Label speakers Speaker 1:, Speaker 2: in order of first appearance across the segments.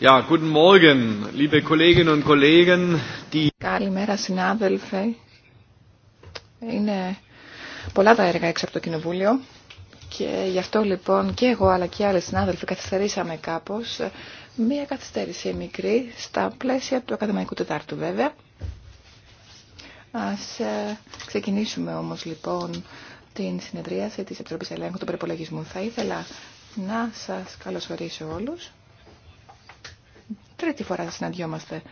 Speaker 1: guten Morgen, liebe
Speaker 2: Καλημέρα συνάδελφε. Είναι πολλά τα έργα έξω από το Κοινοβούλιο και γι' αυτό λοιπόν και εγώ αλλά και άλλοι συνάδελφοι καθυστερήσαμε κάπως μία καθυστέρηση μικρή στα πλαίσια του Ακαδημαϊκού Τετάρτου βέβαια. Ας ε, ξεκινήσουμε όμως λοιπόν την συνεδρίαση της Επιτροπής Ελέγχου του Προπολογισμού. Θα ήθελα να σας καλωσορίσω όλους τρίτη φορά θα συναντιόμαστε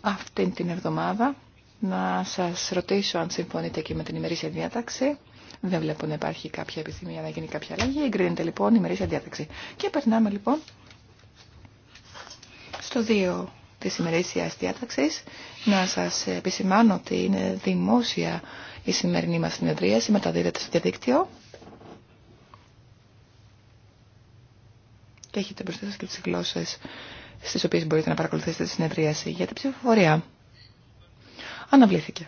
Speaker 2: αυτή την εβδομάδα. Να σας ρωτήσω αν συμφωνείτε και με την ημερήσια διάταξη. Δεν βλέπω να υπάρχει κάποια επιθυμία να γίνει κάποια αλλαγή. Εγκρίνεται λοιπόν η ημερήσια διάταξη. Και περνάμε λοιπόν στο 2 της ημερήσιας διάταξης. Να σας επισημάνω ότι είναι δημόσια η σημερινή μας συνεδρίαση. Μεταδίδεται στο διαδίκτυο. Και έχετε μπροστά σας και τις γλώσσες στις οποίες μπορείτε να παρακολουθήσετε τη συνεδρίαση για την ψηφοφορία. Αναβλήθηκε.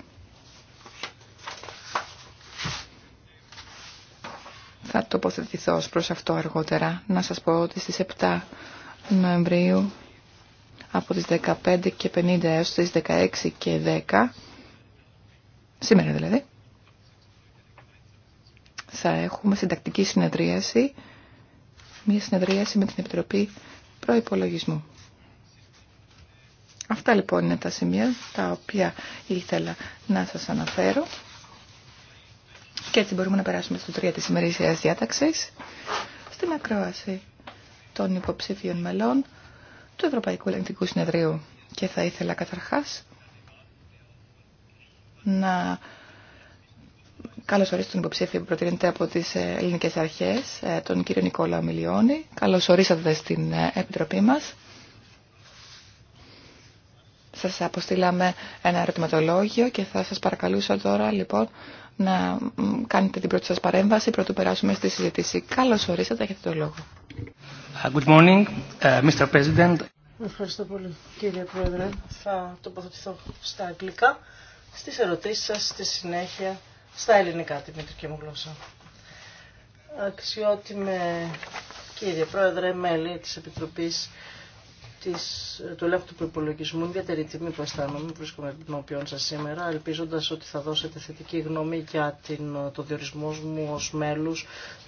Speaker 2: Θα τοποθετηθώ ως προς αυτό αργότερα. Να σας πω ότι στις 7 Νοεμβρίου από τις 15 και 50 έως τις 16 και 10 σήμερα δηλαδή θα έχουμε συντακτική συνεδρίαση μια συνεδρίαση με την Επιτροπή Προϋπολογισμού Αυτά λοιπόν είναι τα σημεία τα οποία ήθελα να σας αναφέρω. Και έτσι μπορούμε να περάσουμε στο 3 της ημερήσιας διάταξης, στην ακρόαση των υποψήφιων μελών του Ευρωπαϊκού Ελεγκτικού Συνεδρίου. Και θα ήθελα καταρχάς να καλωσορίσω τον υποψήφιο που προτείνεται από τις ε, ελληνικές αρχές, ε, τον κύριο Νικόλα Μιλιώνη. Καλωσορίσατε στην ε, Επιτροπή μας. Σας αποστήλαμε ένα ερωτηματολόγιο και θα σας παρακαλούσα τώρα λοιπόν να κάνετε την πρώτη σας παρέμβαση πρωτού περάσουμε στη συζήτηση. Καλώς ορίσατε, έχετε το λόγο.
Speaker 3: Uh, good morning, uh, Mr. President.
Speaker 4: Ευχαριστώ πολύ κύριε Πρόεδρε. Θα τοποθετηθώ στα αγγλικά, στις ερωτήσεις σας, στη συνέχεια, στα ελληνικά, τη μητρική μου γλώσσα. Αξιότιμε κύριε Πρόεδρε, μέλη της Επιτροπής της, του ελέγχου του προπολογισμού. Ιδιαίτερη τιμή που αισθάνομαι, βρίσκομαι οποίο σα σήμερα, ελπίζοντα ότι θα δώσετε θετική γνώμη για την, το διορισμό μου ω μέλου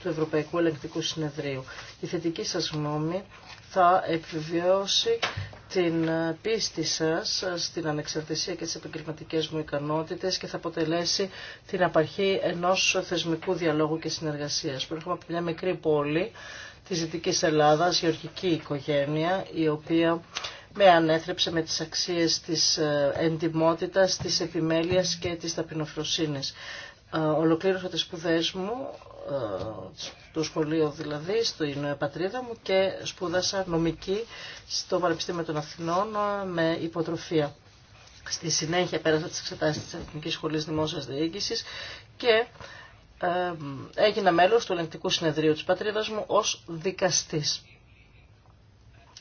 Speaker 4: του Ευρωπαϊκού Ελεγκτικού Συνεδρίου. Η θετική σα γνώμη θα επιβιώσει την ε, πίστη σας ε, στην ανεξαρτησία και τις επαγγελματικέ μου ικανότητες και θα αποτελέσει την απαρχή ενός θεσμικού διαλόγου και συνεργασίας. Προέρχομαι από μια μικρή πόλη της Δυτικής Ελλάδας, γεωργική οικογένεια, η οποία με ανέθρεψε με τις αξίες της ε, εντιμότητας, της επιμέλειας και της ταπεινοφροσύνης. Ε, ολοκλήρωσα τις σπουδές μου, ε, το σχολείο δηλαδή, στην πατρίδα μου και σπούδασα νομική στο Πανεπιστήμιο των Αθηνών με υποτροφία. Στη συνέχεια πέρασα τις εξετάσεις της Εθνικής Σχολής Δημόσιας Διοίκησης και ε, έγινα μέλος του ελεγκτικού συνεδρίου της πατρίδας μου ως δικαστής.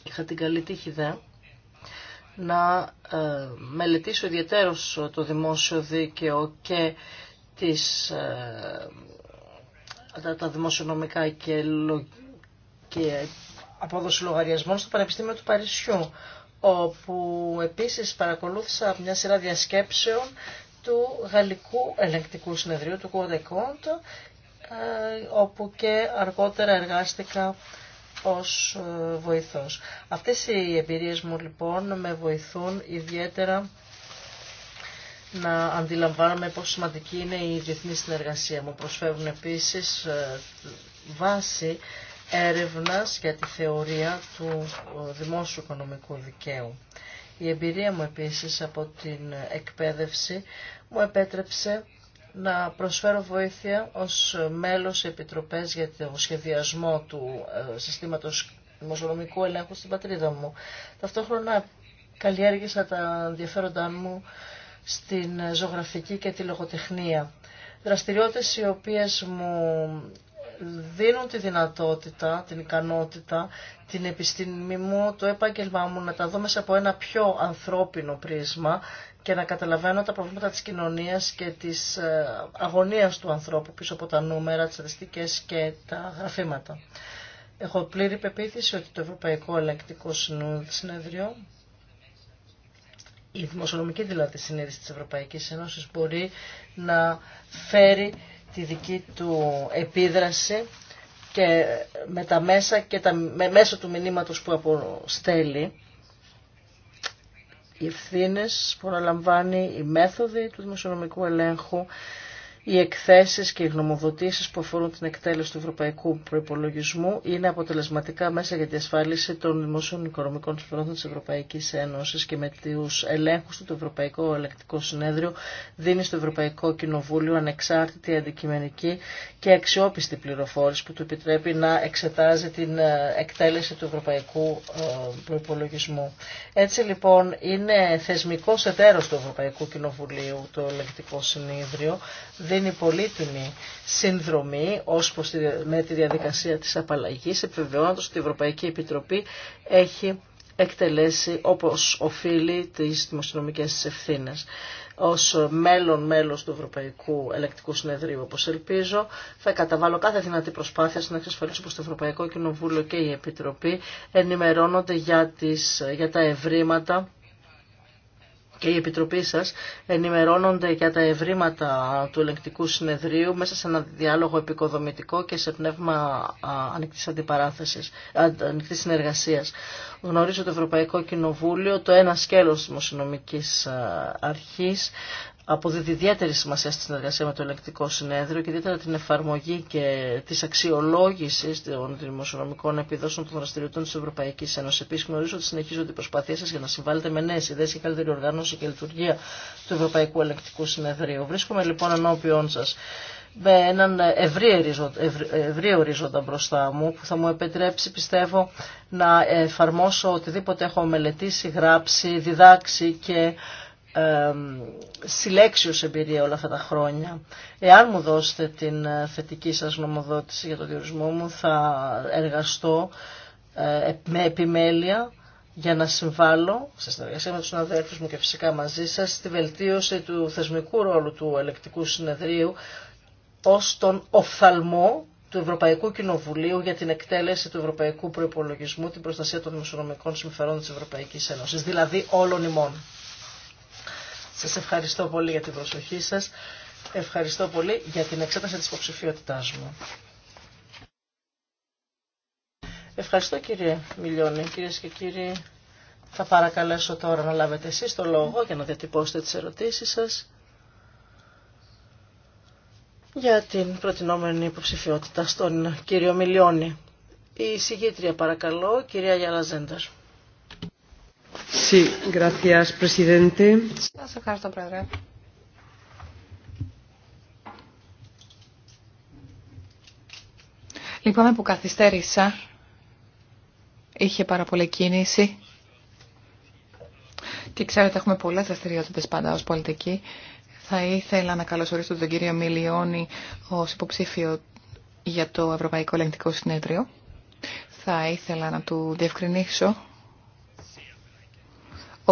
Speaker 4: Είχα την καλή τύχη δε να ε, μελετήσω ιδιαίτερως το δημόσιο δίκαιο και τις, ε, τα, δημοσιονομικά και, και απόδοση λογαριασμών στο Πανεπιστήμιο του Παρισιού, όπου επίσης παρακολούθησα μια σειρά διασκέψεων του Γαλλικού Ελεκτικού Συνεδρίου, του Κοντεκόντ, όπου και αργότερα εργάστηκα ως ε, βοηθός. Αυτές οι εμπειρίες μου λοιπόν με βοηθούν ιδιαίτερα να αντιλαμβάνομαι πόσο σημαντική είναι η διεθνή συνεργασία. Μου προσφέρουν επίσης ε, βάση έρευνας για τη θεωρία του ε, δημόσιου οικονομικού δικαίου. Η εμπειρία μου επίσης από την εκπαίδευση μου επέτρεψε να προσφέρω βοήθεια ως μέλος σε επιτροπές για το σχεδιασμό του ε, συστήματος δημοσιονομικού ελέγχου στην πατρίδα μου. Ταυτόχρονα καλλιέργησα τα ενδιαφέροντά μου στην ζωγραφική και τη λογοτεχνία. Δραστηριότητες οι οποίες μου δίνουν τη δυνατότητα, την ικανότητα, την επιστήμη μου, το επάγγελμά μου να τα δω μέσα από ένα πιο ανθρώπινο πρίσμα και να καταλαβαίνω τα προβλήματα της κοινωνίας και της ε, αγωνίας του ανθρώπου πίσω από τα νούμερα, τις στατιστικές και τα γραφήματα. Έχω πλήρη πεποίθηση ότι το Ευρωπαϊκό Ελεκτικό Συνέδριο η δημοσιονομική δηλαδή συνείδηση της Ευρωπαϊκής Ένωσης μπορεί να φέρει τη δική του επίδραση και με τα μέσα και τα, με μέσω του μηνύματος που αποστέλει. Οι ευθύνε που αναλαμβάνει, η μέθοδη του δημοσιονομικού ελέγχου οι εκθέσεις και οι γνωμοδοτήσεις που αφορούν την εκτέλεση του ευρωπαϊκού προϋπολογισμού είναι αποτελεσματικά μέσα για τη ασφάλιση των δημοσίων οικονομικών συμφερόντων της Ευρωπαϊκής Ένωσης και με τους ελέγχους του το Ευρωπαϊκό Ελεκτικό Συνέδριο δίνει στο Ευρωπαϊκό Κοινοβούλιο ανεξάρτητη, αντικειμενική και αξιόπιστη πληροφόρηση που του επιτρέπει να εξετάζει την ε, εκτέλεση του ευρωπαϊκού ε, προϋπολογισμού. Έτσι λοιπόν είναι θεσμικός εταίρος του Ευρωπαϊκού Κοινοβουλίου το Ελεκτικό Συνέδριο δίνει πολύτιμη συνδρομή ως προς τη, με τη διαδικασία της απαλλαγής, επιβεβαιώνοντας ότι η Ευρωπαϊκή Επιτροπή έχει εκτελέσει όπως οφείλει τις δημοσιονομικές της ευθύνες. Ως μέλλον μέλος του Ευρωπαϊκού Ελεκτικού Συνεδρίου, όπως ελπίζω, θα καταβάλω κάθε δυνατή προσπάθεια να εξασφαλίσω πως το Ευρωπαϊκό Κοινοβούλιο και η Επιτροπή ενημερώνονται για, τις, για τα ευρήματα και οι Επιτροπή σα ενημερώνονται για τα ευρήματα του ελεγκτικού συνεδρίου μέσα σε ένα διάλογο επικοδομητικό και σε πνεύμα ανοιχτή αντιπαράθεσης, ανοιχτή συνεργασίας. Γνωρίζω το Ευρωπαϊκό Κοινοβούλιο, το ένα σκέλος τη Μοσυνομική Αρχής αποδίδει ιδιαίτερη σημασία στη συνεργασία με το ελεκτικό συνέδριο και ιδιαίτερα την εφαρμογή και τη αξιολόγηση των δημοσιονομικών επιδόσεων των δραστηριοτήτων τη Ευρωπαϊκή Ένωση. Επίση, γνωρίζω ότι συνεχίζονται οι προσπάθειέ σα για να συμβάλλετε με νέε ιδέε και καλύτερη οργάνωση και λειτουργία του Ευρωπαϊκού Ελεκτικού Συνεδρίου. Βρίσκομαι λοιπόν ενώπιον σα με έναν ευρύ ορίζοντα μπροστά μου που θα μου επιτρέψει πιστεύω να εφαρμόσω οτιδήποτε έχω μελετήσει, γράψει, διδάξει και συλλέξιους εμπειρία όλα αυτά τα χρόνια. Εάν μου δώσετε την ε, θετική σας νομοδότηση για το διορισμό μου θα εργαστώ ε, με επιμέλεια για να συμβάλλω σε συνεργασία με τους συναδέλφους μου και φυσικά μαζί σας στη βελτίωση του θεσμικού ρόλου του ελεκτικού συνεδρίου ως τον οφθαλμό του Ευρωπαϊκού Κοινοβουλίου για την εκτέλεση του Ευρωπαϊκού Προϋπολογισμού, την προστασία των μεσονομικών συμφερόντων της Ευρωπαϊκής Ένωσης, δηλαδή όλων ημών. Σας ευχαριστώ πολύ για την προσοχή σας. Ευχαριστώ πολύ για την εξέταση της υποψηφιότητά μου. Ευχαριστώ κύριε Μιλιώνη. κύριε και κύριοι, θα παρακαλέσω τώρα να λάβετε εσείς το λόγο για να διατυπώσετε τις ερωτήσεις σας για την προτινόμενη υποψηφιότητα στον κύριο Μιλιώνη. Η συγγήτρια παρακαλώ, κυρία Γιάννα Ζέντερ. Sí,
Speaker 2: Λυπάμαι που καθυστέρησα. Είχε πάρα πολλή κίνηση. Και ξέρετε, έχουμε πολλές δραστηριότητε πάντα ως πολιτική. Θα ήθελα να καλωσορίσω τον κύριο Μιλιώνη ως υποψήφιο για το Ευρωπαϊκό Ελεγκτικό Συνέδριο. Θα ήθελα να του διευκρινίσω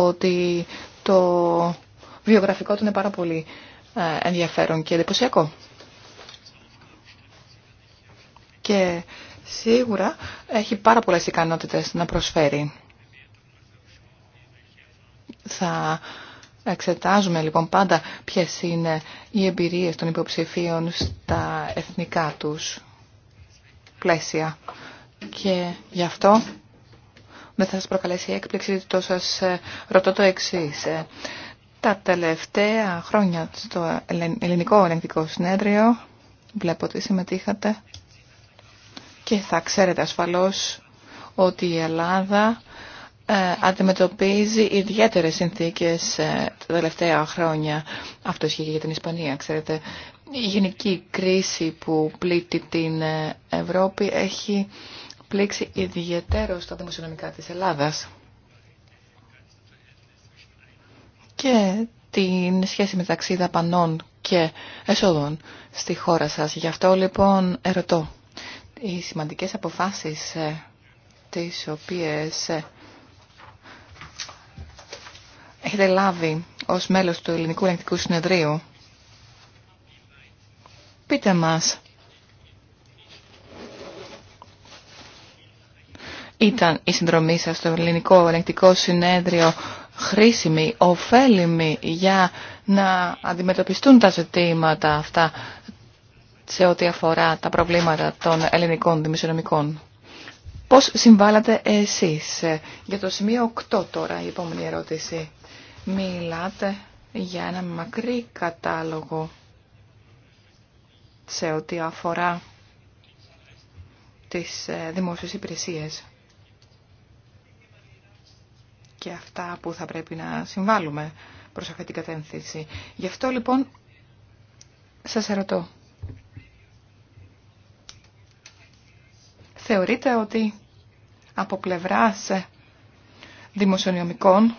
Speaker 2: ότι το βιογραφικό του είναι πάρα πολύ ε, ενδιαφέρον και εντυπωσιακό. Και σίγουρα έχει πάρα πολλές ικανότητες να προσφέρει. Θα εξετάζουμε λοιπόν πάντα ποιες είναι οι εμπειρίες των υποψηφίων στα εθνικά τους πλαίσια. Και γι' αυτό δεν θα σας προκαλέσει έκπληξη το σας ε, ρωτώ το εξής. Ε, τα τελευταία χρόνια στο ελληνικό ελεγκτικό συνέδριο βλέπω ότι συμμετείχατε και θα ξέρετε ασφαλώς ότι η Ελλάδα ε, αντιμετωπίζει ιδιαίτερες συνθήκες τα τελευταία χρόνια. Αυτό ισχύει και για την Ισπανία, ξέρετε. Η γενική κρίση που πλήττει την Ευρώπη έχει πλήξει ιδιαίτερο στα δημοσιονομικά της Ελλάδας και την σχέση μεταξύ δαπανών και εσόδων στη χώρα σας. Γι' αυτό λοιπόν ερωτώ. Οι σημαντικές αποφάσεις ε, τις οποίες ε, έχετε λάβει ως μέλος του Ελληνικού Ελεκτικού Συνεδρίου. Πείτε μας ήταν η συνδρομή σας στο ελληνικό ελεγκτικό συνέδριο χρήσιμη, ωφέλιμη για να αντιμετωπιστούν τα ζητήματα αυτά σε ό,τι αφορά τα προβλήματα των ελληνικών δημοσιονομικών. Πώς συμβάλλατε εσείς. Για το σημείο 8 τώρα η επόμενη ερώτηση. Μιλάτε για ένα μακρύ κατάλογο σε ό,τι αφορά τις ε, δημόσιες υπηρεσίες και αυτά που θα πρέπει να συμβάλλουμε προς αυτή την κατεύθυνση. Γι' αυτό λοιπόν σας ερωτώ. Θεωρείτε ότι από πλευράς δημοσιονομικών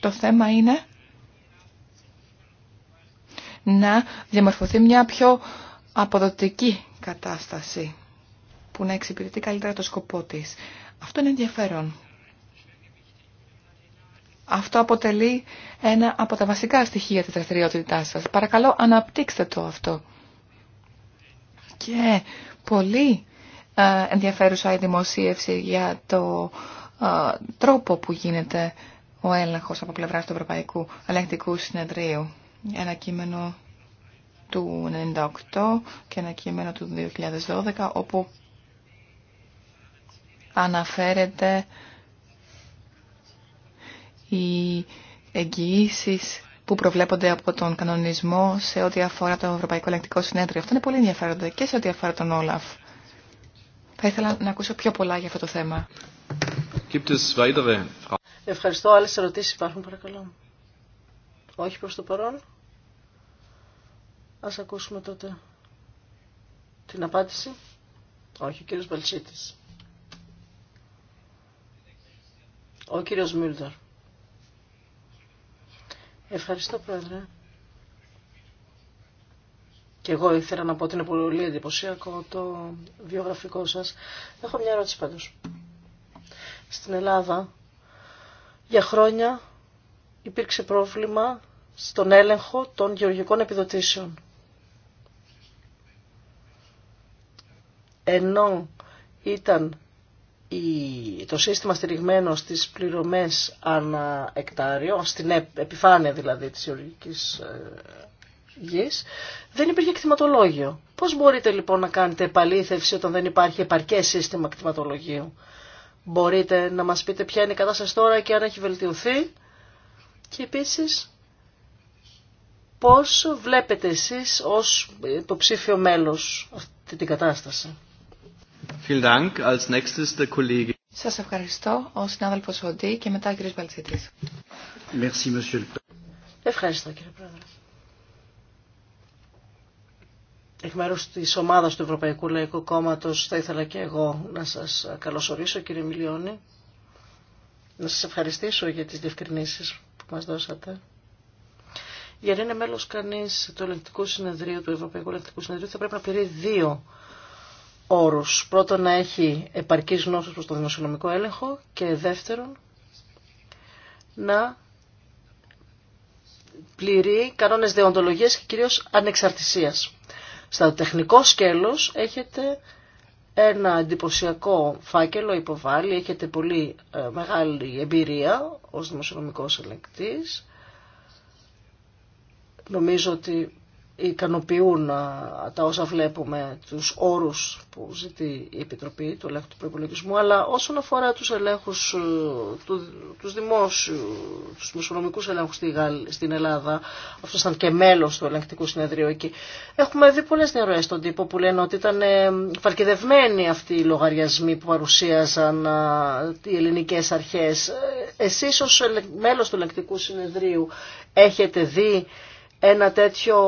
Speaker 2: το θέμα είναι να διαμορφωθεί μια πιο αποδοτική κατάσταση που να εξυπηρετεί καλύτερα το σκοπό της. Αυτό είναι ενδιαφέρον. Αυτό αποτελεί ένα από τα βασικά στοιχεία της δραστηριότητά σας. Παρακαλώ αναπτύξτε το αυτό. Και πολύ ε, ενδιαφέρουσα η δημοσίευση για το ε, τρόπο που γίνεται ο έλεγχος από πλευράς του Ευρωπαϊκού Ελεγκτικού Συνεδρίου. Ένα κείμενο του 1998 και ένα κείμενο του 2012 όπου αναφέρεται οι εγγυήσει που προβλέπονται από τον κανονισμό σε ό,τι αφορά το Ευρωπαϊκό Ελεκτικό Συνέδριο. Αυτό είναι πολύ ενδιαφέροντα και σε ό,τι αφορά τον Όλαφ. Θα ήθελα να ακούσω πιο πολλά για αυτό το θέμα.
Speaker 4: Ευχαριστώ. Άλλε ερωτήσει υπάρχουν, παρακαλώ. Όχι προ το παρόν. Α ακούσουμε τότε την απάντηση. Όχι, ο κύριο Μπελσίτη. Ο κύριο Μίλτερ. Ευχαριστώ, Πρόεδρε. Και εγώ ήθελα να πω ότι είναι πολύ εντυπωσιακό το βιογραφικό σας. Έχω μια ερώτηση πάντως. Στην Ελλάδα για χρόνια υπήρξε πρόβλημα στον έλεγχο των γεωργικών επιδοτήσεων. Ενώ ήταν το σύστημα στηριγμένο στις πληρωμές ανά εκτάριο, στην επιφάνεια δηλαδή της γεωργικής ε, γης, δεν υπήρχε εκτιματολόγιο. Πώς μπορείτε λοιπόν να κάνετε επαλήθευση όταν δεν υπάρχει επαρκέ σύστημα εκτιματολογίου. Μπορείτε να μας πείτε ποια είναι η κατάσταση τώρα και αν έχει βελτιωθεί. Και επίσης πώς βλέπετε εσείς ως το ψήφιο μέλος αυτή την κατάσταση.
Speaker 2: Σας ευχαριστώ, ο συνάδελφος Βοντή και μετά ο κύριος Μπαλτσίτης. Ευχαριστώ κύριε Πρόεδρε.
Speaker 4: Εκ μέρου τη ομάδα του Ευρωπαϊκού Λαϊκού Κόμματο, θα ήθελα και εγώ να σα καλωσορίσω κύριε Μιλιώνη. Να σα ευχαριστήσω για τι διευκρινήσει που μα δώσατε. Για είναι μέλο κανεί του Ελεκτικού Συνεδρίου, του Ευρωπαϊκού Ελεκτικού Συνεδρίου, θα πρέπει να πληρεί δύο όρους. Πρώτον, να έχει επαρκή γνώση προς το δημοσιονομικό έλεγχο και δεύτερον, να πληρεί κανόνες δεοντολογίας και κυρίως ανεξαρτησίας. Στα τεχνικό σκέλος έχετε ένα εντυπωσιακό φάκελο υποβάλλει, έχετε πολύ ε, μεγάλη εμπειρία ως δημοσιονομικός ελεγκτής. Νομίζω ότι ικανοποιούν τα όσα βλέπουμε, τους όρους που ζητεί η Επιτροπή του Ελέγχου του Προϋπολογισμού, αλλά όσον αφορά τους ελέγχους, ε, τους δημόσιου, τους μεσονομικούς ελέγχους στην Ελλάδα, αυτό ήταν και μέλος του ελεγκτικού συνεδρίου εκεί, έχουμε δει πολλές διαρροές στον τύπο που λένε ότι ήταν ε, φαρκιδευμένοι αυτοί οι λογαριασμοί που παρουσίαζαν οι ελληνικές αρχές. Ε, εσείς ως μέλος του ελεγκτικού συνεδρίου έχετε δει ένα τέτοιο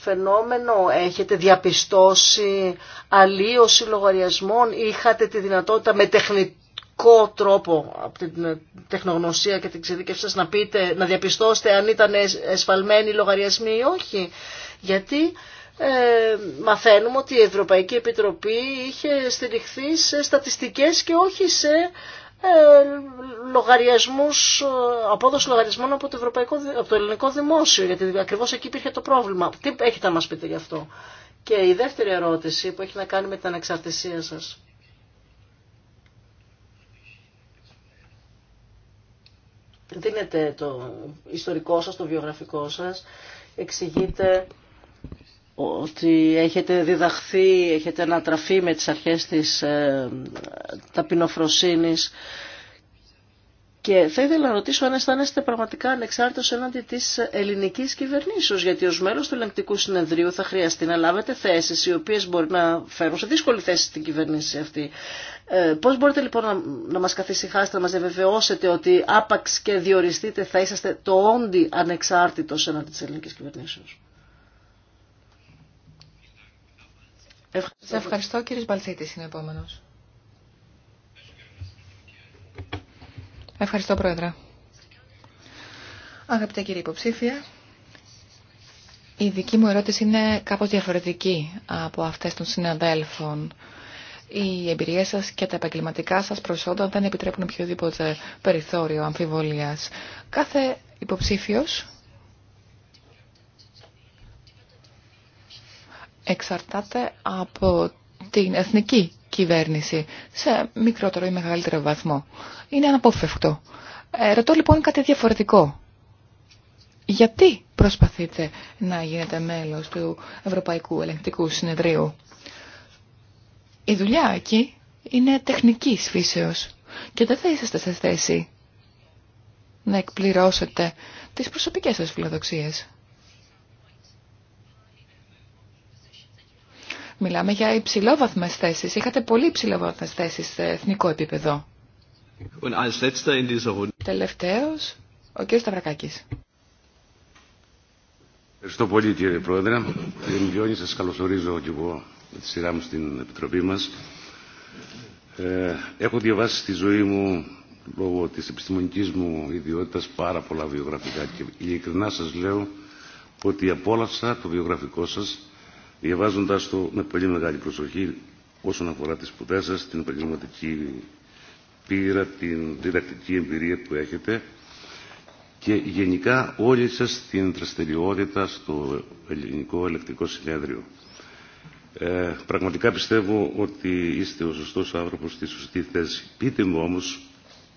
Speaker 4: φαινόμενο, έχετε διαπιστώσει αλλίωση λογαριασμών, είχατε τη δυνατότητα με τεχνικό τρόπο από την τεχνογνωσία και την εξειδίκευση σας να πείτε, να διαπιστώσετε αν ήταν εσφαλμένοι λογαριασμοί ή όχι. Γιατί ε, μαθαίνουμε ότι η Ευρωπαϊκή Επιτροπή είχε στηριχθεί σε στατιστικές και όχι σε ε, λογαριασμούς, ε, απόδοση λογαριασμών από το, ευρωπαϊκό, από το ελληνικό δημόσιο, γιατί ακριβώς εκεί υπήρχε το πρόβλημα. Τι έχετε να μας πείτε γι' αυτό. Και η δεύτερη ερώτηση που έχει να κάνει με την ανεξαρτησία σας. Δίνετε το ιστορικό σας, το βιογραφικό σας, εξηγείτε ότι έχετε διδαχθεί, έχετε ανατραφεί με τις αρχές της ε, ταπεινοφροσύνης και θα ήθελα να ρωτήσω αν αισθάνεστε πραγματικά ανεξάρτητος έναντι της ελληνικής κυβερνήσεως, γιατί ως μέλος του ελεγκτικού συνεδρίου θα χρειαστεί να λάβετε θέσεις οι οποίες μπορεί να φέρουν σε δύσκολη θέση στην κυβερνήση αυτή. Ε, πώς μπορείτε λοιπόν να, να μας καθησυχάσετε, να μας διαβεβαιώσετε ότι άπαξ και διοριστείτε θα είσαστε το όντι ανεξάρτητος έναντι της ελληνικής κυβερνήσεως.
Speaker 1: Ευχαριστώ.
Speaker 2: ευχαριστώ κύριε Μπαλτσίτη. είναι επόμενο. Ευχαριστώ πρόεδρε. Αγαπητέ κύριε υποψήφια, η δική μου ερώτηση είναι κάπως διαφορετική από αυτές των συναδέλφων. Οι εμπειρίες σας και τα επαγγελματικά σας προσόντα δεν επιτρέπουν οποιοδήποτε περιθώριο αμφιβολίας. Κάθε υποψήφιος εξαρτάται από την εθνική κυβέρνηση σε μικρότερο ή μεγαλύτερο βαθμό. Είναι αναπόφευκτο. Ε, ρωτώ λοιπόν κάτι διαφορετικό. Γιατί προσπαθείτε να γίνετε μέλος του Ευρωπαϊκού Ελεγκτικού Συνεδρίου. Η μεγαλυτερο βαθμο ειναι αναποφευκτο εκεί είναι τεχνικής φύσεως και δεν θα είσαστε σε θέση να εκπληρώσετε τις προσωπικές σας φιλοδοξίες. Μιλάμε για υψηλόβαθμες θέσεις. Είχατε πολύ υψηλόβαθμες θέσεις σε εθνικό επίπεδο. Τελευταίος, ο κ. Σταυρακάκης.
Speaker 1: Ευχαριστώ πολύ κύριε Πρόεδρε. Κύριε Μιλιώνη, σας καλωσορίζω και εγώ με τη σειρά μου στην Επιτροπή μας. Ε, έχω διαβάσει στη ζωή μου, λόγω της επιστημονικής μου ιδιότητας, πάρα πολλά βιογραφικά και ειλικρινά σας λέω ότι απόλαυσα το βιογραφικό σας διαβάζοντα το με πολύ μεγάλη προσοχή όσον αφορά τις σπουδέ σα, την επαγγελματική πείρα, την διδακτική εμπειρία που έχετε και γενικά όλη σας την δραστηριότητα στο ελληνικό Ελεκτρικό συνέδριο. Ε, πραγματικά πιστεύω ότι είστε ο σωστό άνθρωπο στη σωστή θέση. Πείτε μου όμως,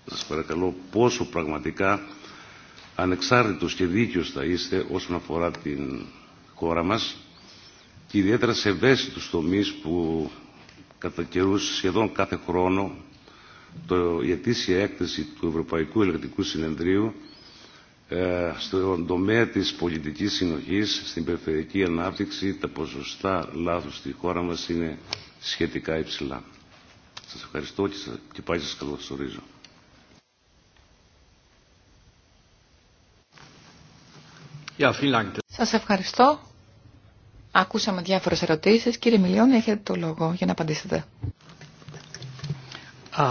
Speaker 1: σας παρακαλώ, πόσο πραγματικά ανεξάρτητος και δίκαιος θα είστε όσον αφορά την χώρα μας και ιδιαίτερα σε ευαίσθητους τομείς που κατά καιρού σχεδόν κάθε χρόνο το, η ετήσια έκθεση του Ευρωπαϊκού Ελεκτικού Συνεδρίου ε, στον τομέα της πολιτικής συνοχής, στην περιφερειακή ανάπτυξη, τα ποσοστά λάθους στη χώρα μας είναι σχετικά υψηλά. Σας ευχαριστώ και, και πάλι σας καλωσορίζω.
Speaker 2: Σας ευχαριστώ. Ακούσαμε διάφορες ερωτήσεις. Κύριε Μιλιών, έχετε το λόγο για να απαντήσετε.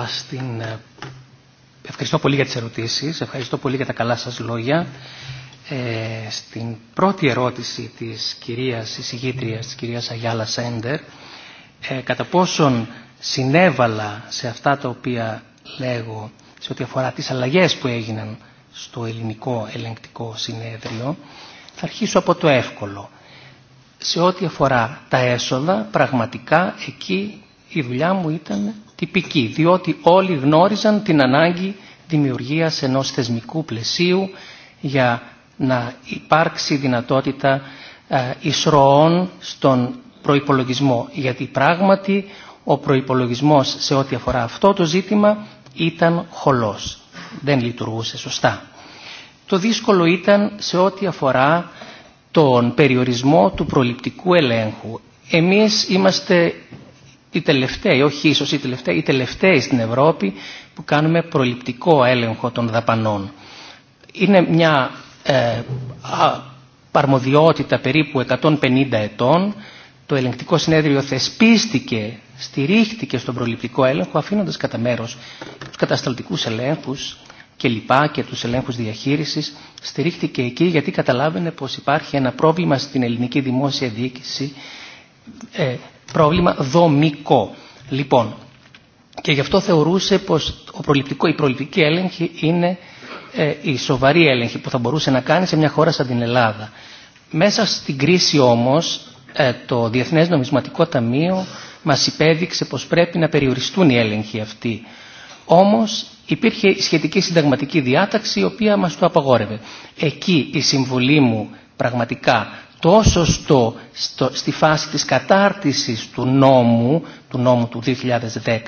Speaker 3: στην... Ε, ευχαριστώ πολύ για τις ερωτήσεις, ευχαριστώ πολύ για τα καλά σας λόγια. Ε, στην πρώτη ερώτηση της κυρίας εισηγήτριας, της κυρίας Αγιάλα Σέντερ, ε, κατά πόσον συνέβαλα σε αυτά τα οποία λέγω σε ό,τι αφορά τις αλλαγές που έγιναν στο ελληνικό ελεγκτικό συνέδριο, θα αρχίσω από το εύκολο σε ό,τι αφορά τα έσοδα, πραγματικά εκεί η δουλειά μου ήταν τυπική, διότι όλοι γνώριζαν την ανάγκη δημιουργίας ενός θεσμικού πλαισίου για να υπάρξει δυνατότητα ε, εισρωών στον προϋπολογισμό. Γιατί πράγματι ο προϋπολογισμός σε ό,τι αφορά αυτό το ζήτημα ήταν χολός. Δεν λειτουργούσε σωστά. Το δύσκολο ήταν σε ό,τι αφορά τον περιορισμό του προληπτικού ελέγχου. Εμείς είμαστε οι τελευταίοι, όχι ίσως οι τελευταίοι, οι τελευταίοι στην Ευρώπη που κάνουμε προληπτικό έλεγχο των δαπανών. Είναι μια ε, παρμοδιότητα περίπου 150 ετών. Το ελεγκτικό συνέδριο θεσπίστηκε, στηρίχτηκε στον προληπτικό έλεγχο αφήνοντας κατά μέρος τους κατασταλτικούς ελέγχους και λοιπά και τους ελέγχους διαχείρισης στηρίχθηκε εκεί γιατί καταλάβαινε πως υπάρχει ένα πρόβλημα στην ελληνική δημόσια διοίκηση, ε, πρόβλημα δομικό. Λοιπόν, και γι' αυτό θεωρούσε πως ο προληπτικό, η προληπτική έλεγχη είναι ε, η σοβαρή έλεγχη που θα μπορούσε να κάνει σε μια χώρα σαν την Ελλάδα. Μέσα στην κρίση όμως ε, το Διεθνές Νομισματικό Ταμείο μας υπέδειξε πως πρέπει να περιοριστούν οι έλεγχοι αυτοί. Όμως υπήρχε σχετική συνταγματική διάταξη η οποία μας το απαγόρευε. Εκεί η συμβολή μου πραγματικά τόσο στο, στη φάση της κατάρτισης του νόμου, του νόμου του 2010,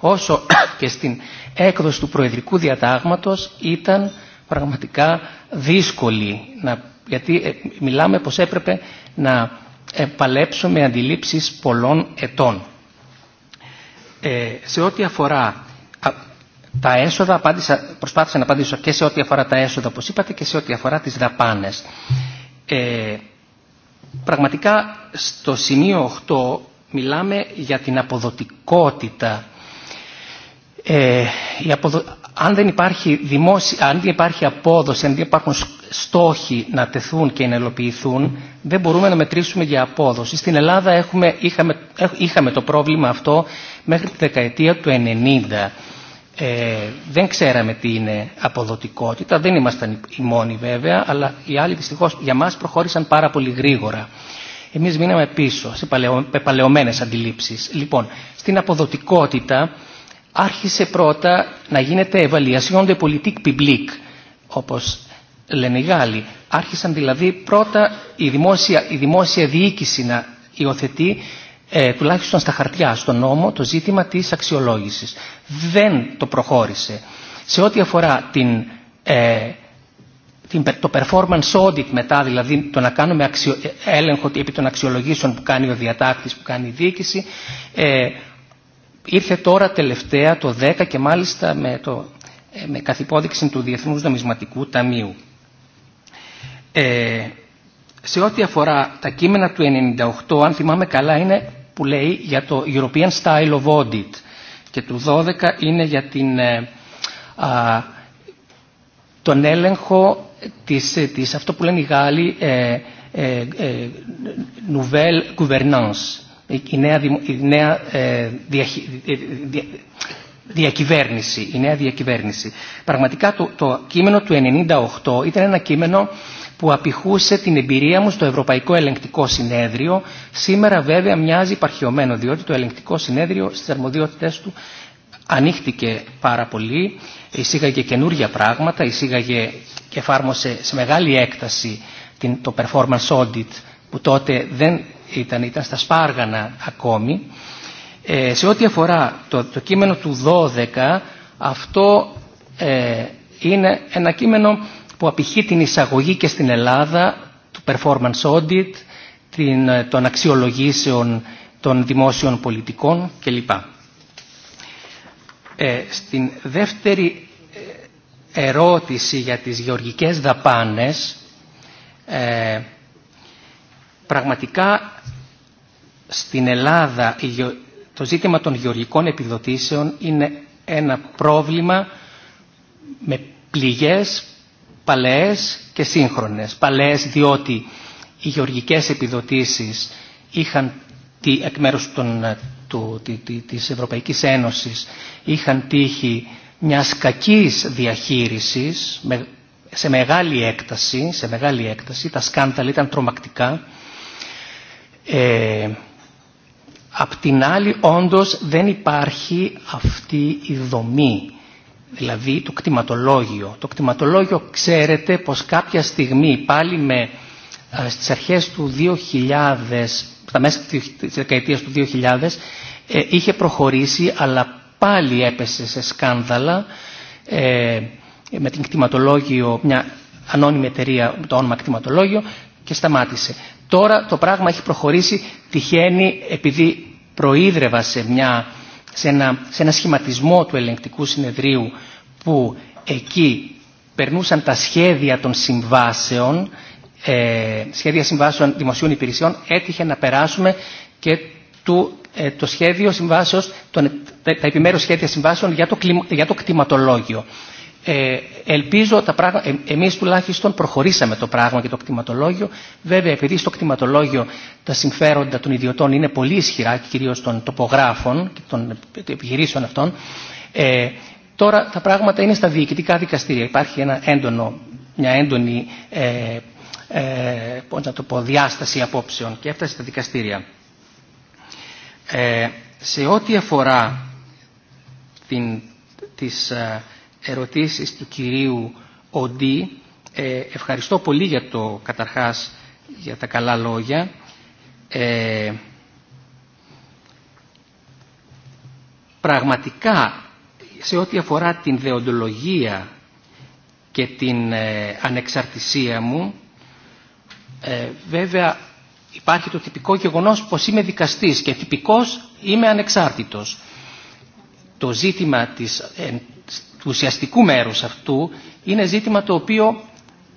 Speaker 3: όσο και στην έκδοση του Προεδρικού Διατάγματος ήταν πραγματικά δύσκολη. Να, γιατί ε, μιλάμε πως έπρεπε να ε, αντιλήψεις πολλών ετών. Ε, σε ό,τι αφορά τα έσοδα, απάντησα, προσπάθησα να απαντήσω και σε ό,τι αφορά τα έσοδα, όπως είπατε, και σε ό,τι αφορά τις δαπάνες. Ε, πραγματικά, στο σημείο 8 μιλάμε για την αποδοτικότητα. Ε, η αν, δεν υπάρχει δημόσια... αν δεν υπάρχει απόδοση, αν δεν υπάρχουν στόχοι να τεθούν και να ελοποιηθούν, δεν μπορούμε να μετρήσουμε για απόδοση. Στην Ελλάδα έχουμε... είχαμε... είχαμε το πρόβλημα αυτό μέχρι τη δεκαετία του 90 ε, δεν ξέραμε τι είναι αποδοτικότητα, δεν ήμασταν οι μόνοι βέβαια, αλλά οι άλλοι δυστυχώς για μας προχώρησαν πάρα πολύ γρήγορα. Εμείς μείναμε πίσω, σε παλαιωμένες αντιλήψεις. Λοιπόν, στην αποδοτικότητα άρχισε πρώτα να γίνεται «evaluation de politique publique», όπως λένε οι Γάλλοι. Άρχισαν δηλαδή πρώτα η δημόσια, η δημόσια διοίκηση να υιοθετεί ε, τουλάχιστον στα χαρτιά, στο νόμο, το ζήτημα της αξιολόγησης. Δεν το προχώρησε. Σε ό,τι αφορά την, ε, την, το performance audit μετά, δηλαδή το να κάνουμε αξιο, ε, έλεγχο επί των αξιολογήσεων που κάνει ο διατάκτης, που κάνει η διοίκηση, ε, ήρθε τώρα τελευταία το 10 και μάλιστα με, το, ε, με καθυπόδειξη του Διεθνούς Νομισματικού Ταμείου. Ε, σε ό,τι αφορά τα κείμενα του 98, αν θυμάμαι καλά, είναι που λέει για το European Style of Audit και του 12 είναι για ε, τον έλεγχο ε, της, αυτό που λένε οι Γάλλοι ε, ε nouvelle gouvernance, η νέα, διακυβέρνηση. Η νέα διακυβέρνηση. Πραγματικά το, το κείμενο του 1998 ήταν ένα κείμενο που απηχούσε την εμπειρία μου στο Ευρωπαϊκό Ελεγκτικό Συνέδριο. Σήμερα βέβαια μοιάζει υπαρχιωμένο, διότι το Ελεγκτικό Συνέδριο στις αρμοδιότητες του ανοίχτηκε πάρα πολύ, εισήγαγε καινούργια πράγματα, εισήγαγε και εφάρμοσε σε μεγάλη έκταση το performance audit που τότε δεν ήταν, ήταν στα σπάργανα ακόμη. Ε, σε ό,τι αφορά το, το κείμενο του 12, αυτό ε, είναι ένα κείμενο που απηχεί την εισαγωγή και στην Ελλάδα του performance audit, την, ε, των αξιολογήσεων των δημόσιων πολιτικών κλπ. Ε, στην δεύτερη ε, ερώτηση για τις γεωργικές δαπάνες ε, πραγματικά στην Ελλάδα το ζήτημα των γεωργικών επιδοτήσεων είναι ένα πρόβλημα με πληγές παλαιές και σύγχρονες. Παλαιές διότι οι γεωργικές επιδοτήσεις είχαν εκ μέρους ε, του, της Ευρωπαϊκής Ένωσης είχαν τύχει μια κακής διαχείρισης σε μεγάλη έκταση, σε μεγάλη έκταση, τα σκάνδαλα ήταν τρομακτικά. Ε, απ' την άλλη, όντως, δεν υπάρχει αυτή η δομή δηλαδή το κτηματολόγιο. Το κτηματολόγιο ξέρετε πως κάποια στιγμή πάλι με, ε, στις αρχές του 2000, στα μέσα της δεκαετίας του 2000, ε, είχε προχωρήσει αλλά πάλι έπεσε σε σκάνδαλα ε, με την κτηματολόγιο, μια ανώνυμη εταιρεία με το όνομα κτηματολόγιο και σταμάτησε. Τώρα το πράγμα έχει προχωρήσει, τυχαίνει επειδή προείδρευα σε μια σε ένα, σχηματισμό του ελεγκτικού συνεδρίου που εκεί περνούσαν τα σχέδια των συμβάσεων, ε, σχέδια συμβάσεων δημοσίων υπηρεσιών, έτυχε να περάσουμε και του, ε, το σχέδιο συμβάσεως, τα επιμέρους σχέδια συμβάσεων για το, για το κτηματολόγιο. Ε, ελπίζω τα πράγματα, ε, εμείς τουλάχιστον προχωρήσαμε το πράγμα και το κτηματολόγιο. Βέβαια, επειδή στο κτηματολόγιο τα συμφέροντα των ιδιωτών είναι πολύ ισχυρά, κυρίως των τοπογράφων και των επιχειρήσεων αυτών, ε, τώρα τα πράγματα είναι στα διοικητικά δικαστήρια. Υπάρχει ένα έντονο, μια έντονη ε, ε πώς το διάσταση απόψεων και έφτασε στα δικαστήρια. Ε, σε ό,τι αφορά την, τις, ε, ερωτήσεις του κυρίου Οντί. Ε, ευχαριστώ πολύ για το καταρχάς για τα καλά λόγια. Ε, πραγματικά σε ό,τι αφορά την δεοντολογία και την ε, ανεξαρτησία μου ε, βέβαια υπάρχει το τυπικό γεγονός πως είμαι δικαστής και τυπικός είμαι ανεξάρτητος. Το ζήτημα της ε, του ουσιαστικού μέρους αυτού είναι ζήτημα το οποίο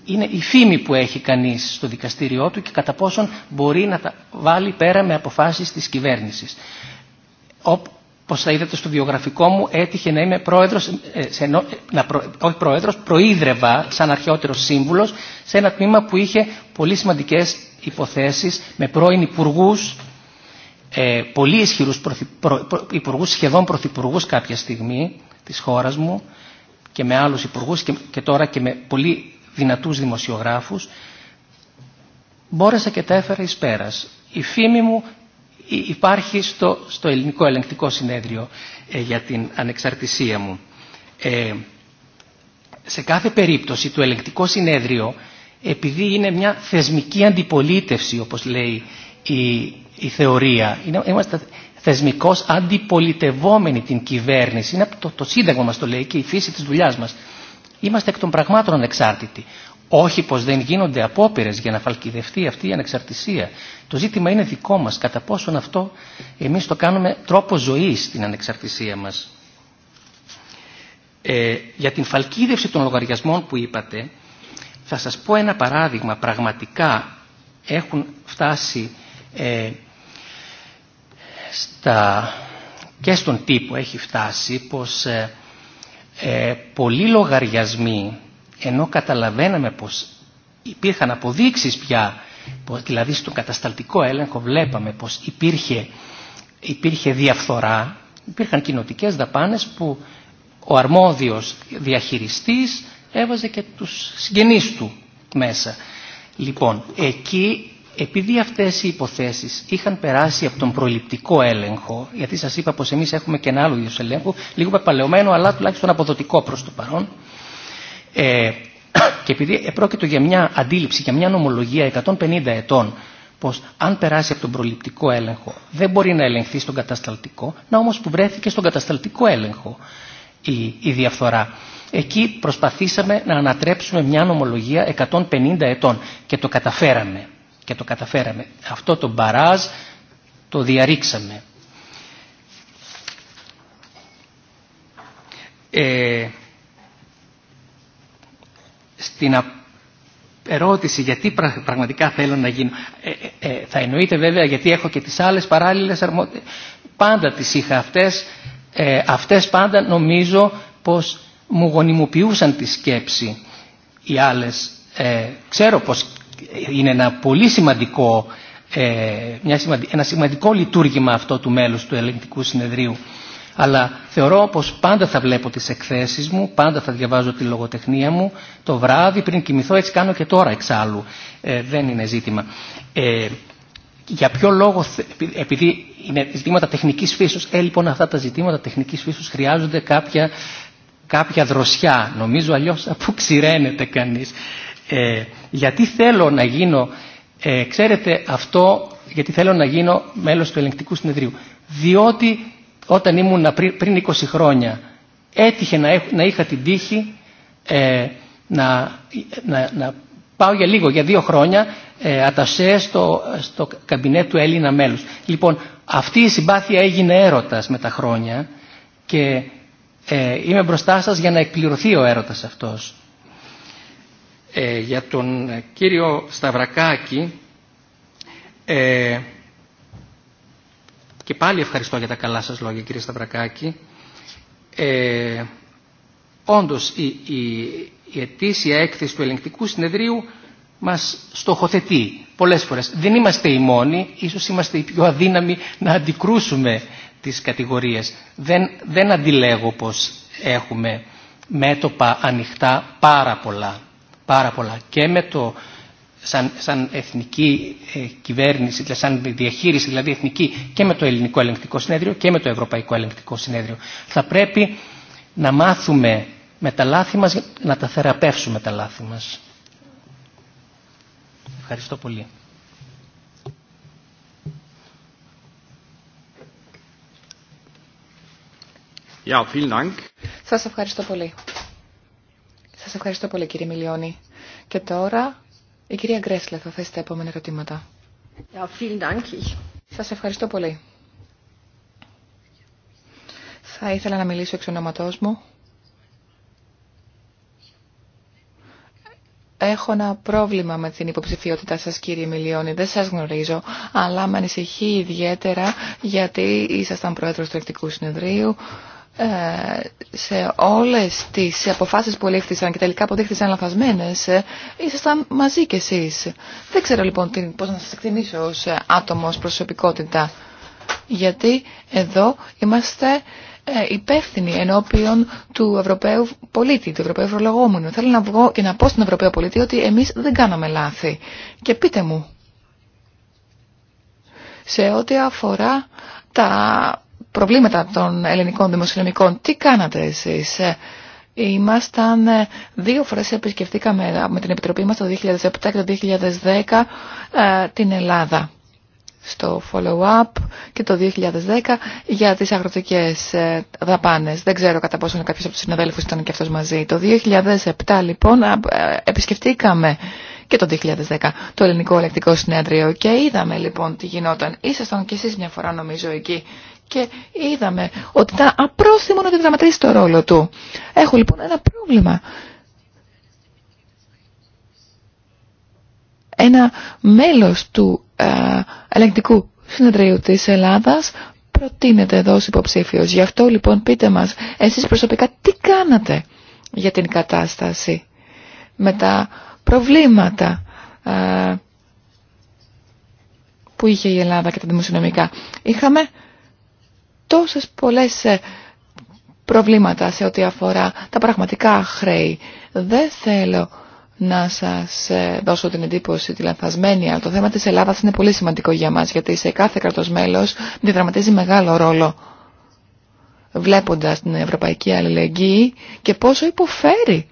Speaker 3: είναι η φήμη που έχει κανείς στο δικαστήριό του και κατά πόσον μπορεί να τα βάλει πέρα με αποφάσεις της κυβέρνησης. Όπως θα είδατε στο βιογραφικό μου έτυχε να είμαι πρόεδρος, ε, σε, ε, όχι πρόεδρος, προείδρευα σαν αρχαιότερος σύμβουλος σε ένα τμήμα που είχε πολύ σημαντικές υποθέσεις με πρώην υπουργού, ε, πολύ ισχυρούς σχεδόν πρωθυπουργούς κάποια στιγμή της χώρας μου και με άλλους υπουργούς και, τώρα και με πολύ δυνατούς δημοσιογράφους μπόρεσα και τα έφερα εις πέρας. Η φήμη μου υπάρχει στο, στο ελληνικό ελεγκτικό συνέδριο ε, για την ανεξαρτησία μου. Ε, σε κάθε περίπτωση το ελεγκτικό συνέδριο επειδή είναι μια θεσμική αντιπολίτευση όπως λέει η, η θεωρία. είμαστε θεσμικός αντιπολιτευόμενη την κυβέρνηση. Είναι το, το σύνταγμα μας το λέει και η φύση της δουλειά μας. Είμαστε εκ των πραγμάτων ανεξάρτητοι. Όχι πως δεν γίνονται απόπειρε για να φαλκιδευτεί αυτή η ανεξαρτησία. Το ζήτημα είναι δικό μας, κατά πόσον αυτό εμείς το κάνουμε τρόπο ζωής στην ανεξαρτησία μας. Ε, για την φαλκίδευση των λογαριασμών που είπατε, θα σας πω ένα παράδειγμα. Πραγματικά έχουν φτάσει ε, στα, και στον τύπο έχει φτάσει πως ε, ε, πολλοί λογαριασμοί ενώ καταλαβαίναμε πως υπήρχαν αποδείξεις πια πως, δηλαδή στον κατασταλτικό έλεγχο βλέπαμε πως υπήρχε, υπήρχε διαφθορά υπήρχαν κοινοτικέ δαπάνες που ο αρμόδιος διαχειριστής έβαζε και τους συγγενείς του μέσα. Λοιπόν, εκεί επειδή αυτές οι υποθέσεις είχαν περάσει από τον προληπτικό έλεγχο, γιατί σας είπα πως εμείς έχουμε και ένα άλλο είδος ελέγχου, λίγο παλαιωμένο, αλλά τουλάχιστον αποδοτικό προς το παρόν, ε, και επειδή επρόκειτο για μια αντίληψη, για μια νομολογία 150 ετών, πως αν περάσει από τον προληπτικό έλεγχο δεν μπορεί να ελεγχθεί στον κατασταλτικό, να όμως που βρέθηκε στον κατασταλτικό έλεγχο η, η διαφθορά. Εκεί προσπαθήσαμε να ανατρέψουμε μια νομολογία 150 ετών και το καταφέραμε και το καταφέραμε. Αυτό το μπαράζ το διαρρήξαμε. Ε, στην ερώτηση γιατί πραγματικά θέλω να γίνω. Ε, ε, θα εννοείται βέβαια γιατί έχω και τις άλλες παράλληλες αρμοδιότητες. Πάντα τις είχα αυτές. Ε, αυτές πάντα νομίζω πως μου γονιμοποιούσαν τη σκέψη οι άλλες. ξέρω πως είναι ένα πολύ σημαντικό, ε, ένα σημαντικό λειτουργήμα αυτό του μέλους του ελληνικού συνεδρίου. Αλλά θεωρώ πως πάντα θα βλέπω τις εκθέσεις μου, πάντα θα διαβάζω τη λογοτεχνία μου. Το βράδυ πριν κοιμηθώ έτσι κάνω και τώρα εξάλλου. Ε, δεν είναι ζήτημα. Ε, για ποιο λόγο, επειδή είναι ζητήματα τεχνικής φύσης, ε, λοιπόν αυτά τα ζητήματα τεχνικής φύσης χρειάζονται κάποια, δροσιά. Νομίζω αλλιώς αποξηραίνεται κανείς. Ε, γιατί θέλω να γίνω, ε, ξέρετε αυτό, γιατί θέλω να γίνω μέλος του ελεγκτικού συνεδρίου. Διότι όταν ήμουν πριν, 20 χρόνια έτυχε να, να είχα την τύχη ε, να, να, να πάω για λίγο, για δύο χρόνια, ε, στο, στο καμπινέ του Έλληνα μέλους. Λοιπόν, αυτή η συμπάθεια έγινε έρωτας με τα χρόνια και ε, είμαι μπροστά σας για να εκπληρωθεί ο έρωτας αυτός. Ε, για τον κύριο Σταυρακάκη ε, και πάλι ευχαριστώ για τα καλά σας λόγια κύριε Σταυρακάκη ε, όντως η, η, η ετήσια έκθεση του ελεγκτικού συνεδρίου μας στοχοθετεί πολλές φορές. Δεν είμαστε οι μόνοι, ίσως είμαστε οι πιο αδύναμοι να αντικρούσουμε τις κατηγορίες. Δεν, δεν αντιλέγω πως έχουμε μέτωπα ανοιχτά πάρα πολλά πάρα πολλά και με το σαν, σαν εθνική ε, κυβέρνηση, δηλαδή σαν διαχείριση δηλαδή εθνική και με το ελληνικό ελεγκτικό συνέδριο και με το ευρωπαϊκό ελεγκτικό συνέδριο. Θα πρέπει να μάθουμε με τα λάθη μας, να τα θεραπεύσουμε τα λάθη μας. Ευχαριστώ πολύ.
Speaker 4: Ja, vielen Dank.
Speaker 2: Σας ευχαριστώ πολύ. Σας ευχαριστώ πολύ κύριε Μιλιώνη. Και τώρα η κυρία Γκρέσλε θα θέσει τα επόμενα ερωτήματα. Σα Σας ευχαριστώ πολύ. Θα ήθελα να μιλήσω εξ ονόματός μου. Έχω ένα πρόβλημα με την υποψηφιότητά σας κύριε Μιλιώνη, δεν σας γνωρίζω, αλλά με ανησυχεί ιδιαίτερα γιατί ήσασταν πρόεδρος του Εκτικού Συνεδρίου, ε, σε όλες τις αποφάσεις που λήφθησαν και τελικά αποδείχθησαν λαθασμένες, ε, ήσασταν μαζί κι εσείς. Δεν ξέρω λοιπόν την, πώς να σας εκτιμήσω ως ε, άτομο προσωπικότητα, γιατί εδώ είμαστε υπεύθυνοι ενώπιον του Ευρωπαίου πολίτη, του Ευρωπαίου Ευρωλογόμενου. Θέλω να βγω και να πω στον Ευρωπαίο πολίτη ότι εμείς δεν κάναμε λάθη. Και πείτε μου, σε ό,τι αφορά τα προβλήματα των ελληνικών δημοσιονομικών. Τι κάνατε εσείς. Ε, ήμασταν ε, δύο φορές επισκεφτήκαμε με την Επιτροπή μας το 2007 και το 2010 ε, την Ελλάδα στο follow-up και το 2010 για τις αγροτικές δαπάνες. Δεν ξέρω κατά πόσο κάποιος από τους συναδέλφους ήταν και αυτός μαζί. Το 2007 λοιπόν επισκεφτήκαμε και το 2010 το Ελληνικό Ελεκτικό Συνέδριο και είδαμε λοιπόν τι γινόταν. Ήσασταν κι εσείς μια φορά νομίζω εκεί και είδαμε ότι ήταν απρόθυμο να διδραματίσει το ρόλο του. Έχω λοιπόν ένα πρόβλημα. Ένα μέλος του ε, ελεγκτικού συνεδρίου της Ελλάδας προτείνεται εδώ ως υποψήφιος. Γι' αυτό λοιπόν πείτε μας, εσείς προσωπικά τι κάνατε για την κατάσταση με τα προβλήματα ε, που είχε η Ελλάδα και τα δημοσιονομικά. Είχαμε τόσες πολλές ε, προβλήματα σε ό,τι αφορά τα πραγματικά χρέη. Δεν θέλω να σας ε, δώσω την εντύπωση τη λανθασμένη, αλλά το θέμα της Ελλάδας είναι πολύ σημαντικό για μας, γιατί σε κάθε κρατος μέλος διδραματίζει μεγάλο ρόλο βλέποντας την ευρωπαϊκή αλληλεγγύη και πόσο υποφέρει,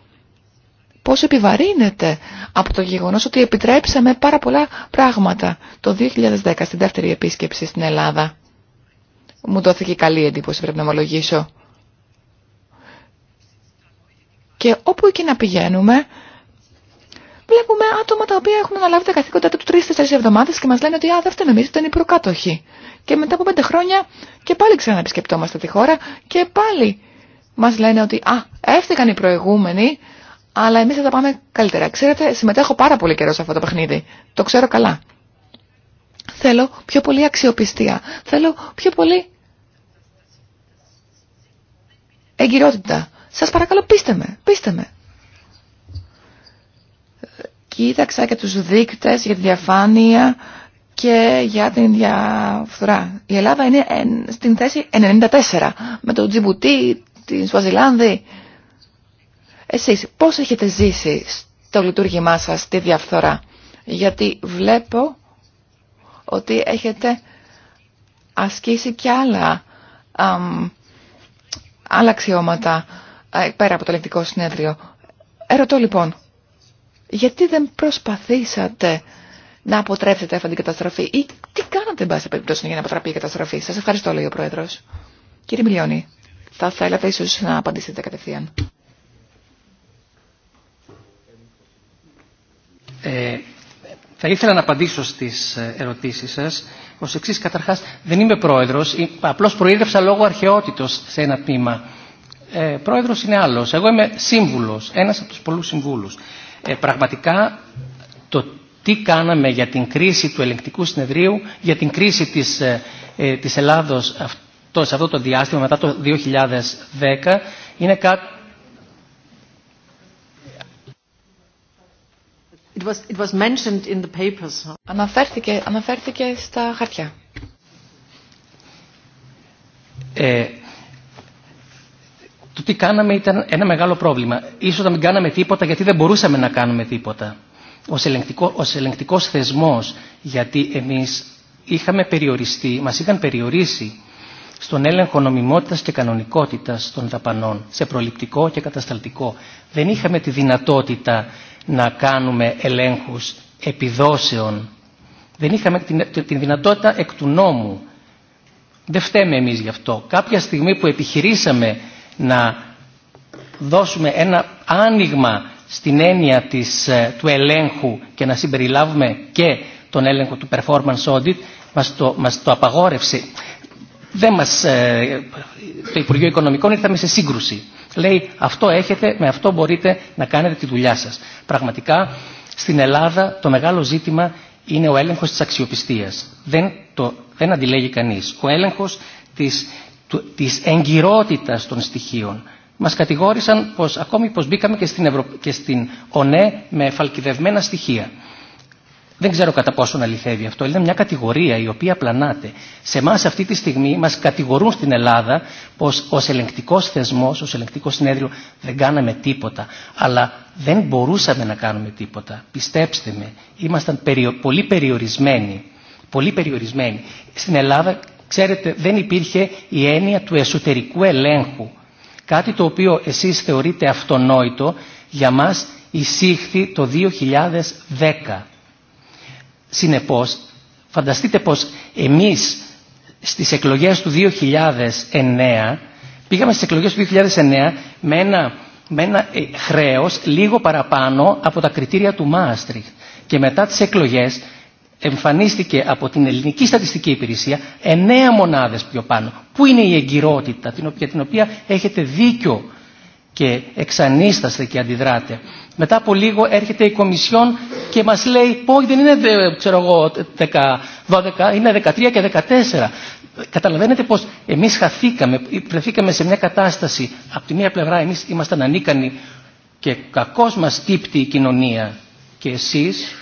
Speaker 2: πόσο επιβαρύνεται από το γεγονός ότι επιτρέψαμε πάρα πολλά πράγματα το 2010 στην δεύτερη επίσκεψη στην Ελλάδα μου δόθηκε καλή εντύπωση, πρέπει να ομολογήσω. Και όπου εκεί να πηγαίνουμε, βλέπουμε άτομα τα οποία έχουν αναλάβει τα καθήκοντα του τρει-τέσσερι εβδομάδε και μα λένε ότι α, δεν φταίμε εμεί, ήταν οι προκάτοχοι. Και μετά από πέντε χρόνια και πάλι ξαναεπισκεπτόμαστε τη χώρα και πάλι μα λένε ότι α, έφταιγαν οι προηγούμενοι, αλλά εμεί θα τα πάμε καλύτερα. Ξέρετε, συμμετέχω πάρα πολύ καιρό σε αυτό το παιχνίδι. Το ξέρω καλά. Θέλω πιο πολύ αξιοπιστία. Θέλω πιο πολύ εγκυρότητα. Σας παρακαλώ πείστε με, Κοίταξα και τους δείκτες για τη διαφάνεια και για την διαφθορά. Η Ελλάδα είναι στην θέση 94 με τον Τζιμπουτί, την Σουαζιλάνδη. Εσείς πώς έχετε ζήσει στο λειτουργήμά σας τη διαφθορά. Γιατί βλέπω ότι έχετε ασκήσει και άλλα, άλλα αξιώματα πέρα από το λεκτικό συνέδριο. Ερωτώ λοιπόν, γιατί δεν προσπαθήσατε να αποτρέψετε αυτήν την καταστροφή ή τι κάνατε, εν πάση περίπτωση για να αποτραπεί η καταστροφή. Σας ευχαριστώ, λέει ο Πρόεδρος. Κύριε Μιλιώνη, θα θέλατε ίσως να απαντήσετε κατευθείαν.
Speaker 3: Ε, θα ήθελα να απαντήσω στις ε, ερωτήσεις σας Ω εξή Καταρχάς, δεν είμαι πρόεδρος, απλώς προείδευσα λόγω αρχαιότητος σε ένα τμήμα. Ε, πρόεδρος είναι άλλος. Εγώ είμαι σύμβουλος, ένας από τους πολλούς συμβούλους. Ε, πραγματικά, το τι κάναμε για την κρίση του ελεγκτικού συνεδρίου, για την κρίση της, ε, ε Ελλάδος σε αυτό το διάστημα μετά το 2010, είναι κάτι
Speaker 4: It was,
Speaker 2: Αναφέρθηκε, στα χαρτιά.
Speaker 3: Ε, το τι κάναμε ήταν ένα μεγάλο πρόβλημα. Ίσως να μην κάναμε τίποτα γιατί δεν μπορούσαμε να κάνουμε τίποτα. Ο ελεγκτικό, θεσμός, γιατί εμείς είχαμε περιοριστεί, μας είχαν περιορίσει στον έλεγχο νομιμότητας και κανονικότητας των δαπανών, σε προληπτικό και κατασταλτικό. Δεν είχαμε τη δυνατότητα να κάνουμε ελέγχους επιδόσεων. Δεν είχαμε την, την δυνατότητα εκ του νόμου. Δεν φταίμε εμείς γι' αυτό. Κάποια στιγμή που επιχειρήσαμε να δώσουμε ένα άνοιγμα στην έννοια της, ε, του ελέγχου και να συμπεριλάβουμε και τον έλεγχο του performance audit, μας το, μας το απαγόρευσε. Δεν μας, ε, το Υπουργείο Οικονομικών ήρθαμε σε σύγκρουση. Λέει αυτό έχετε, με αυτό μπορείτε να κάνετε τη δουλειά σας. Πραγματικά στην Ελλάδα το μεγάλο ζήτημα είναι ο έλεγχος της αξιοπιστίας. Δεν, το, δεν αντιλέγει κανείς. Ο έλεγχος της, του, της εγκυρότητας των στοιχείων. Μας κατηγόρησαν πως, ακόμη πως μπήκαμε και στην, Ευρω... και στην με φαλκιδευμένα στοιχεία. Δεν ξέρω κατά πόσο αληθεύει αυτό. Είναι μια κατηγορία η οποία πλανάται. Σε εμά αυτή τη στιγμή μα κατηγορούν στην Ελλάδα πω ω ελεγκτικό θεσμό, ω ελεγκτικό συνέδριο δεν κάναμε τίποτα. Αλλά δεν μπορούσαμε να κάνουμε τίποτα. Πιστέψτε με, ήμασταν πολύ περιορισμένοι. Πολύ περιορισμένοι. Στην Ελλάδα, ξέρετε, δεν υπήρχε η έννοια του εσωτερικού ελέγχου. Κάτι το οποίο εσεί θεωρείτε αυτονόητο, για μα εισήχθη το 2010 Συνεπώς, φανταστείτε πως εμείς στις εκλογές του 2009 πήγαμε στις εκλογές του 2009 με ένα, με ένα ε, χρέος λίγο παραπάνω από τα κριτήρια του Μάστριχ. Και μετά τις εκλογές εμφανίστηκε από την Ελληνική Στατιστική Υπηρεσία εννέα μονάδες πιο πάνω. Πού είναι η εγκυρότητα την οποία, την οποία έχετε δίκιο και εξανίσταστε και αντιδράτε. Μετά από λίγο έρχεται η Κομισιόν και μας λέει «Πω, δεν είναι ξέρω εγώ, 10, 12, είναι 13 και 14». Καταλαβαίνετε πως εμείς χαθήκαμε, βρεθήκαμε σε μια κατάσταση. Από τη μία πλευρά εμείς ήμασταν ανίκανοι και κακώς μας τύπτει η κοινωνία και εσείς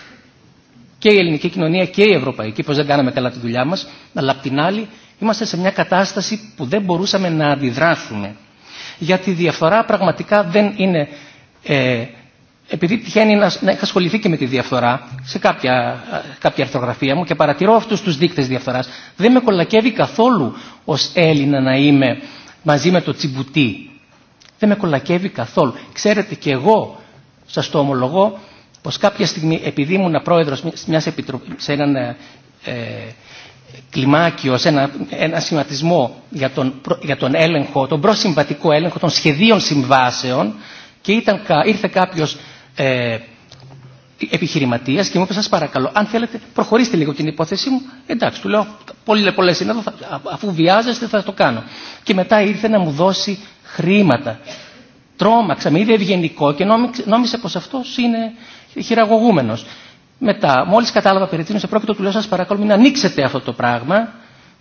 Speaker 3: και η ελληνική κοινωνία και η ευρωπαϊκή, πως δεν κάναμε καλά τη δουλειά μας, αλλά απ' την άλλη είμαστε σε μια κατάσταση που δεν μπορούσαμε να αντιδράσουμε. Γιατί η διαφορά πραγματικά δεν είναι ε, επειδή τυχαίνει να, να είχα ασχοληθεί και με τη διαφθορά σε κάποια, ε, κάποια αρθρογραφία μου και παρατηρώ αυτού του δείκτε διαφθορά, δεν με κολακεύει καθόλου ω Έλληνα να είμαι μαζί με το τσιμπουτί. Δεν με κολακεύει καθόλου. Ξέρετε και εγώ, σα το ομολογώ, πω κάποια στιγμή, επειδή ήμουν πρόεδρο σε ένα ε, ε, κλιμάκιο, σε ένα, ένα σχηματισμό για τον, για τον έλεγχο, τον προσυμβατικό έλεγχο των σχεδίων συμβάσεων, και ήταν, ήρθε κάποιος ε, επιχειρηματίας και μου είπε σας παρακαλώ αν θέλετε προχωρήστε λίγο την υπόθεσή μου εντάξει του λέω πολλές, πολλές είναι εδώ αφού βιάζεστε θα το κάνω και μετά ήρθε να μου δώσει χρήματα τρόμαξα, με είδε ευγενικό και νόμισε πως αυτός είναι χειραγωγούμενος μετά μόλις κατάλαβα περί τίνος πρόκειται του λέω σας παρακαλώ μην ανοίξετε αυτό το πράγμα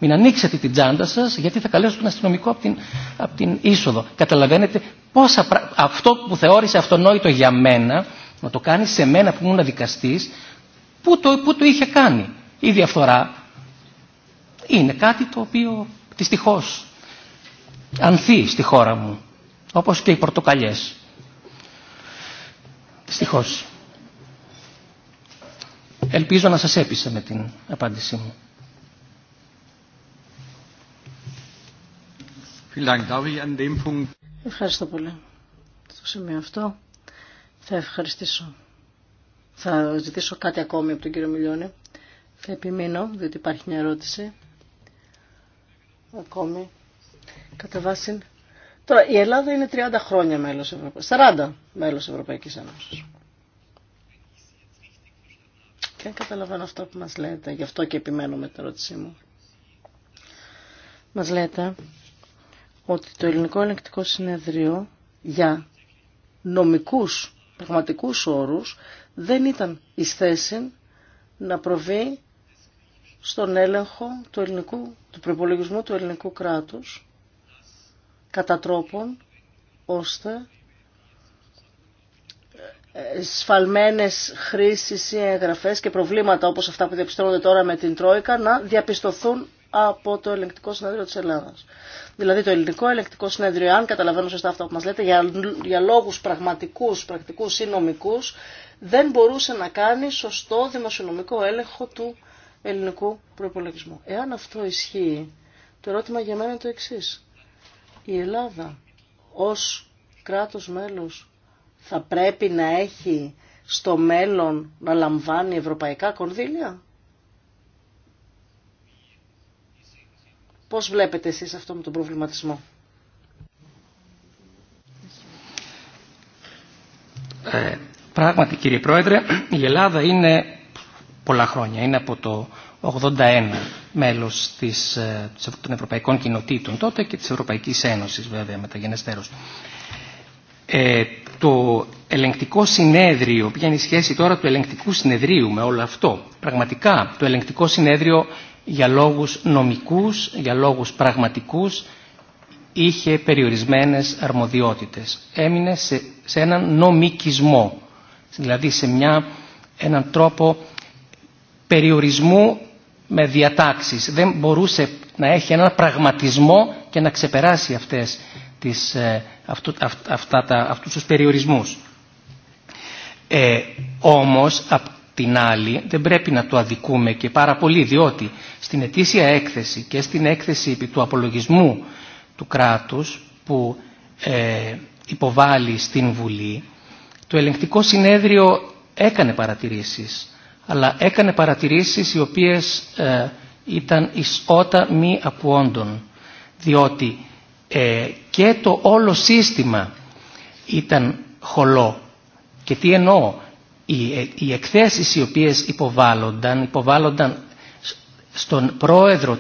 Speaker 3: μην ανοίξετε την τσάντα σα γιατί θα καλέσω τον αστυνομικό από την, από την είσοδο. Καταλαβαίνετε πόσα αυτό που θεώρησε αυτονόητο για μένα, να το κάνει σε μένα που ήμουν δικαστή, πού το, που το είχε κάνει. Η διαφθορά είναι κάτι το οποίο δυστυχώ ανθεί στη χώρα μου, όπως και οι πορτοκαλιές. Δυστυχώ. Ελπίζω να σας έπεισα με την απάντησή μου.
Speaker 4: Ευχαριστώ πολύ. Στο σημείο αυτό θα ευχαριστήσω. Θα ζητήσω κάτι ακόμη από τον κύριο Μιλιώνη. Θα επιμείνω, διότι υπάρχει μια ερώτηση. Ακόμη. Κατά βάση. Τώρα, η Ελλάδα είναι 30 χρόνια μέλο Ευρωπαϊκή. 40 μέλο Ευρωπαϊκή Ένωση. Και αν καταλαβαίνω αυτό που μα λέτε, γι' αυτό και επιμένω με την ερώτησή μου. Μα λέτε ότι το ελληνικό Ελεκτικό συνεδρίο για νομικούς, πραγματικούς όρους δεν ήταν η θέση να προβεί στον έλεγχο του, ελληνικού, του προπολογισμού του ελληνικού κράτους κατά τρόπον ώστε ε, ε, σφαλμένες χρήσεις ή εγγραφές και προβλήματα όπως αυτά που διαπιστώνονται τώρα με την Τρόικα να διαπιστωθούν από το ελεγκτικό συνέδριο της Ελλάδας. Δηλαδή το ελληνικό ελεγκτικό συνέδριο, αν καταλαβαίνω σωστά αυτό που μας λέτε, για, για λόγους πραγματικούς, πρακτικούς ή νομικούς, δεν μπορούσε να κάνει σωστό δημοσιονομικό έλεγχο του ελληνικού προπολογισμού. Εάν αυτό ισχύει, το ερώτημα για μένα είναι το εξή. Η Ελλάδα ως κράτος μέλος θα πρέπει να έχει στο μέλλον να λαμβάνει ευρωπαϊκά κονδύλια. Πώς βλέπετε εσείς αυτό με τον προβληματισμό.
Speaker 3: Ε, πράγματι κύριε Πρόεδρε, η Ελλάδα είναι πολλά χρόνια, είναι από το 81 μέλος της, ε, των Ευρωπαϊκών Κοινοτήτων τότε και της Ευρωπαϊκής Ένωσης βέβαια μεταγενεστέρως. Ε, το ελεγκτικό συνέδριο, ποια είναι η σχέση τώρα του ελεγκτικού συνεδρίου με όλο αυτό. Πραγματικά το ελεγκτικό συνέδριο για λόγους νομικούς, για λόγους πραγματικούς, είχε περιορισμένες αρμοδιότητες. Έμεινε σε, έναν νομικισμό, δηλαδή σε μια, έναν τρόπο περιορισμού με διατάξεις. Δεν μπορούσε να έχει έναν πραγματισμό και να ξεπεράσει αυτές τις, ε, αυτού, αυτά αυτούς τους περιορισμούς. Ε, όμως, την άλλη δεν πρέπει να το αδικούμε και πάρα πολύ διότι στην ετήσια έκθεση και στην έκθεση του απολογισμού του κράτους που ε, υποβάλλει στην Βουλή το ελεγκτικό συνέδριο έκανε παρατηρήσεις αλλά έκανε παρατηρήσεις οι οποίες ε, ήταν εις ότα μη ακουόντων διότι ε, και το όλο σύστημα ήταν χολό και τι εννοώ οι εκθέσεις οι οποίες υποβάλλονταν, υποβάλλονταν στον πρόεδρο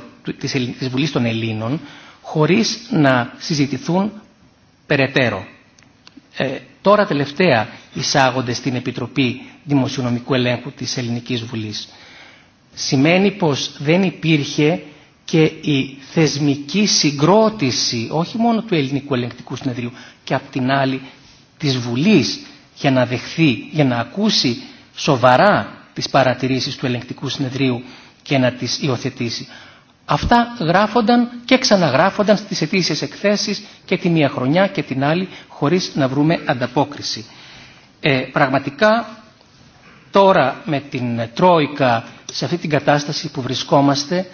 Speaker 3: της Βουλής των Ελλήνων χωρίς να συζητηθούν περαιτέρω. Ε, τώρα τελευταία εισάγονται στην Επιτροπή Δημοσιονομικού Ελέγχου της Ελληνικής Βουλής. Σημαίνει πως δεν υπήρχε και η θεσμική συγκρότηση όχι μόνο του Ελληνικού Ελεγκτικού Συνεδρίου και από την άλλη της Βουλής για να δεχθεί, για να ακούσει σοβαρά τις παρατηρήσεις του ελεγκτικού συνεδρίου και να τις υιοθετήσει. Αυτά γράφονταν και ξαναγράφονταν στις αιτήσεις εκθέσεις και τη μία χρονιά και την άλλη χωρίς να βρούμε ανταπόκριση. Ε, πραγματικά τώρα με την Τρόικα σε αυτή την κατάσταση που βρισκόμαστε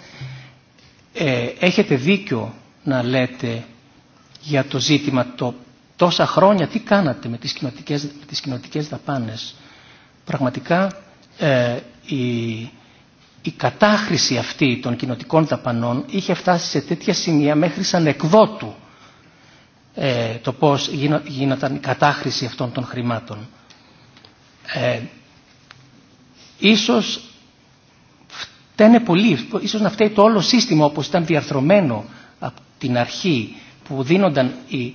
Speaker 3: ε, έχετε δίκιο να λέτε για το ζήτημα το τόσα χρόνια τι κάνατε με τις κοινοτικές, με τις δαπάνες. Πραγματικά ε, η, η κατάχρηση αυτή των κοινοτικών δαπανών είχε φτάσει σε τέτοια σημεία μέχρι σαν εκδότου ε, το πώς γίνονταν η κατάχρηση αυτών των χρημάτων. Ε, ίσως φταίνε πολύ, ίσως να φταίει το όλο σύστημα όπως ήταν διαρθρωμένο από την αρχή που δίνονταν οι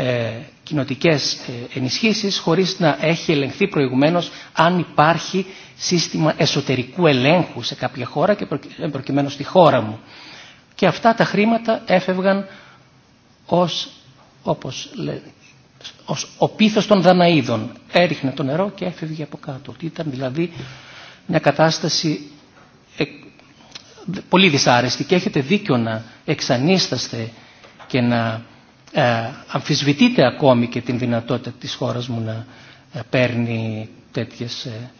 Speaker 3: ε, κοινοτικές ε, ενισχύσεις χωρίς να έχει ελεγχθεί προηγουμένως αν υπάρχει σύστημα εσωτερικού ελέγχου σε κάποια χώρα και ε, προκειμένου στη χώρα μου. Και αυτά τα χρήματα έφευγαν ως, ως ο πίθος των Δαναίδων. Έριχνε το νερό και έφευγε από κάτω. Ήταν δηλαδή μια κατάσταση πολύ δυσάρεστη και έχετε δίκιο να εξανίσταστε και να ε, αμφισβητείται ακόμη και την δυνατότητα της χώρας μου να ε, παίρνει τέτοιες ε,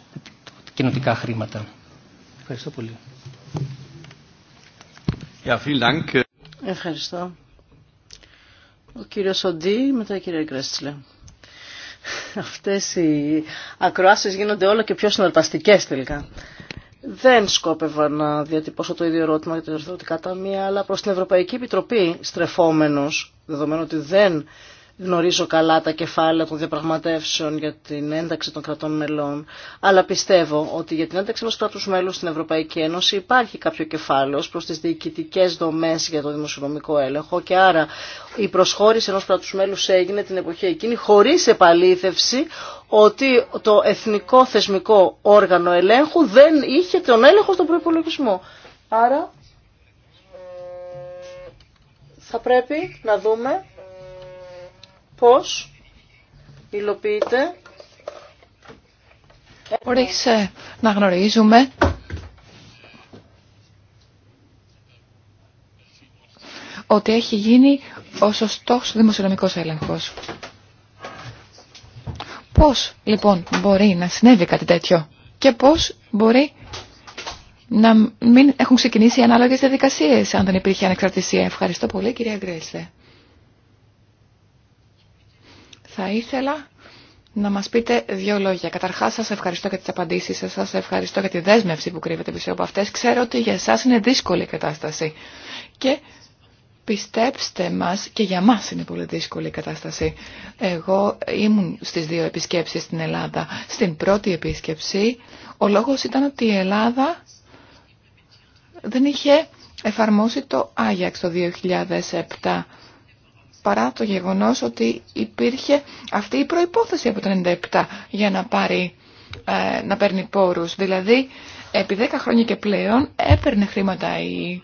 Speaker 3: κοινωτικά χρήματα. Ευχαριστώ πολύ.
Speaker 4: Ευχαριστώ. Ο κύριος Οντή, μετά η κυρία Γκρέστσλε. Αυτές οι ακροάσεις γίνονται όλο και πιο συναρπαστικές τελικά. Δεν σκόπευα να διατυπώσω το ίδιο ερώτημα για τα κατά ταμεία, αλλά προς την Ευρωπαϊκή Επιτροπή στρεφόμενος, δεδομένου ότι δεν γνωρίζω καλά τα κεφάλαια των διαπραγματεύσεων για την ένταξη των κρατών μελών, αλλά πιστεύω ότι για την ένταξη ενός κρατου μέλους στην Ευρωπαϊκή Ένωση υπάρχει κάποιο κεφάλαιο προς τις διοικητικές δομές για το δημοσιονομικό έλεγχο και άρα η προσχώρηση ενός κράτους μέλους έγινε την εποχή εκείνη χωρίς επαλήθευση ότι το εθνικό θεσμικό όργανο ελέγχου δεν είχε τον έλεγχο στον προπολογισμό. Άρα ε, θα πρέπει να δούμε πώς υλοποιείται. ε,
Speaker 2: να γνωρίζουμε ότι έχει γίνει ο σωστός δημοσιονομικός έλεγχος. Πώς λοιπόν μπορεί να συνέβη κάτι τέτοιο και πώς μπορεί να μην έχουν ξεκινήσει ανάλογες διαδικασίες αν δεν υπήρχε ανεξαρτησία. Ευχαριστώ πολύ κυρία Γκρέσλε. Θα ήθελα να μας πείτε δύο λόγια. Καταρχάς σας ευχαριστώ για τις απαντήσεις σας, σας ευχαριστώ για τη δέσμευση που κρύβεται πίσω από αυτές. Ξέρω ότι για εσάς είναι δύσκολη η κατάσταση και πιστέψτε μας και για μας είναι πολύ δύσκολη η κατάσταση. Εγώ ήμουν στις δύο επισκέψεις στην Ελλάδα. Στην πρώτη επίσκεψη ο λόγος ήταν ότι η Ελλάδα δεν είχε εφαρμόσει το Άγιαξ το 2007 παρά το γεγονός ότι υπήρχε αυτή η προϋπόθεση από το 97 για να, πάρει, ε, να παίρνει πόρους. Δηλαδή, επί 10 χρόνια και πλέον έπαιρνε χρήματα η,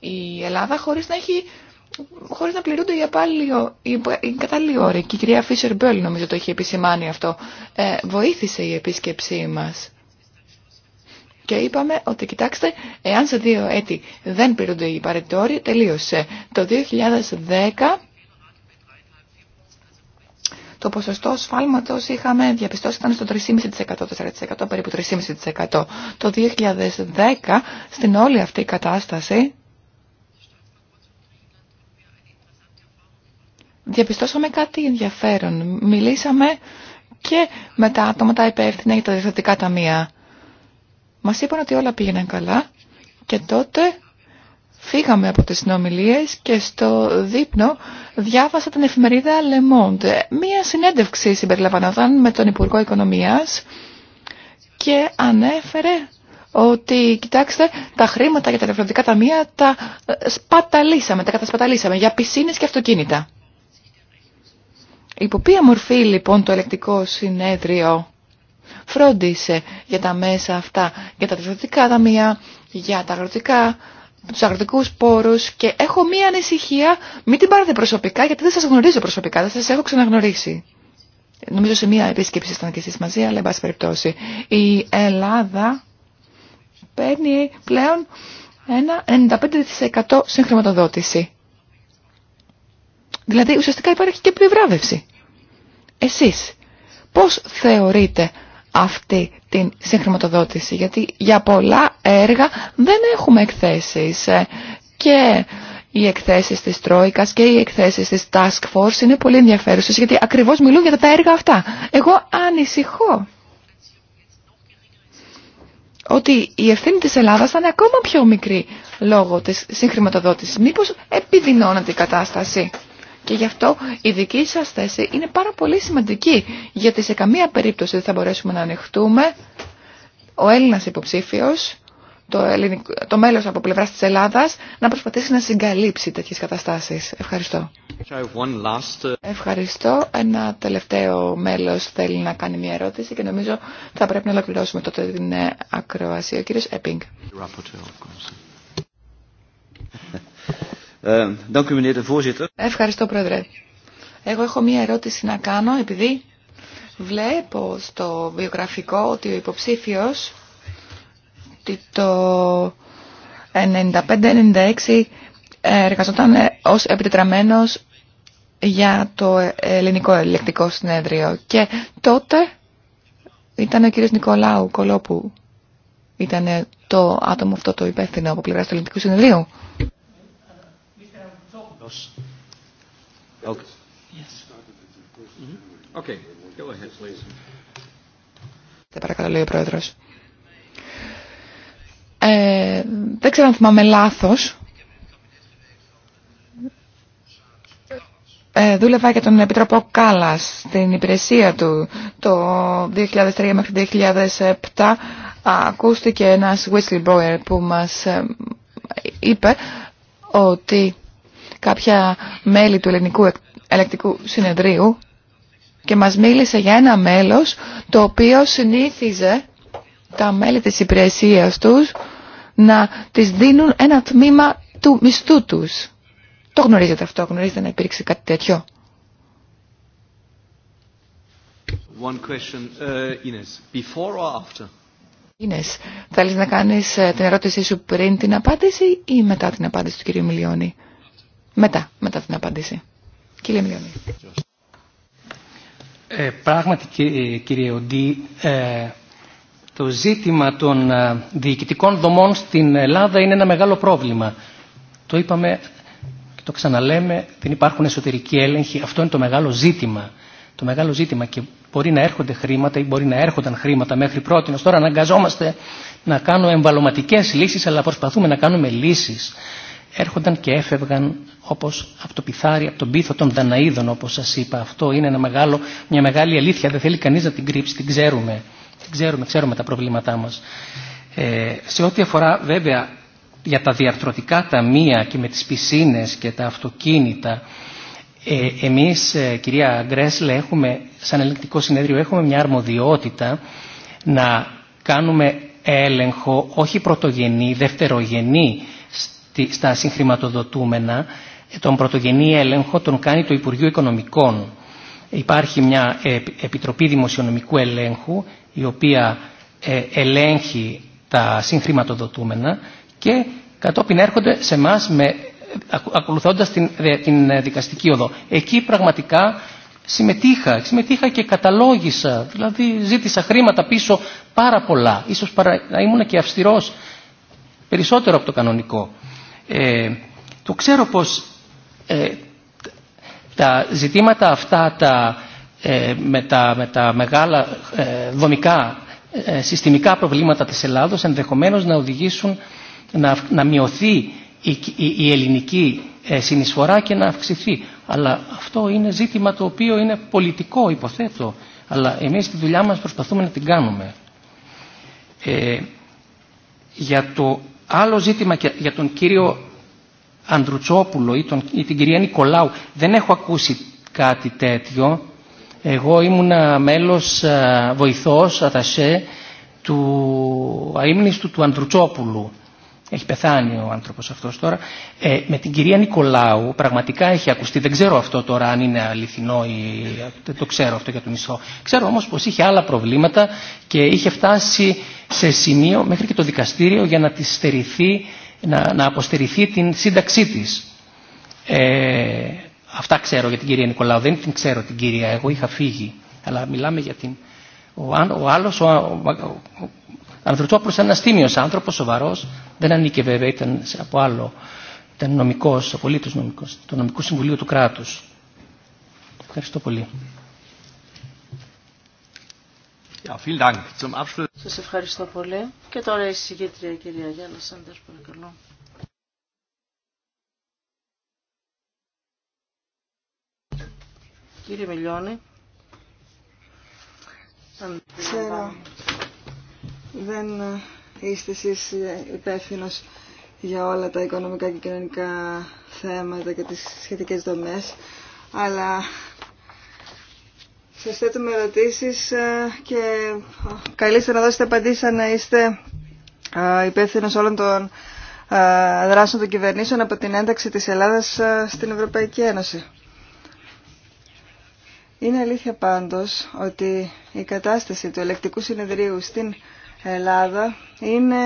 Speaker 2: η Ελλάδα χωρίς να έχει χωρίς να πληρούνται οι, οι, οι κατάλληλοι όροι. Και η κυρία Φίσερ Μπέλ νομίζω το έχει επισημάνει αυτό. Ε, βοήθησε η επίσκεψή μας. Και είπαμε ότι κοιτάξτε, εάν σε δύο έτη δεν πληρούνται οι παρετόροι, τελείωσε. Το 2010 το ποσοστό σφάλματος είχαμε διαπιστώσει ήταν στο 3,5%, 4%, περίπου 3,5%. Το 2010 στην όλη αυτή η κατάσταση διαπιστώσαμε κάτι ενδιαφέρον. Μιλήσαμε και με τα άτομα τα υπεύθυνα για τα διευθυντικά ταμεία. Μας είπαν ότι όλα πήγαιναν καλά και τότε Φύγαμε από τις συνομιλίες και στο δείπνο διάβασα την εφημερίδα Le Monde. Μία συνέντευξη συμπεριλαμβανόταν με τον Υπουργό Οικονομίας και ανέφερε ότι, κοιτάξτε, τα χρήματα για τα ελευθερωτικά ταμεία τα σπαταλήσαμε, τα κατασπαταλήσαμε για πισίνες και αυτοκίνητα. Υπό ποια μορφή λοιπόν το ελεκτικό συνέδριο φρόντισε για τα μέσα αυτά, για τα ελευθερωτικά ταμεία, για τα αγροτικά τους αγροτικούς πόρους και έχω μία ανησυχία, μην την πάρετε προσωπικά γιατί δεν σας γνωρίζω προσωπικά, δεν σας έχω ξαναγνωρίσει. Νομίζω σε μία επίσκεψη ήταν και εσείς μαζί, αλλά εν πάση περιπτώσει. Η Ελλάδα παίρνει πλέον ένα 95% συγχρηματοδότηση. Δηλαδή ουσιαστικά υπάρχει και επιβράβευση. Εσείς πώς θεωρείτε αυτή την συγχρηματοδότηση. Γιατί για πολλά έργα δεν έχουμε εκθέσεις ε, και οι εκθέσεις της Τρόικας και οι εκθέσεις της Task Force είναι πολύ ενδιαφέρουσες γιατί ακριβώς μιλούν για τα έργα αυτά. Εγώ ανησυχώ ότι η ευθύνη της Ελλάδας θα είναι ακόμα πιο μικρή λόγω της συγχρηματοδότησης. Μήπως επιδεινώνεται η κατάσταση. Και γι' αυτό η δική σας θέση είναι πάρα πολύ σημαντική, γιατί σε καμία περίπτωση δεν θα μπορέσουμε να ανοιχτούμε ο Έλληνας υποψήφιος, το, ελληνικό, το μέλος από πλευράς της Ελλάδας, να προσπαθήσει να συγκαλύψει τέτοιες καταστάσεις. Ευχαριστώ.
Speaker 1: Uh,
Speaker 2: Ευχαριστώ. Ένα τελευταίο μέλος θέλει να κάνει μια ερώτηση και νομίζω θα πρέπει να ολοκληρώσουμε τότε την ε, ακροασία. Ο κύριος Επίνγκ. Ε, Ευχαριστώ, Πρόεδρε. Εγώ έχω μία ερώτηση να κάνω, επειδή βλέπω στο βιογραφικό ότι ο υποψήφιος το 95-96 ε, εργαζόταν ε, ως επιτετραμένος για το ελληνικό ελεκτικό συνέδριο και τότε ήταν ο κύριος Νικολάου Κολόπου ήταν το άτομο αυτό το υπεύθυνο από πλευράς του ελληνικού συνεδρίου.
Speaker 1: Yes. Okay. Go ahead, please.
Speaker 2: Δεν παρακαλώ, λέει ο Ε, δεν ξέρω αν θυμάμαι λάθος. Ε, δούλευα για τον Επιτροπό Κάλλας στην υπηρεσία του το 2003 μέχρι το 2007. Ακούστηκε ένας whistleblower που μας ε, είπε ότι κάποια μέλη του ελληνικού ελεκτικού συνεδρίου και μας μίλησε για ένα μέλος το οποίο συνήθιζε τα μέλη της υπηρεσίας τους να τις δίνουν ένα τμήμα του μισθού τους. Το γνωρίζετε αυτό, γνωρίζετε να υπήρξε κάτι τέτοιο.
Speaker 1: One question,
Speaker 2: uh, θέλεις να κάνεις ε, την ερώτησή σου πριν την απάντηση ή μετά την απάντηση του κυρίου Μιλιώνη. Μετά, μετά την απάντηση. Κύριε Μιλιονί.
Speaker 3: Ε, πράγματι ε, κύριε Οντή, ε, το ζήτημα των ε, διοικητικών δομών στην Ελλάδα είναι ένα μεγάλο πρόβλημα. Το είπαμε και το ξαναλέμε, δεν υπάρχουν εσωτερικοί έλεγχοι. Αυτό είναι το μεγάλο ζήτημα. Το μεγάλο ζήτημα και μπορεί να έρχονται χρήματα ή μπορεί να έρχονταν χρήματα μέχρι πρώτη. Τώρα αναγκαζόμαστε να κάνουμε εμβαλωματικές λύσεις, αλλά προσπαθούμε να κάνουμε λύσεις έρχονταν και έφευγαν όπως από το πιθάρι, από τον πίθο των Δαναίδων όπως σας είπα. Αυτό είναι ένα μεγάλο, μια μεγάλη αλήθεια, δεν θέλει κανείς να την κρύψει, την ξέρουμε. Την ξέρουμε, ξέρουμε τα προβλήματά μας. Ε, σε ό,τι αφορά βέβαια για τα διαρθρωτικά ταμεία και με τις πισίνες και τα αυτοκίνητα, ε, εμείς, ε, κυρία Γκρέσλε, έχουμε, σαν ελεγκτικό συνέδριο, έχουμε μια αρμοδιότητα να κάνουμε έλεγχο, όχι πρωτογενή, δευτερογενή, στα συγχρηματοδοτούμενα, ε, τον πρωτογενή έλεγχο τον κάνει το Υπουργείο Οικονομικών. Υπάρχει μια ε, Επιτροπή Δημοσιονομικού Ελέγχου, η οποία ε, ελέγχει τα συγχρηματοδοτούμενα και κατόπιν έρχονται σε εμά ακολουθώντας την, δικαστική οδό. Εκεί πραγματικά συμμετείχα, συμμετείχα και καταλόγησα, δηλαδή ζήτησα χρήματα πίσω πάρα πολλά. Ίσως να ήμουν και αυστηρός, περισσότερο από το κανονικό. Ε, το ξέρω πως ε, τα ζητήματα αυτά τα, ε, με, τα, μεγάλα ε, δομικά συστημικά προβλήματα της Ελλάδος ενδεχομένως να οδηγήσουν να, μειωθεί η, ελληνική συνεισφορά και να αυξηθεί. Αλλά αυτό είναι ζήτημα το οποίο είναι πολιτικό υποθέτω. Αλλά εμείς τη δουλειά μας προσπαθούμε να την κάνουμε. για το Άλλο ζήτημα για τον κύριο Αντρουτσόπουλο ή, τον, ή την κυρία Νικολάου. Δεν έχω ακούσει κάτι τέτοιο. Εγώ ήμουνα μέλος, ε, βοηθός, ατασέ του αείμνηστου του Αντρουτσόπουλου έχει πεθάνει ο άνθρωπος αυτός τώρα, ε, με την κυρία Νικολάου πραγματικά έχει ακουστεί, δεν ξέρω αυτό τώρα αν είναι αληθινό ή δεν το ξέρω αυτό για τον μισθό. Ξέρω όμως πως είχε άλλα προβλήματα και είχε φτάσει σε σημείο μέχρι και το δικαστήριο για να, της στερηθεί, να, να αποστερηθεί την σύνταξή της. Ε, αυτά ξέρω για την κυρία Νικολάου, δεν την ξέρω την κυρία, εγώ είχα φύγει, αλλά μιλάμε για την... Ο, άλλος, ο, ανθρωπόπουλος ήταν ένα τίμιο άνθρωπος, σοβαρό, δεν ανήκε βέβαια, ήταν από άλλο, ήταν νομικό, απολύτω νομικό, το νομικό συμβούλιο του κράτου. Ευχαριστώ πολύ. Σα ευχαριστώ πολύ.
Speaker 4: Και τώρα η συγκέντρια κυρία Γιάννα Σάντερ, παρακαλώ. Κύριε Μιλιώνη
Speaker 5: δεν είστε εσείς υπεύθυνο για όλα τα οικονομικά και κοινωνικά θέματα και τις σχετικές δομές, αλλά σας θέτουμε ερωτήσεις ε, και καλείστε να δώσετε απαντήσεις να είστε ε, υπεύθυνο όλων των ε, δράσεων των κυβερνήσεων από την ένταξη της Ελλάδας στην Ευρωπαϊκή Ένωση. Είναι αλήθεια πάντως ότι η κατάσταση του ελεκτικού συνεδρίου στην Ελλάδα είναι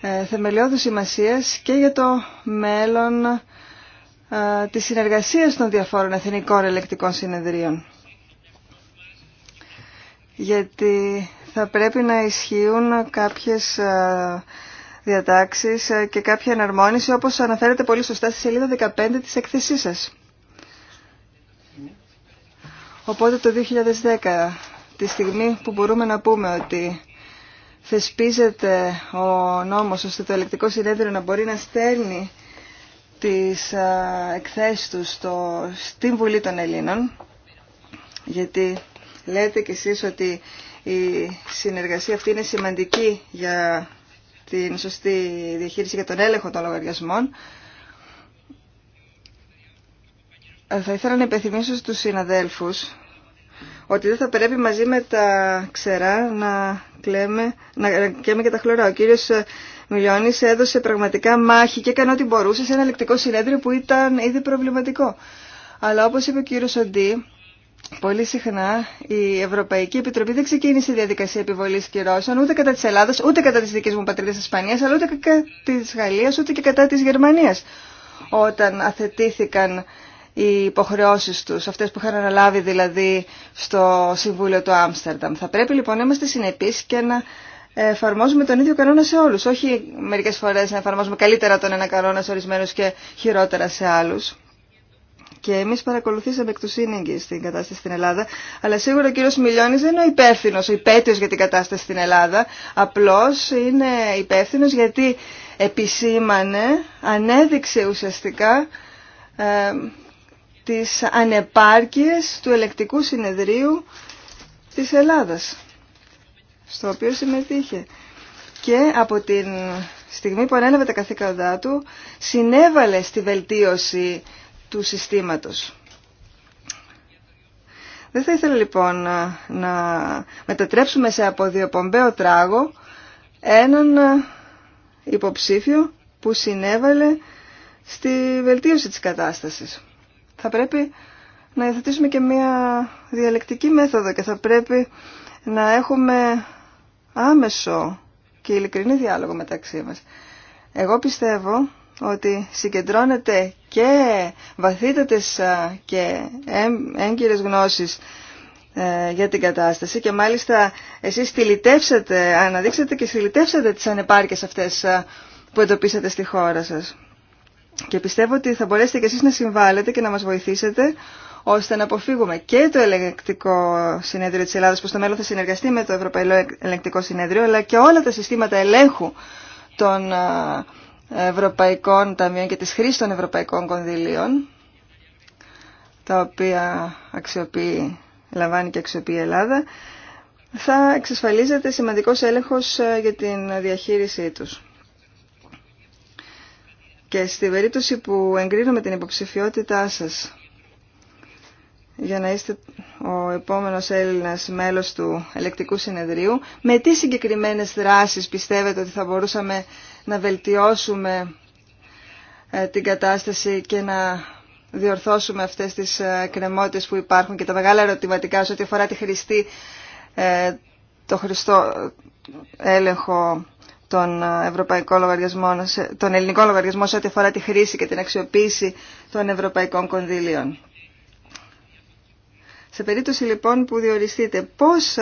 Speaker 5: ε, θεμελιώδης σημασίας και για το μέλλον ε, της συνεργασίας των διαφόρων εθνικών ελεκτικών συνεδρίων. Γιατί θα πρέπει να ισχύουν κάποιες ε, διατάξεις και κάποια εναρμόνιση όπως αναφέρεται πολύ σωστά στη σελίδα 15 της εκθεσής σας. Οπότε το 2010, τη στιγμή που μπορούμε να πούμε ότι θεσπίζεται ο νόμος ώστε το ελεκτικό συνέδριο να μπορεί να στέλνει τις εκθέσεις του στο, στην Βουλή των Ελλήνων γιατί λέτε κι εσείς ότι η συνεργασία αυτή είναι σημαντική για την σωστή διαχείριση και τον έλεγχο των λογαριασμών. Θα ήθελα να υπενθυμίσω στους συναδέλφους ότι δεν θα πρέπει μαζί με τα ξερά να κλαίμε, να κλαίμε και τα χλωρά. Ο κύριος ε, Μιλιώνης έδωσε πραγματικά μάχη και έκανε ό,τι μπορούσε σε ένα λεκτικό συνέδριο που ήταν ήδη προβληματικό. Αλλά όπως είπε ο κύριος Σοντή, Πολύ συχνά η Ευρωπαϊκή Επιτροπή δεν ξεκίνησε η διαδικασία επιβολή κυρώσεων ούτε κατά τη Ελλάδα, ούτε κατά τη δική μου πατρίδα Ισπανία, αλλά ούτε κατά τη Γαλλία, ούτε και κατά τη Γερμανία. Όταν αθετήθηκαν οι υποχρεώσεις τους, αυτές που είχαν αναλάβει δηλαδή στο Συμβούλιο του Άμστερνταμ. Θα πρέπει λοιπόν να είμαστε συνεπείς και να εφαρμόζουμε τον ίδιο κανόνα σε όλους, όχι μερικές φορές να εφαρμόζουμε καλύτερα τον ένα κανόνα σε ορισμένους και χειρότερα σε άλλους. Και εμεί παρακολουθήσαμε εκ του σύνεγγυ στην κατάσταση στην Ελλάδα, αλλά σίγουρα ο κύριο Μιλιώνη δεν είναι ο υπεύθυνο, ο υπέτειο για την κατάσταση στην Ελλάδα, Απλώ είναι υπεύθυνο γιατί επισήμανε, ανέδειξε ουσιαστικά ε, τις ανεπάρκειες του ελεκτικού συνεδρίου της Ελλάδας, στο οποίο συμμετείχε. Και από την στιγμή που ανέλαβε τα καθήκοντά του, συνέβαλε στη βελτίωση του συστήματος. Δεν θα ήθελα λοιπόν να, μετατρέψουμε σε αποδιοπομπαίο τράγο έναν υποψήφιο που συνέβαλε στη βελτίωση της κατάστασης θα πρέπει να υιοθετήσουμε και μια διαλεκτική μέθοδο και θα πρέπει να έχουμε άμεσο και ειλικρινή διάλογο μεταξύ μας. Εγώ πιστεύω ότι συγκεντρώνεται και βαθύτατες και έγκυρες γνώσεις ε, για την κατάσταση και μάλιστα εσείς στυλιτεύσατε, αναδείξατε και στυλιτεύσατε τις ανεπάρκειες αυτές που εντοπίσατε στη χώρα σας. Και πιστεύω ότι θα μπορέσετε και εσείς να συμβάλλετε και να μας βοηθήσετε ώστε να αποφύγουμε και το ελεγκτικό συνέδριο της Ελλάδας που στο μέλλον θα συνεργαστεί με το Ευρωπαϊκό Ελεγκτικό Συνέδριο αλλά και όλα τα συστήματα ελέγχου των ε, Ευρωπαϊκών Ταμείων και της χρήσης των Ευρωπαϊκών Κονδυλίων τα οποία αξιοποιεί, λαμβάνει και αξιοποιεί η Ελλάδα θα εξασφαλίζεται σημαντικός έλεγχος ε, για την διαχείρισή τους και στη περίπτωση που εγκρίνουμε την υποψηφιότητά σας για να είστε ο επόμενος Έλληνας μέλος του Ελεκτικού Συνεδρίου, με τι συγκεκριμένες δράσεις πιστεύετε ότι θα μπορούσαμε να βελτιώσουμε ε, την κατάσταση και να διορθώσουμε αυτές τις ε, κρεμότητες που υπάρχουν και τα μεγάλα ερωτηματικά σε ό,τι αφορά τη χρηστή, ε, το χρηστό έλεγχο τον, ε, ευρωπαϊκό λογαριασμό, τον ελληνικό λογαριασμό σε ό,τι αφορά τη χρήση και την αξιοποίηση των ευρωπαϊκών κονδύλιων. Σε περίπτωση λοιπόν που διοριστείτε πώς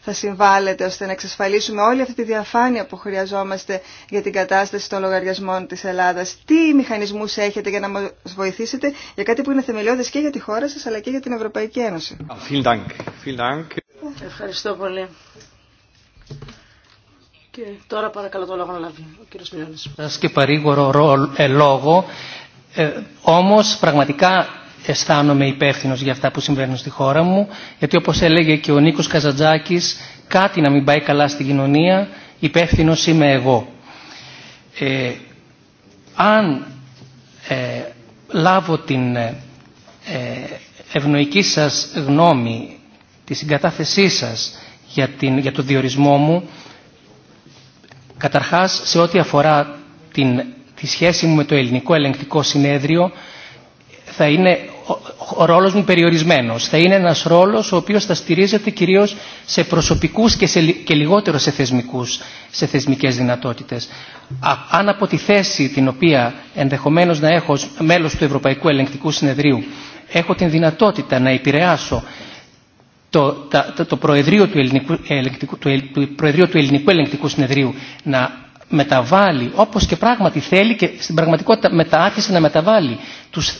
Speaker 5: θα συμβάλλετε ώστε να εξασφαλίσουμε όλη αυτή τη διαφάνεια που χρειαζόμαστε για την κατάσταση των λογαριασμών της Ελλάδας, τι μηχανισμούς έχετε για να μας βοηθήσετε για κάτι που είναι θεμελιώδες και για τη χώρα σας αλλά και για την Ευρωπαϊκή Ένωση.
Speaker 4: Ευχαριστώ πολύ. Και τώρα παρακαλώ το λόγο να λάβει ο κύριος Μιλιώνης.
Speaker 3: Σας και παρήγορο ε, λόγο, ε, όμως πραγματικά αισθάνομαι υπεύθυνο για αυτά που συμβαίνουν στη χώρα μου, γιατί όπως έλεγε και ο Νίκος Καζαντζάκης, κάτι να μην πάει καλά στην κοινωνία, υπεύθυνο είμαι εγώ. Ε, αν ε, λάβω την ε, ε, ευνοϊκή σας γνώμη, τη συγκατάθεσή σας για, την, για το διορισμό μου, Καταρχάς, σε ό,τι αφορά την, τη σχέση μου με το ελληνικό ελεγκτικό συνέδριο, θα είναι ο ρόλος μου περιορισμένος. Θα είναι ένας ρόλος ο οποίος θα στηρίζεται κυρίως σε προσωπικούς και, σε, και λιγότερο σε, θεσμικούς, σε θεσμικές δυνατότητες. αν από τη θέση την οποία ενδεχομένως να έχω μέλος του Ευρωπαϊκού Ελεγκτικού Συνεδρίου έχω την δυνατότητα να επηρεάσω το, το, Προεδρείο του Ελληνικού, Ελεκτικού, του, του Ελληνικού Ελεγκτικού Συνεδρίου να μεταβάλει όπως και πράγματι θέλει και στην πραγματικότητα άρχισε να μεταβάλει τους,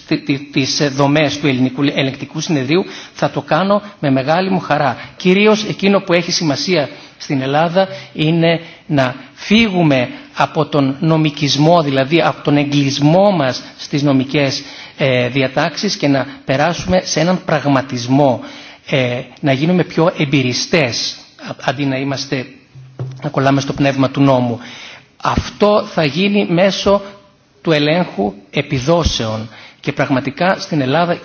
Speaker 3: τις δομές του Ελληνικού Ελεγκτικού Συνεδρίου θα το κάνω με μεγάλη μου χαρά. Κυρίως εκείνο που έχει σημασία στην Ελλάδα είναι να φύγουμε από τον νομικισμό, δηλαδή από τον εγκλισμό μας στις νομικές ε, διατάξεις και να περάσουμε σε έναν πραγματισμό. Ε, να γίνουμε πιο εμπειριστές αντί να είμαστε να κολλάμε στο πνεύμα του νόμου. Αυτό θα γίνει μέσω του ελέγχου επιδόσεων. Και πραγματικά στην Ελλάδα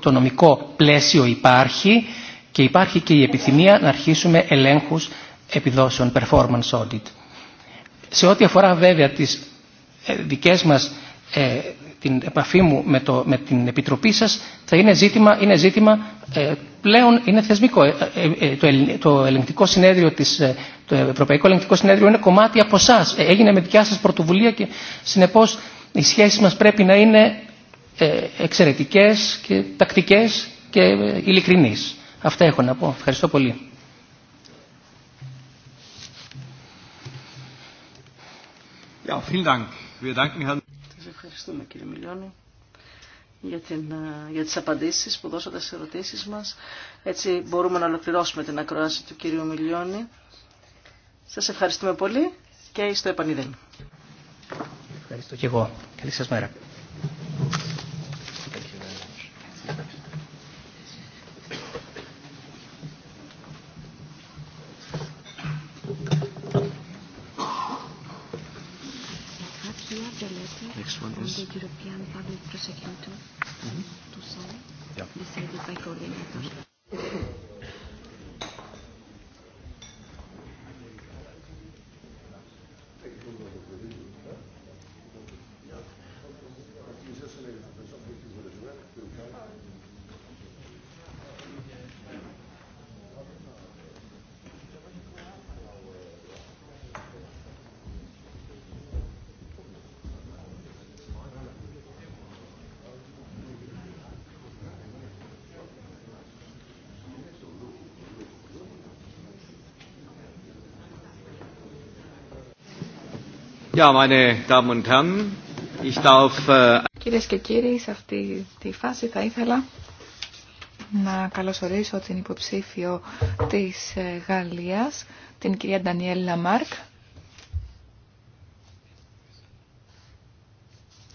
Speaker 3: το νομικό, το πλαίσιο υπάρχει και υπάρχει και η επιθυμία να αρχίσουμε ελέγχους επιδόσεων, performance audit. Σε ό,τι αφορά βέβαια τις ε, δικές μας ε, την επαφή μου με, το, με την Επιτροπή σας θα είναι ζήτημα, είναι ζήτημα ε, πλέον είναι θεσμικό. Ε, ε, το, το, ελεγκτικό συνέδριο της, το Ευρωπαϊκό Ελεγκτικό Συνέδριο είναι κομμάτι από εσά. Έγινε με δικιά σας πρωτοβουλία και συνεπώς οι σχέσεις μας πρέπει να είναι εξαιρετικές και τακτικές και ειλικρινείς. Αυτά έχω να πω. Ευχαριστώ πολύ.
Speaker 1: Ja, vielen Dank. Wir danken
Speaker 4: Ευχαριστούμε κύριε Μιλιώνη για, την, ε, για τις απαντήσεις που δώσατε στις ερωτήσεις μας. Έτσι μπορούμε να ολοκληρώσουμε την ακρόαση του κύριου Μιλιώνη. Σας ευχαριστούμε πολύ και στο επανειδέν.
Speaker 3: Ευχαριστώ και εγώ. Καλή σας μέρα.
Speaker 1: next one is. The European Public Prosecutor. Yeah. Decided by Κυρίε äh,
Speaker 2: Κυρίες και κύριοι, σε αυτή τη φάση θα ήθελα να καλωσορίσω την υποψήφιο της ε, Γαλλίας, την κυρία Ντανιέλ Λαμάρκ.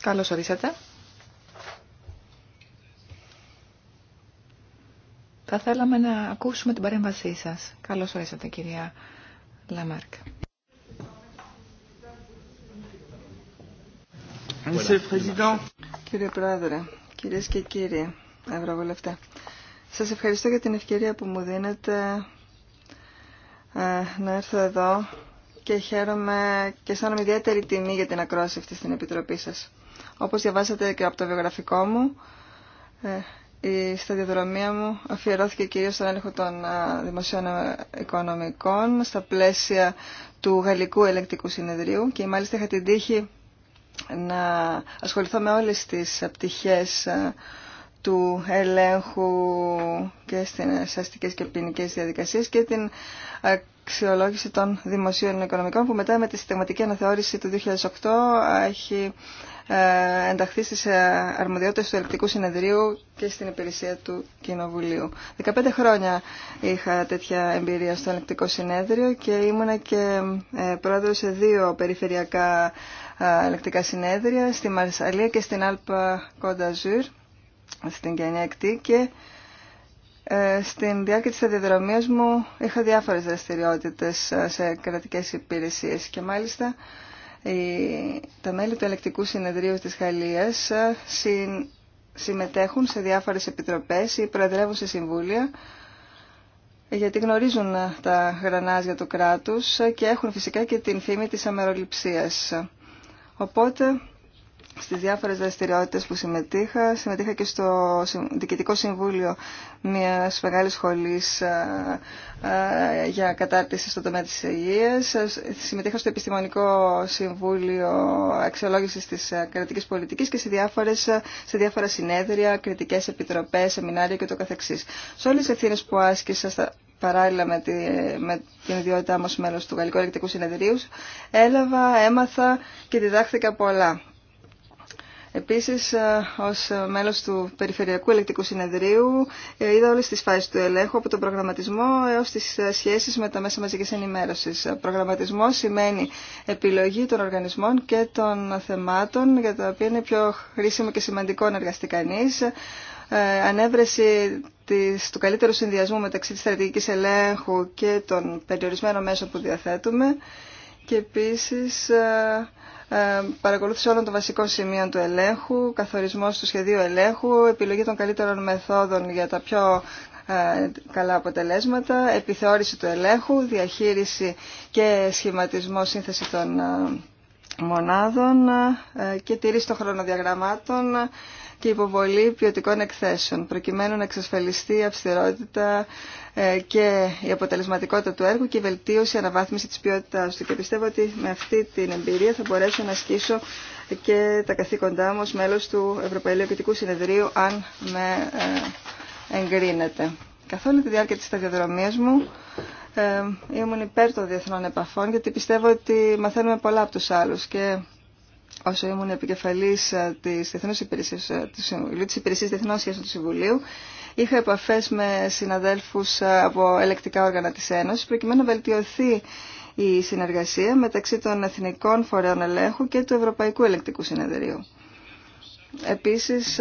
Speaker 2: Καλώς ορίσατε. Θα θέλαμε να ακούσουμε την παρέμβασή σας. Καλώς ορίσατε κυρία Λαμάρκ.
Speaker 5: Κύριε Πρόεδρε, κυρίες και κύριοι Ευρωβουλευτέ, σας ευχαριστώ για την ευκαιρία που μου δίνετε ε, να έρθω εδώ και χαίρομαι και αισθάνομαι ιδιαίτερη τιμή για την ακρόαση αυτή στην Επιτροπή σας. Όπως διαβάσατε και από το βιογραφικό μου, ε, η σταδιοδρομία μου αφιερώθηκε κυρίως στον έλεγχο των ε, δημοσίων οικονομικών στα πλαίσια του Γαλλικού Ελεκτικού Συνεδρίου και μάλιστα είχα την τύχη να ασχοληθώ με όλες τις πτυχές ε, του ελέγχου και στις αστικές και ποινικέ διαδικασίες και την αξιολόγηση των δημοσίων οικονομικών που μετά με τη συστηματική αναθεώρηση του 2008 έχει ε, ενταχθεί στις ε, αρμοδιότητες του Ελεκτικού Συνεδρίου και στην υπηρεσία του Κοινοβουλίου. 15 χρόνια είχα τέτοια εμπειρία στο Ελεκτικό Συνέδριο και ήμουνα και ε, πρόεδρο σε δύο περιφερειακά ελεκτικά συνέδρια, στη Μαρσαλία και στην Άλπα Κονταζούρ στην Εκτή και ε, στην διάρκεια της αντιδρομίας μου είχα διάφορες δραστηριότητες ε, σε κρατικές υπηρεσίες και μάλιστα τα μέλη του Ελεκτικού Συνεδρίου της Γαλλίας ε, συμμετέχουν σε διάφορες επιτροπές ή προεδρεύουν σε συμβούλια γιατί γνωρίζουν τα γρανάζια του κράτους και έχουν φυσικά και την φήμη της αμεροληψίας. Οπότε στις διάφορες δραστηριότητες που συμμετείχα. Συμμετείχα και στο Διοικητικό Συμβούλιο μιας μεγάλης σχολής για κατάρτιση στο τομέα της υγείας. Συμμετείχα στο Επιστημονικό Συμβούλιο Αξιολόγησης της ε, Κρατικής Πολιτικής και σε, διάφορες, ε, σε διάφορα συνέδρια, κριτικές επιτροπές, σεμινάρια και το καθεξής. Σε όλες τις ευθύνες που άσκησα στα, παράλληλα με, με την ιδιότητά μου ως μέλος του Γαλλικού Ελεκτικού Συνεδρίου, έλαβα, έμαθα και διδάχθηκα πολλά. Επίσης, ε, ως μέλος του Περιφερειακού Ελεκτικού Συνεδρίου, ε, είδα όλες τις φάσεις του ελέγχου, από τον προγραμματισμό έως τις ε, σχέσεις με τα μέσα μαζικής ενημέρωσης. Προγραμματισμό σημαίνει επιλογή των οργανισμών και των θεμάτων, για τα οποία είναι πιο χρήσιμο και σημαντικό να εργαστεί κανείς, ανέβρεση του καλύτερου συνδυασμού μεταξύ της στρατηγικής ελέγχου και των περιορισμένων μέσων που διαθέτουμε και επίσης ε, παρακολούθηση όλων των βασικών σημείων του ελέγχου, καθορισμός του σχεδίου ελέγχου, επιλογή των καλύτερων μεθόδων για τα πιο ε, καλά αποτελέσματα, επιθεώρηση του ελέγχου, διαχείριση και σχηματισμό σύνθεση των ε, μονάδων και τηρήση των χρονοδιαγραμμάτων και υποβολή ποιοτικών εκθέσεων, προκειμένου να εξασφαλιστεί η αυστηρότητα ε, και η αποτελεσματικότητα του έργου και η βελτίωση η αναβάθμιση της ποιότητάς του. Και πιστεύω ότι με αυτή την εμπειρία θα μπορέσω να ασκήσω και τα καθήκοντά μου ως μέλος του Ευρωπαϊκού Κοινικού Συνεδρίου, αν με ε, εγκρίνεται. Καθ' όλη τη διάρκεια της σταδιοδρομίας μου ε, ήμουν υπέρ των διεθνών επαφών γιατί πιστεύω ότι μαθαίνουμε πολλά από τους άλλους και όσο ήμουν επικεφαλής ε, της Διεθνούς Υπηρεσίας, ε, του Συμβουλίου, Σχέσεων του Συμβουλίου, είχα επαφές με συναδέλφους ε, από ελεκτικά όργανα της Ένωσης, προκειμένου να βελτιωθεί η συνεργασία μεταξύ των Εθνικών Φορέων Ελέγχου και του Ευρωπαϊκού Ελεκτικού Συνεδρίου. Επίσης,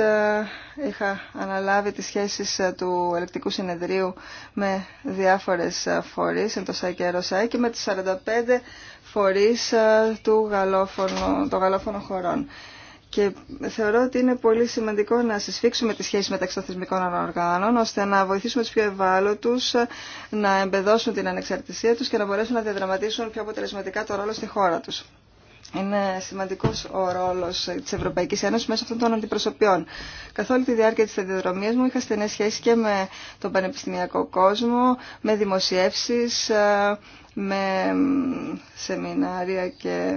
Speaker 5: είχα αναλάβει τις σχέσεις του Ελεκτικού Συνεδρίου με διάφορες φορείς, εντός και και με τις 45 φορείς ε, του γαλόφωνο, των γαλόφωνων χωρών. Και θεωρώ ότι είναι πολύ σημαντικό να συσφίξουμε τι σχέση μεταξύ των θεσμικών οργάνων, ώστε να βοηθήσουμε τους πιο ευάλωτους ε, να εμπεδώσουν την ανεξαρτησία τους και να μπορέσουν να διαδραματίσουν πιο αποτελεσματικά το ρόλο στη χώρα τους. Είναι σημαντικό ο ρόλο τη Ευρωπαϊκή Ένωση μέσα αυτών των αντιπροσωπιών. Καθ' όλη τη διάρκεια τη διαδρομία μου είχα στενέ σχέσει και με τον πανεπιστημιακό κόσμο, με δημοσιεύσει, ε, με σεμινάρια και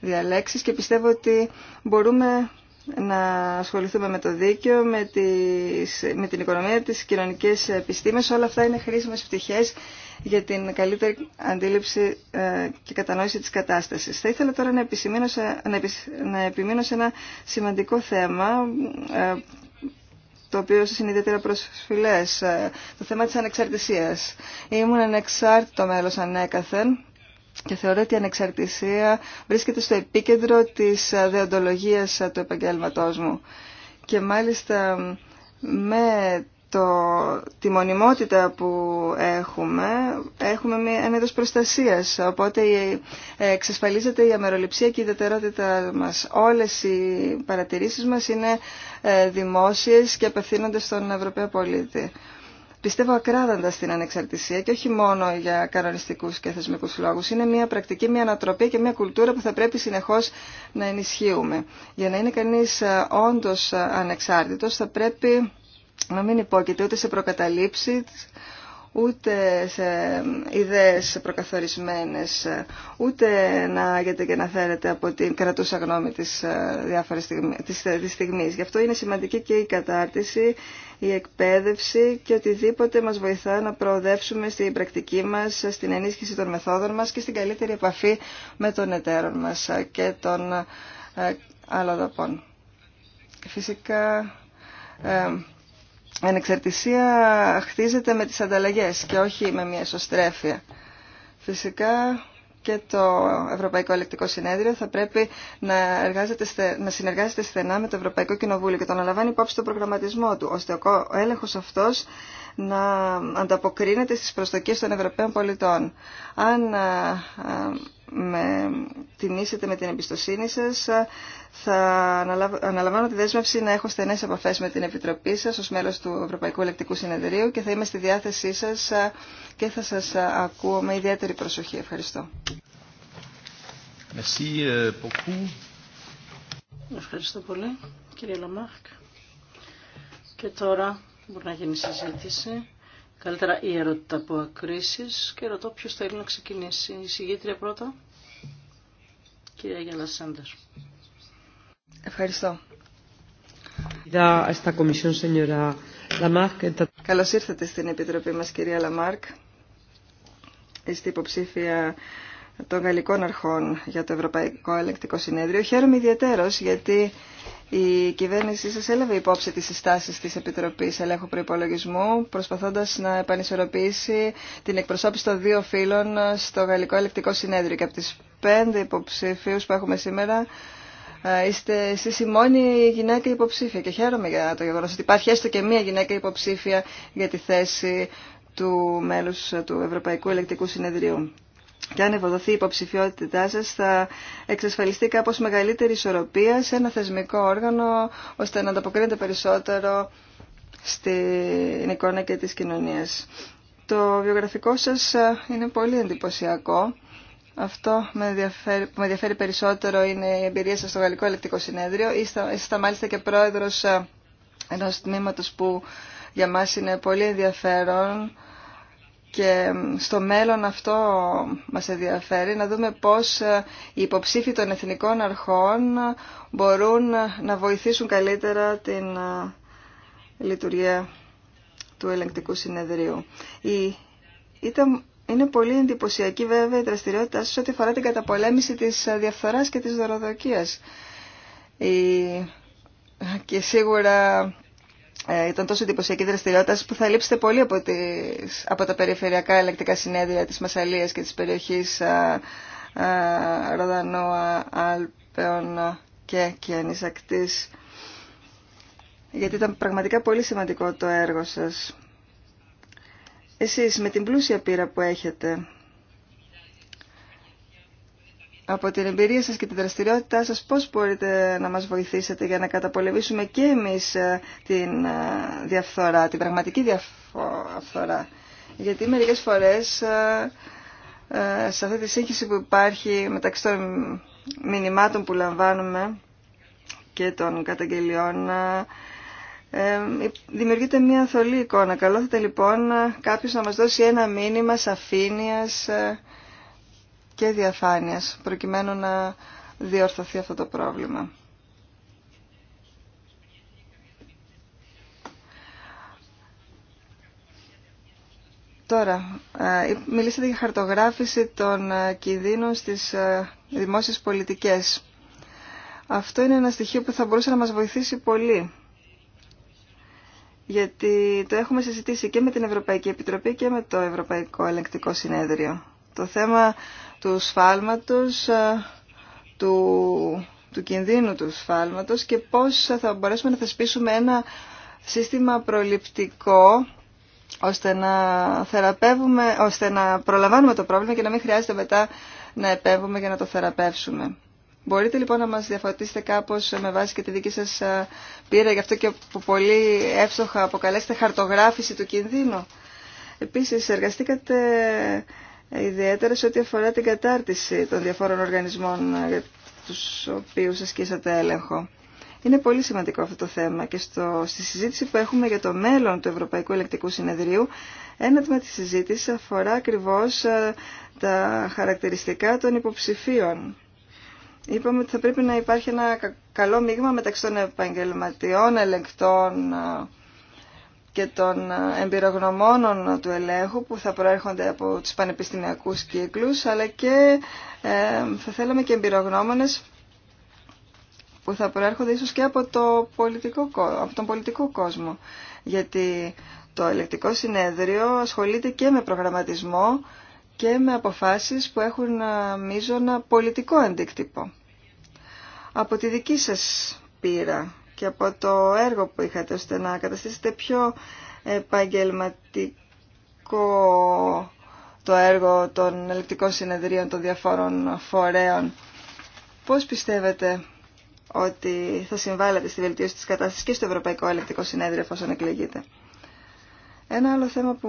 Speaker 5: διαλέξεις και πιστεύω ότι μπορούμε να ασχοληθούμε με το δίκαιο, με, τις, με την οικονομία, τις κοινωνικές επιστήμες. Όλα αυτά είναι χρήσιμες πτυχές για την καλύτερη αντίληψη ε, και κατανόηση της κατάστασης. Θα ήθελα τώρα να, επιμείνω σε, να, επιμείνω σε ένα σημαντικό θέμα ε, το οποίο σας είναι ιδιαίτερα προσφυλές, ε, το θέμα της ανεξαρτησίας. Ήμουν ανεξάρτητο μέλος ανέκαθεν και θεωρώ ότι η ανεξαρτησία βρίσκεται στο επίκεντρο της ε, δεοντολογίας ε, του επαγγέλματός μου. Και μάλιστα με το, τη μονιμότητα που έχουμε, έχουμε ένα είδος προστασίας, οπότε ε, εξασφαλίζεται η αμεροληψία και η ιδιαιτερότητα μας. Όλες οι παρατηρήσεις μας είναι ε, δημόσιες και απευθύνονται στον Ευρωπαίο πολίτη. Πιστεύω ακράδαντα στην ανεξαρτησία και όχι μόνο για κανονιστικούς και θεσμικούς λόγους. Είναι μια πρακτική, μια ανατροπή και μια κουλτούρα που θα πρέπει συνεχώς να ενισχύουμε. Για να είναι κανείς ε, όντως ανεξάρτητος θα πρέπει να μην υπόκειται ούτε σε προκαταλήψεις, ούτε σε ιδέες προκαθορισμένες, ούτε να άγεται και να θέλετε από την κρατούσα γνώμη της, ε, διάφορης ε, στιγμής. Γι' αυτό είναι σημαντική και η κατάρτιση, η εκπαίδευση και οτιδήποτε μας βοηθά να προοδεύσουμε στην πρακτική μας, στην ενίσχυση των μεθόδων μας και στην καλύτερη επαφή με τον εταίρο μας και των ε, Φυσικά ανεξαρτησία χτίζεται με τις ανταλλαγές και όχι με μια ισοστρέφεια. Φυσικά και το Ευρωπαϊκό Ελεκτικό Συνέδριο θα πρέπει να, εργάζεται, να συνεργάζεται στενά με το Ευρωπαϊκό Κοινοβούλιο και το να λαμβάνει υπόψη τον προγραμματισμό του, ώστε ο έλεγχος αυτός να ανταποκρίνεται στις προσδοκίες των Ευρωπαίων πολιτών. Αν με τιμήσετε με την εμπιστοσύνη σας. Θα αναλαμβάνω τη δέσμευση να έχω στενές επαφές με την Επιτροπή σας ως μέλος του Ευρωπαϊκού Ελεκτικού Συνεδρίου και θα είμαι στη διάθεσή σας και θα σας ακούω με ιδιαίτερη προσοχή. Ευχαριστώ.
Speaker 3: Ε,
Speaker 4: Ευχαριστώ πολύ, κύριε Λαμάρκ. Και τώρα μπορεί να γίνει συζήτηση. Καλύτερα η ερωτήτα από ακρίσεις και ρωτώ ποιος θέλει να ξεκινήσει. Η συγγήτρια πρώτα. Κυρία Γιάννα Σάντερ.
Speaker 5: Ευχαριστώ. Καλώς ήρθατε στην Επιτροπή μας, κυρία Λαμάρκ. Είστε υποψήφια των Γαλλικών Αρχών για το Ευρωπαϊκό Ελεκτικό Συνέδριο. Χαίρομαι ιδιαίτερω γιατί η κυβέρνησή σα έλαβε υπόψη τι συστάσει τη επιτροπή Ελέγχου προπολογισμού, προσπαθώντα να επανισορροπήσει την εκπροσώπηση των δύο φύλων στο Γαλλικό Ελεκτικό Συνέδριο. Και από τι πέντε υποψηφίου που έχουμε σήμερα ε, είστε εσεί η μόνη γυναίκα υποψήφια και χαίρομαι για το γεγονό. ότι υπάρχει έστω και μία γυναίκα υποψήφια για τη θέση του μέλους του Ευρωπαϊκού Ελεκτικού Συνεδρίου και αν ευοδοθεί η υποψηφιότητά σας θα εξασφαλιστεί κάπως μεγαλύτερη ισορροπία σε ένα θεσμικό όργανο ώστε να ανταποκρίνεται περισσότερο στην εικόνα και της κοινωνίας. Το βιογραφικό σας ε, είναι πολύ εντυπωσιακό. Αυτό με ενδιαφέρει, που με ενδιαφέρει περισσότερο είναι η εμπειρία σας στο Γαλλικό Ελεκτικό Συνέδριο. Είστε μάλιστα και πρόεδρος ε, ενός τμήματος που για μας είναι πολύ ενδιαφέρον και στο μέλλον αυτό μας ενδιαφέρει, να δούμε πώς ε, οι υποψήφοι των εθνικών αρχών μπορούν να βοηθήσουν καλύτερα την ε, λειτουργία του ελεγκτικού συνεδρίου. Η... Ήταν... Είναι πολύ εντυπωσιακή βέβαια η δραστηριότητά σας ό,τι αφορά την καταπολέμηση της ε, διαφθοράς και της δωροδοκίας. Η... Και σίγουρα ε, ήταν τόσο εντυπωσιακή δραστηριότητα που θα λείψετε πολύ από, τις, από τα περιφερειακά ελεκτικά συνέδρια της Μασαλίας και της περιοχής Ροδανούα, ε, ε, Ροδανόα, Άλπαιων και Κιανισακτής γιατί ήταν πραγματικά πολύ σημαντικό το έργο σας. Εσείς με την πλούσια πείρα που έχετε από την εμπειρία σας και την δραστηριότητά σας πώς μπορείτε να μας βοηθήσετε για να καταπολεμήσουμε και εμείς ε, την ε, διαφθορά, την πραγματική διαφθορά. Γιατί μερικές φορές ε, σε αυτή τη σύγχυση που υπάρχει μεταξύ των μηνυμάτων που λαμβάνουμε και των καταγγελιών δημιουργείται μια θολή εικόνα. Καλό θα λοιπόν κάποιος να μας δώσει ένα μήνυμα σαφήνειας και διαφάνειας προκειμένου να διορθωθεί αυτό το πρόβλημα. Τώρα, ε, μιλήσατε για χαρτογράφηση των ε, κινδύνων στις ε, δημόσιες πολιτικές. Αυτό είναι ένα στοιχείο που θα μπορούσε να μας βοηθήσει πολύ. Γιατί το έχουμε συζητήσει και με την Ευρωπαϊκή Επιτροπή και με το Ευρωπαϊκό Ελεκτικό Συνέδριο. Το θέμα του σφάλματος, ε, του, του κινδύνου του σφάλματος και πώς θα μπορέσουμε να θεσπίσουμε ένα σύστημα προληπτικό ώστε να θεραπεύουμε, ώστε να προλαμβάνουμε το πρόβλημα και να μην χρειάζεται μετά να επέμβουμε για να το θεραπεύσουμε. Μπορείτε λοιπόν να μας διαφωτίσετε κάπως με βάση και τη δική σας ε, πείρα, γι' αυτό και που πολύ εύστοχα αποκαλέσετε χαρτογράφηση του κινδύνου. Επίσης, εργαστήκατε ιδιαίτερα σε ό,τι αφορά την κατάρτιση των διαφόρων οργανισμών για τους οποίους ασκήσατε έλεγχο. Είναι πολύ σημαντικό αυτό το θέμα και στο, στη συζήτηση που έχουμε για το μέλλον του Ευρωπαϊκού Ελεκτικού Συνεδρίου, ένα τμήμα της συζήτησης αφορά ακριβώς ε, τα χαρακτηριστικά των υποψηφίων. Είπαμε ότι θα πρέπει να υπάρχει ένα καλό μείγμα μεταξύ των επαγγελματιών, ελεγκτών, ε, και των ε, εμπειρογνωμόνων του ελέγχου που θα προέρχονται από τους πανεπιστημιακούς κύκλους αλλά και ε, θα θέλαμε και εμπειρογνώμονες που θα προέρχονται ίσως και από, το πολιτικό, τον πολιτικό κόσμο γιατί το ελεκτικό συνέδριο ασχολείται και με προγραμματισμό και με αποφάσεις που έχουν ε, μείζωνα πολιτικό αντίκτυπο. Από τη δική σας πείρα και από το έργο που είχατε ώστε να καταστήσετε πιο επαγγελματικό το έργο των ελεκτικών συνεδρίων των διαφόρων φορέων. Πώς πιστεύετε ότι θα συμβάλλετε στη βελτίωση της κατάστασης και στο Ευρωπαϊκό Ελεκτικό Συνέδριο εφόσον εκλεγείτε. Ένα άλλο θέμα που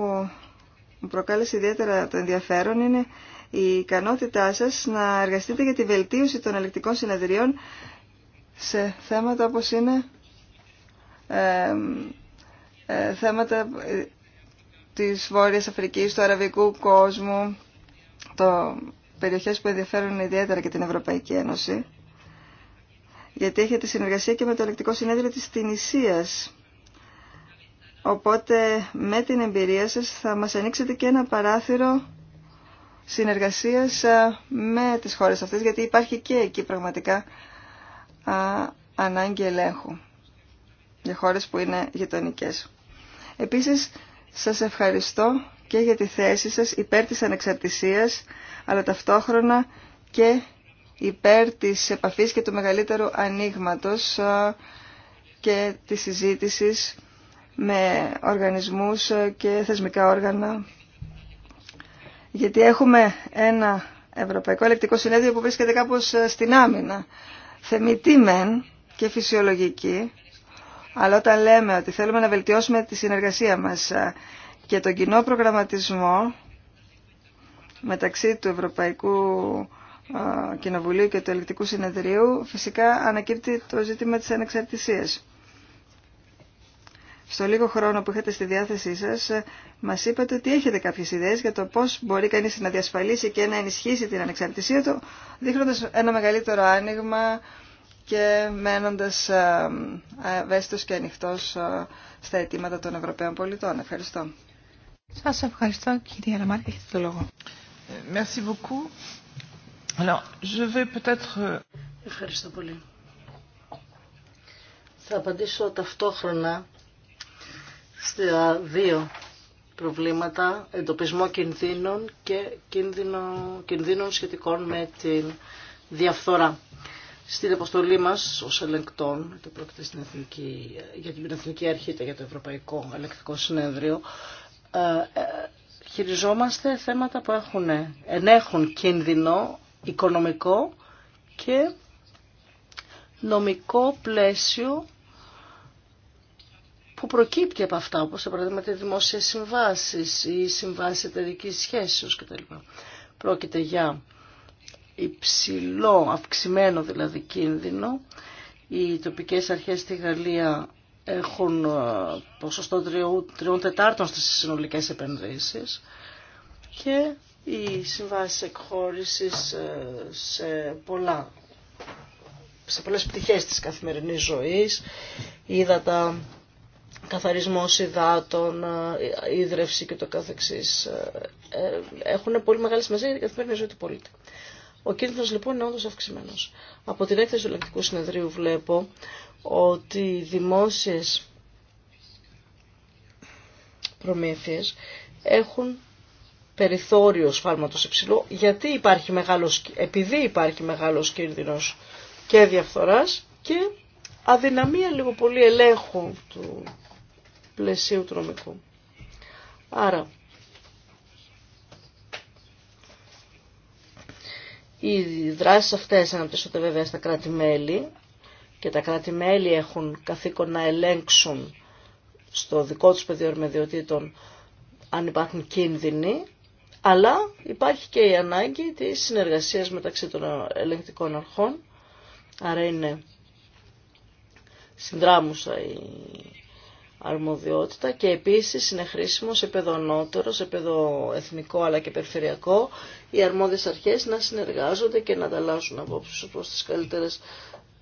Speaker 5: μου προκάλεσε ιδιαίτερα το ενδιαφέρον είναι η ικανότητά σας να εργαστείτε για τη βελτίωση των ελεκτικών συνεδριών σε θέματα όπως είναι ε, θέματα ε, της Βόρειας Αφρικής, του Αραβικού κόσμου, το περιοχές που ενδιαφέρουν ιδιαίτερα και την Ευρωπαϊκή Ένωση, γιατί έχετε συνεργασία και με το Ελεκτικό Συνέδριο της Τινησίας. Οπότε με την εμπειρία σας θα μας ανοίξετε και ένα παράθυρο συνεργασίας ε, με τις χώρες αυτές, γιατί υπάρχει και εκεί πραγματικά ανάγκη ελέγχου για χώρες που είναι γειτονικέ. Επίσης, σας ευχαριστώ και για τη θέση σας υπέρ της ανεξαρτησίας, αλλά ταυτόχρονα και υπέρ της επαφής και του μεγαλύτερου ανοίγματο και της συζήτησης με οργανισμούς και θεσμικά όργανα. Γιατί έχουμε ένα Ευρωπαϊκό Ελεκτικό Συνέδριο που βρίσκεται κάπως ε, στην άμυνα θεμητή και φυσιολογική, αλλά όταν λέμε ότι θέλουμε να βελτιώσουμε τη συνεργασία μας ε, και τον κοινό προγραμματισμό μεταξύ του Ευρωπαϊκού ε, Κοινοβουλίου και του Ελεκτικού Συνεδρίου, φυσικά ανακύπτει το ζήτημα της ανεξαρτησίας στο λίγο χρόνο που είχατε στη διάθεσή σας ε, μας είπατε ότι έχετε κάποιες ιδέες για το πώς μπορεί κανείς να διασφαλίσει και να ενισχύσει την ανεξαρτησία του δείχνοντας ένα μεγαλύτερο άνοιγμα και μένοντας ε, ευαίσθητος και ανοιχτός ε, στα αιτήματα των Ευρωπαίων πολιτών. Ευχαριστώ.
Speaker 2: Σας ευχαριστώ κυρία Ραμάρκη, έχετε το λόγο. Euh,
Speaker 4: ευχαριστώ πολύ. Θα απαντήσω ταυτόχρονα στα δύο προβλήματα, εντοπισμό κινδύνων και κίνδυνο, κινδύνων σχετικών με την διαφθορά. Στην αποστολή μας ως ελεγκτών, το πρόκειται στην Εθνική, για την Εθνική Αρχή και για το Ευρωπαϊκό Ελεκτικό Συνέδριο, ε, ε, χειριζόμαστε θέματα που έχουν, ενέχουν κίνδυνο οικονομικό και νομικό πλαίσιο που προκύπτει από αυτά, όπως παράδειγμα οι δημόσιες συμβάσεις ή συμβάσεις εταιρική σχέσεως κτλ. Πρόκειται για υψηλό, αυξημένο δηλαδή κίνδυνο. Οι τοπικές αρχές στη Γαλλία έχουν ε, ποσοστό τριών τετάρτων στις συνολικές επενδύσεις και οι συμβάσει εκχώρησης ε, σε πολλά σε πολλές πτυχές της καθημερινής ζωής. Είδα τα καθαρισμός υδάτων, ε, ίδρευση και το καθεξής ε, ε, έχουν πολύ μεγάλη σημασία για την καθημερινή ζωή του πολίτη. Ο κίνδυνος λοιπόν είναι όντως αυξημένος. Από την έκθεση του Ελεκτικού Συνεδρίου βλέπω ότι οι δημόσιες προμήθειες έχουν περιθώριο σφάλματος υψηλού, γιατί υπάρχει μεγάλος, επειδή υπάρχει μεγάλος κίνδυνος και διαφθοράς και αδυναμία λίγο πολύ ελέγχου του πλαισίου του νομικού. Άρα, οι δράσεις αυτές αναπτύσσονται βέβαια στα κράτη-μέλη και τα κράτη-μέλη έχουν καθήκον να ελέγξουν στο δικό τους πεδίο ερμεδιοτήτων αν υπάρχουν κίνδυνοι, αλλά υπάρχει και η ανάγκη της συνεργασίας μεταξύ των ελεγκτικών αρχών, άρα είναι συνδράμουσα η αρμοδιότητα και επίσης είναι χρήσιμο σε πεδονότερο σε εθνικό αλλά και περιφερειακό οι αρμόδιες αρχές να συνεργάζονται και να ανταλλάσσουν απόψεις προς τις καλύτερες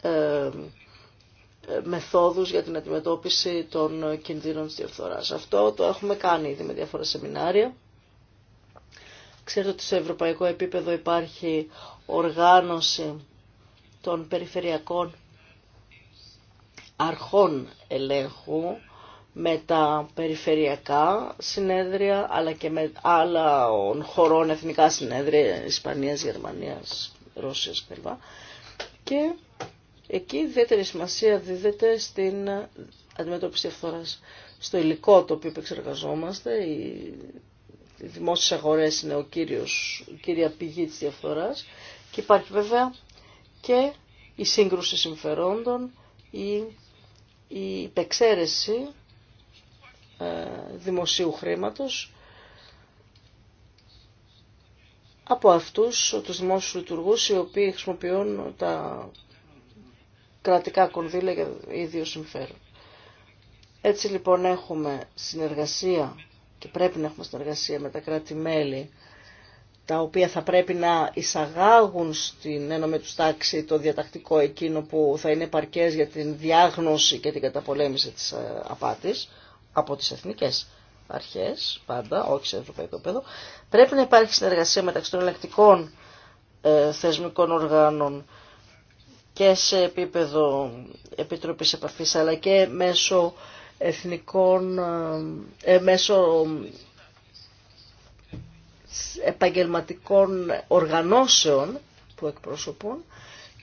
Speaker 4: ε, ε μεθόδους για την αντιμετώπιση των κινδύνων τη διαφθορά. Αυτό το έχουμε κάνει ήδη με διάφορα σεμινάρια. Ξέρετε ότι σε ευρωπαϊκό επίπεδο υπάρχει οργάνωση των περιφερειακών αρχών ελέγχου με τα περιφερειακά συνέδρια αλλά και με άλλα χωρών εθνικά συνέδρια Ισπανίας, Γερμανίας, Ρώσιας κλπ. Και εκεί ιδιαίτερη σημασία δίδεται στην αντιμετώπιση ευθόρας στο υλικό το οποίο επεξεργαζόμαστε. Οι δημόσιες αγορές είναι ο κύριος, η κύρια πηγή της διαφθοράς και υπάρχει βέβαια και η σύγκρουση συμφερόντων ή η υπεξαίρεση ε, δημοσίου χρήματος από αυτούς τους δημόσιους λειτουργούς οι οποίοι χρησιμοποιούν τα κρατικά κονδύλια για ίδιο συμφέρον. Έτσι λοιπόν έχουμε συνεργασία και πρέπει να έχουμε συνεργασία με τα κράτη-μέλη τα οποία θα πρέπει να εισαγάγουν στην ένωμη του τάξη το διατακτικό εκείνο που θα είναι παρκές για την διάγνωση και την καταπολέμηση της ε, απάτης από τις εθνικές αρχές, πάντα, όχι σε ευρωπαϊκό επίπεδο, πρέπει να υπάρχει συνεργασία μεταξύ των ελεκτικών ε, θεσμικών οργάνων και σε επίπεδο Επιτροπής Επαφής, αλλά και μέσω εθνικών, ε, ε, μέσω επαγγελματικών οργανώσεων που εκπροσωπούν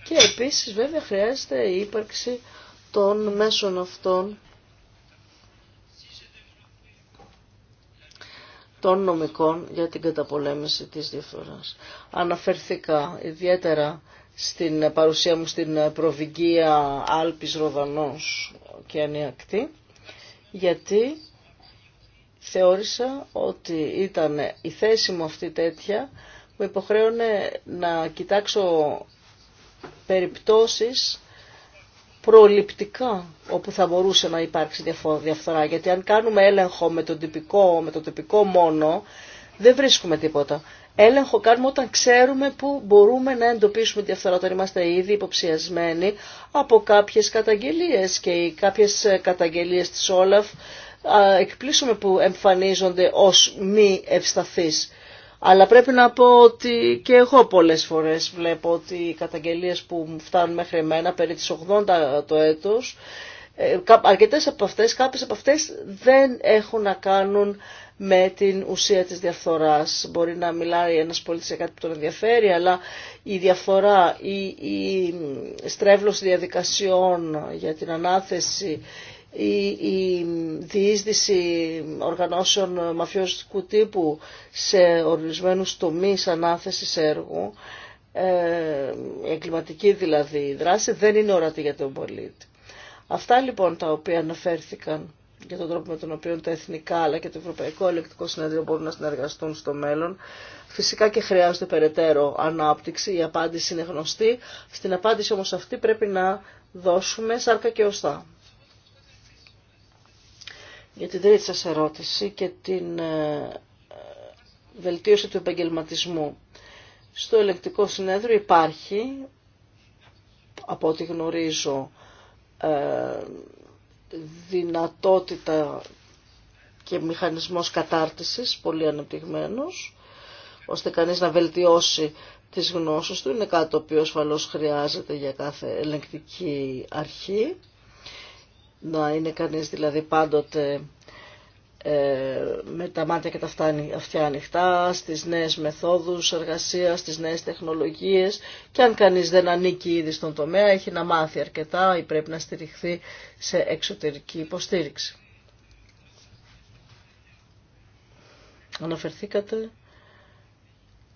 Speaker 4: και επίσης βέβαια χρειάζεται η ύπαρξη των μέσων αυτών των νομικών για την καταπολέμηση της διαφθοράς. Αναφερθήκα ιδιαίτερα στην παρουσία μου στην προβυγγία Άλπης Ροδανός και Ανιακτή, γιατί θεώρησα ότι ήταν η θέση μου αυτή τέτοια που υποχρέωνε να κοιτάξω περιπτώσεις προληπτικά όπου θα μπορούσε να υπάρξει διαφθορά. Γιατί αν κάνουμε έλεγχο με το τυπικό, με το τυπικό μόνο, δεν βρίσκουμε τίποτα. Έλεγχο κάνουμε όταν ξέρουμε που μπορούμε να εντοπίσουμε διαφθορά, όταν είμαστε ήδη υποψιασμένοι από κάποιες καταγγελίες και κάποιες καταγγελίες της Όλαφ εκπλήσουμε που εμφανίζονται ως μη ευσταθείς. Αλλά πρέπει να πω ότι και εγώ πολλές φορές βλέπω ότι οι καταγγελίες που φτάνουν μέχρι εμένα περί τις 80 το έτος, ε, αρκετές από αυτές, κάποιες από αυτές δεν έχουν να κάνουν με την ουσία της διαφθοράς. Μπορεί να μιλάει ένας πολίτης για κάτι που τον ενδιαφέρει, αλλά η διαφθορά, η, η στρέβλωση διαδικασιών για την ανάθεση, η, διείσδυση οργανώσεων μαφιώστικου τύπου σε ορισμένους τομείς ανάθεσης έργου, ε, εγκληματική δηλαδή η δράση, δεν είναι ορατή για τον πολίτη. Αυτά λοιπόν τα οποία αναφέρθηκαν για τον τρόπο με τον οποίο τα εθνικά αλλά και το Ευρωπαϊκό Ελεκτικό Συνέδριο μπορούν να συνεργαστούν στο μέλλον. Φυσικά και χρειάζεται περαιτέρω ανάπτυξη, η απάντηση είναι γνωστή. Στην απάντηση όμως αυτή πρέπει να δώσουμε σάρκα και οστά για την τρίτη σας ερώτηση και την ε, ε, βελτίωση του επαγγελματισμού. Στο ελεκτικό συνέδριο υπάρχει, από ό,τι γνωρίζω, ε, δυνατότητα και μηχανισμός κατάρτισης πολύ αναπτυγμένος, ώστε κανείς να βελτιώσει τις γνώσεις του. Είναι κάτι το οποίο ασφαλώς χρειάζεται για κάθε ελεγκτική αρχή να είναι κανείς δηλαδή πάντοτε ε, με τα μάτια και τα αυτιά ανοιχτά, στις νέες μεθόδους εργασίας, στις νέες τεχνολογίες και αν κανείς δεν ανήκει ήδη στον τομέα έχει να μάθει αρκετά ή πρέπει να στηριχθεί σε εξωτερική υποστήριξη. Αναφερθήκατε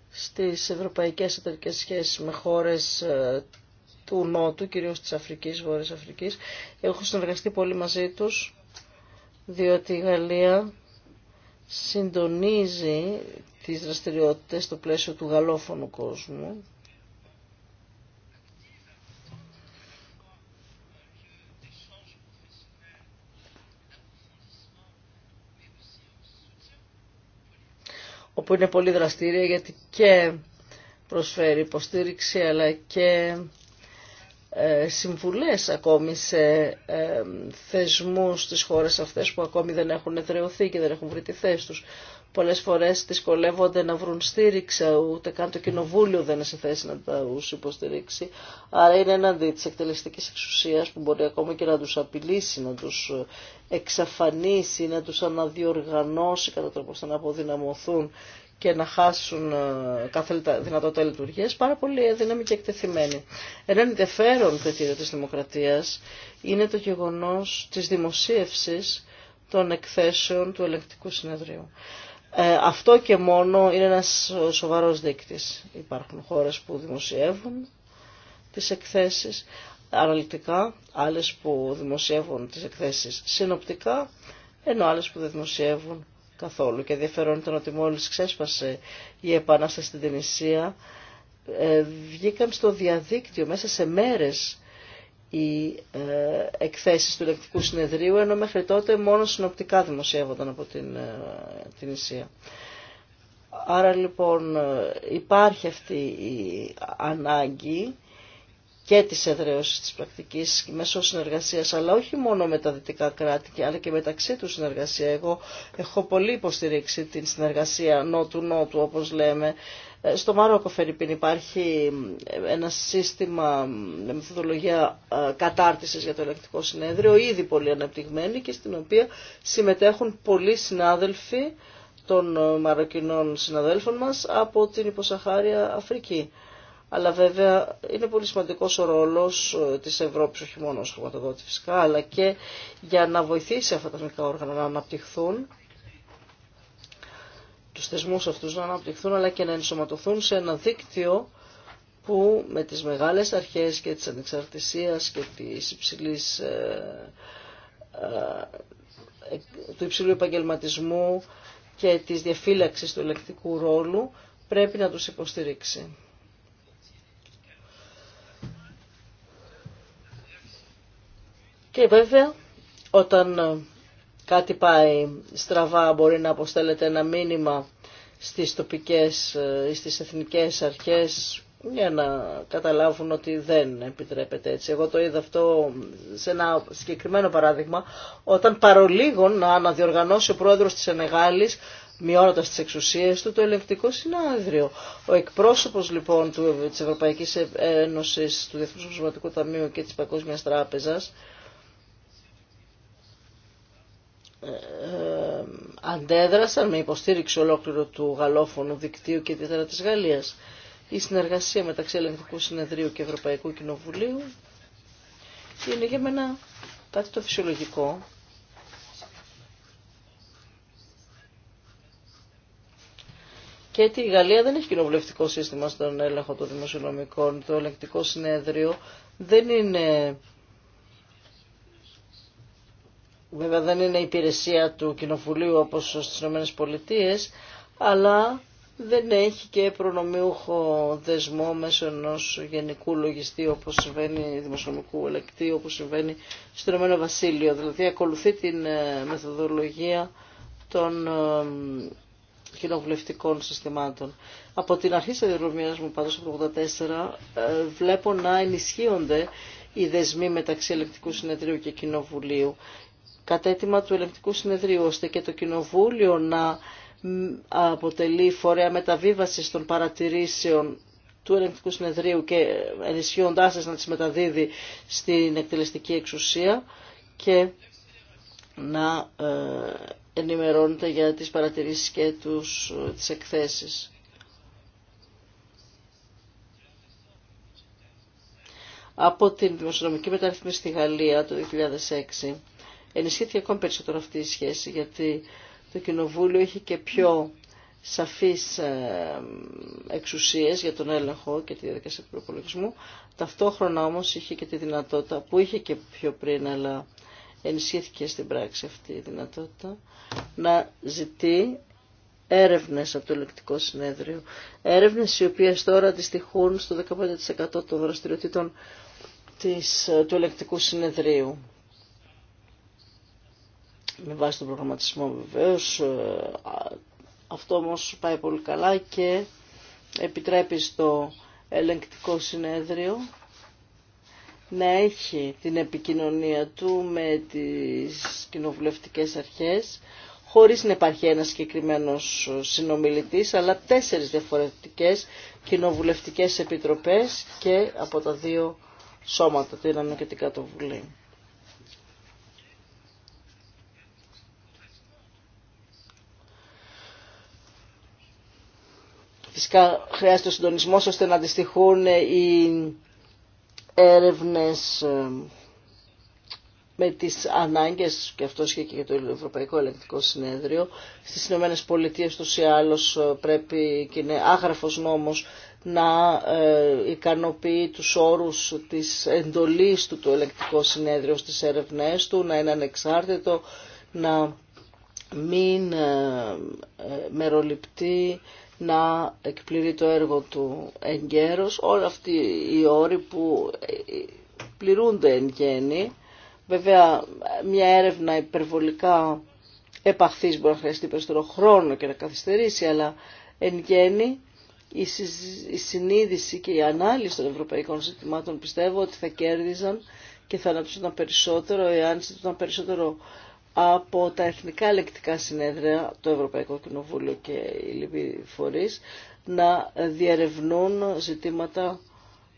Speaker 4: στις ευρωπαϊκές εταιρικές σχέσεις με χώρες ε, του Νότου, κυρίως της Αφρικής, Βόρειας Αφρικής. Έχω συνεργαστεί πολύ μαζί τους, διότι η Γαλλία συντονίζει τις δραστηριότητες στο πλαίσιο του γαλλόφωνου κόσμου. όπου είναι πολύ δραστήρια γιατί και προσφέρει υποστήριξη αλλά και ε, συμβουλές ακόμη σε ε, θεσμούς στις χώρες αυτές που ακόμη δεν έχουν εδρεωθεί και δεν έχουν βρει τη θέση τους. Πολλές φορές δυσκολεύονται να βρουν στήριξη, ούτε καν το κοινοβούλιο δεν είναι σε θέση να τα υποστηρίξει. Άρα είναι έναντι της εκτελεστικής εξουσίας που μπορεί ακόμα και να τους απειλήσει, να τους εξαφανίσει, να τους αναδιοργανώσει κατά τρόπο να αποδυναμωθούν και να χάσουν ε, κάθε δυνατότητα λειτουργία, πάρα πολύ δύναμη και εκτεθειμένοι. Ένα ενδιαφέρον κριτήριο της δημοκρατίας είναι το γεγονό της δημοσίευση των εκθέσεων του ελεγκτικού συνεδρίου. Ε, αυτό και μόνο είναι ένας σοβαρός δείκτης. Υπάρχουν χώρες που δημοσιεύουν τις εκθέσεις αναλυτικά, άλλες που δημοσιεύουν τι εκθέσει. συνοπτικά, ενώ άλλε που δεν δημοσιεύουν καθόλου. Και ενδιαφέρον ήταν ότι μόλις ξέσπασε η επανάσταση στην Τινησία, ε, βγήκαν στο διαδίκτυο μέσα σε μέρες οι ε, εκθέσεις του Ελεκτικού Συνεδρίου, ενώ μέχρι τότε μόνο συνοπτικά δημοσιεύονταν από την, ε, την Ισία. Άρα λοιπόν υπάρχει αυτή η ανάγκη και της εδραίωσης της πρακτικής μέσω συνεργασίας, αλλά όχι μόνο με τα δυτικά κράτη, αλλά και μεταξύ του συνεργασία. Εγώ έχω πολύ υποστηρίξει την συνεργασία νότου-νότου, όπως λέμε. Ε, στο Μαρόκο Φερρυπίν υπάρχει ένα σύστημα μεθοδολογία ε, κατάρτισης για το ελεκτικό συνέδριο, ήδη πολύ αναπτυγμένη και στην οποία συμμετέχουν πολλοί συνάδελφοι των ε, μαροκινών συναδέλφων μας από την υποσαχάρια Αφρική αλλά βέβαια είναι πολύ σημαντικός ο ρόλος ε, της Ευρώπης, όχι μόνο ως χρηματοδότη φυσικά, αλλά και για να βοηθήσει αυτά τα μικρά όργανα να αναπτυχθούν, τους θεσμούς αυτούς να αναπτυχθούν, αλλά και να ενσωματωθούν σε ένα δίκτυο που με τις μεγάλες αρχές και της ανεξαρτησίας και της υψηλής, ε, ε, του υψηλού επαγγελματισμού και της διαφύλαξης του ελεκτικού ρόλου πρέπει να τους υποστηρίξει. Και βέβαια όταν ε, κάτι πάει στραβά μπορεί να αποστέλλεται ένα μήνυμα στις τοπικές ε, ή στις εθνικές αρχές για να καταλάβουν ότι δεν επιτρέπεται έτσι. Εγώ το είδα αυτό σε ένα συγκεκριμένο παράδειγμα, όταν παρολίγων να αναδιοργανώσει ο πρόεδρος της Ενεγάλης, μειώνοντας τις εξουσίες του, το ελεγκτικό συνάδριο. Ο εκπρόσωπος λοιπόν του, της Ευρωπαϊκής Ένωσης, του Διεθνούς Ταμείου και της Παγκόσμιας Τράπεζας, αντέδρασαν με υποστήριξη ολόκληρο του γαλλόφωνου δικτύου και ιδιαίτερα της Γαλλίας. Η συνεργασία μεταξύ Ελεγκτικού Συνεδρίου και Ευρωπαϊκού Κοινοβουλίου είναι για μένα κάτι το φυσιολογικό. Και γιατί η Γαλλία δεν έχει κοινοβουλευτικό σύστημα στον έλεγχο των δημοσιονομικών. Το ελεγκτικό συνέδριο δεν είναι Βέβαια δεν είναι υπηρεσία του Κοινοβουλίου όπως στις ΗΠΑ, αλλά δεν έχει και προνομιούχο δεσμό μέσω ενό γενικού λογιστή όπως συμβαίνει, δημοσιονομικού ελεκτή όπως συμβαίνει στο Ηνωμένο Βασίλειο. Δηλαδή ακολουθεί την ε, μεθοδολογία των ε, κοινοβουλευτικών συστημάτων. Από την αρχή της διαδρομίας μου πάντως από το 1984 ε, βλέπω να ενισχύονται οι δεσμοί μεταξύ ελεκτικού συνεδρίου και κοινοβουλίου αίτημα του ελεγκτικού συνεδρίου, ώστε και το Κοινοβούλιο να αποτελεί φορέα μεταβίβασης των παρατηρήσεων του ελεγκτικού συνεδρίου και ενισχύοντάς να τις μεταδίδει στην εκτελεστική εξουσία και να ε, ενημερώνεται για τις παρατηρήσεις και τους, τις εκθέσεις. Από την δημοσιονομική μεταρρύθμιση στη Γαλλία το 2006 ενισχύθηκε ακόμη περισσότερο αυτή η σχέση γιατί το Κοινοβούλιο είχε και πιο σαφείς ε, εξουσίες για τον έλεγχο και τη διαδικασία του προπολογισμού. Ταυτόχρονα όμως είχε και τη δυνατότητα που είχε και πιο πριν αλλά ενισχύθηκε στην πράξη αυτή η δυνατότητα να ζητεί έρευνες από το ελεκτικό συνέδριο. Έρευνες οι οποίες τώρα αντιστοιχούν στο 15% των δραστηριοτήτων της, ε, του ελεκτικού συνεδρίου με βάση τον προγραμματισμό βεβαίως. Ε, αυτό όμως πάει πολύ καλά και επιτρέπει στο ελεγκτικό συνέδριο να έχει την επικοινωνία του με τις κοινοβουλευτικές αρχές χωρίς να υπάρχει ένας συγκεκριμένο συνομιλητής, αλλά τέσσερις διαφορετικές κοινοβουλευτικές επιτροπές και από τα δύο σώματα, την Ανω και την Κατοβουλή. Φυσικά χρειάζεται ο συντονισμό ώστε να αντιστοιχούν οι έρευνες ε, με τις ανάγκες και αυτό και για το Ευρωπαϊκό Ελεκτικό Συνέδριο στις Ηνωμένες Πολιτείες τους ή άλλως ε, πρέπει και είναι άγραφος νόμος να ε, ικανοποιεί τους όρους της εντολής του το Ελεκτικό Συνέδριο στις έρευνές του, να είναι ανεξάρτητο, να μην μεροληπτεί να εκπληρεί το έργο του γέρος, Όλοι αυτοί οι όροι που ε, ε, πληρούνται εν γέννη. Βέβαια μια έρευνα υπερβολικά επαχθής μπορεί να χρειαστεί περισσότερο χρόνο και να καθυστερήσει, αλλά εν γέννη η συνείδηση και η ανάλυση των ευρωπαϊκών ζητημάτων πιστεύω ότι θα κέρδιζαν και θα αναπτύσσονταν περισσότερο εάν ήταν περισσότερο από τα Εθνικά Ελεκτικά Συνέδρια, το Ευρωπαϊκό Κοινοβούλιο και οι λοιποί φορείς, να διαρευνούν ζητήματα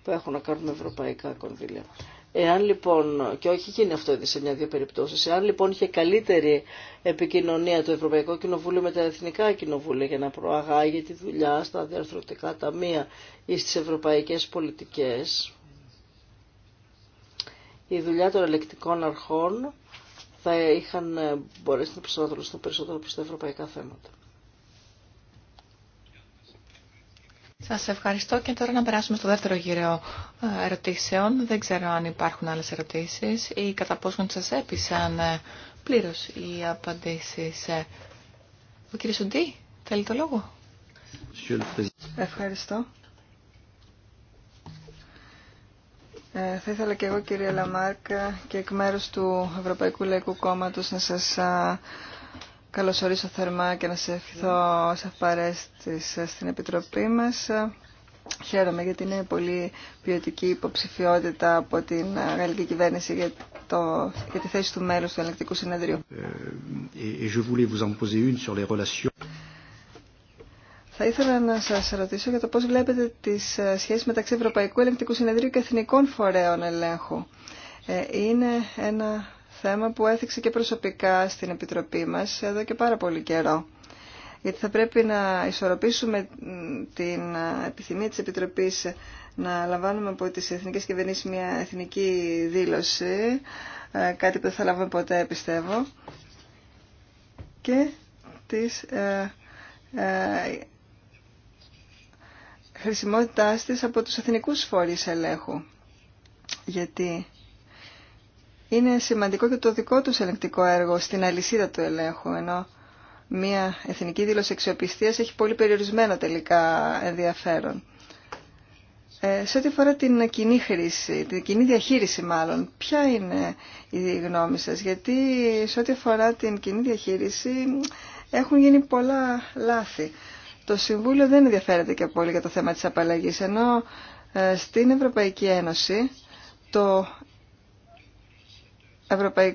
Speaker 4: που έχουν να κάνουν με ευρωπαϊκά κονδύλια. Εάν λοιπόν, και όχι γίνει αυτό ήδη σε μια-δύο περιπτώσει, εάν λοιπόν είχε καλύτερη επικοινωνία το Ευρωπαϊκό Κοινοβούλιο με τα Εθνικά Κοινοβούλια για να προαγάγει τη δουλειά στα διαρθρωτικά ταμεία ή στι ευρωπαϊκέ πολιτικέ, η στις ευρωπαϊκές πολιτικές, η δουλεια των ελεκτικών αρχών θα είχαν ε, μπορέσει να προσανατολιστούν περισσότερο προς τα ευρωπαϊκά θέματα.
Speaker 2: Σας ευχαριστώ και τώρα να περάσουμε στο δεύτερο γύρο ε, ερωτήσεων. Δεν ξέρω αν υπάρχουν άλλες ερωτήσεις ή κατά πόσο σας έπεισαν ε, πλήρως οι απαντήσεις. Ο κύριος Σουντή, θέλει το λόγο. Ευχαριστώ.
Speaker 5: Ε, θα ήθελα και εγώ κύριε Λαμάρκα και εκ μέρους του Ευρωπαϊκού Λαϊκού Κόμματος να σας καλωσορίσω θερμά και να σας ευχηθώ σε την στην Επιτροπή μας. Ε, χαίρομαι γιατί είναι πολύ ποιοτική υποψηφιότητα από την ε, γαλλική κυβέρνηση για, το, για τη θέση του μέλους του Ελεκτικού Συνεδρίου. Θα ήθελα να σας ρωτήσω για το πώς βλέπετε τις ε, σχέσεις μεταξύ Ευρωπαϊκού Ελεγκτικού Συνεδρίου και Εθνικών Φορέων Ελέγχου. Ε, είναι ένα θέμα που έθιξε και προσωπικά στην Επιτροπή μας εδώ και πάρα πολύ καιρό. Γιατί θα πρέπει να ισορροπήσουμε την ε, επιθυμία της Επιτροπής να λαμβάνουμε από τι εθνικές κυβερνήσει μια εθνική δήλωση, κάτι που δεν θα λάβουμε ποτέ πιστεύω, και τις χρησιμότητάς της από τους εθνικούς φορείς ελέγχου. Γιατί είναι σημαντικό και το δικό τους ελεγκτικό έργο στην αλυσίδα του ελέγχου, ενώ μια εθνική δήλωση αξιοπιστίας έχει πολύ περιορισμένο τελικά ενδιαφέρον. Ε, σε ό,τι αφορά την κοινή χρήση, την κοινή διαχείριση μάλλον, ποια είναι η γνώμη σας, γιατί σε ό,τι αφορά την κοινή διαχείριση έχουν γίνει πολλά λάθη το Συμβούλιο δεν ενδιαφέρεται και πολύ για το θέμα της απαλλαγής, ενώ ε, στην Ευρωπαϊκή Ένωση το ε,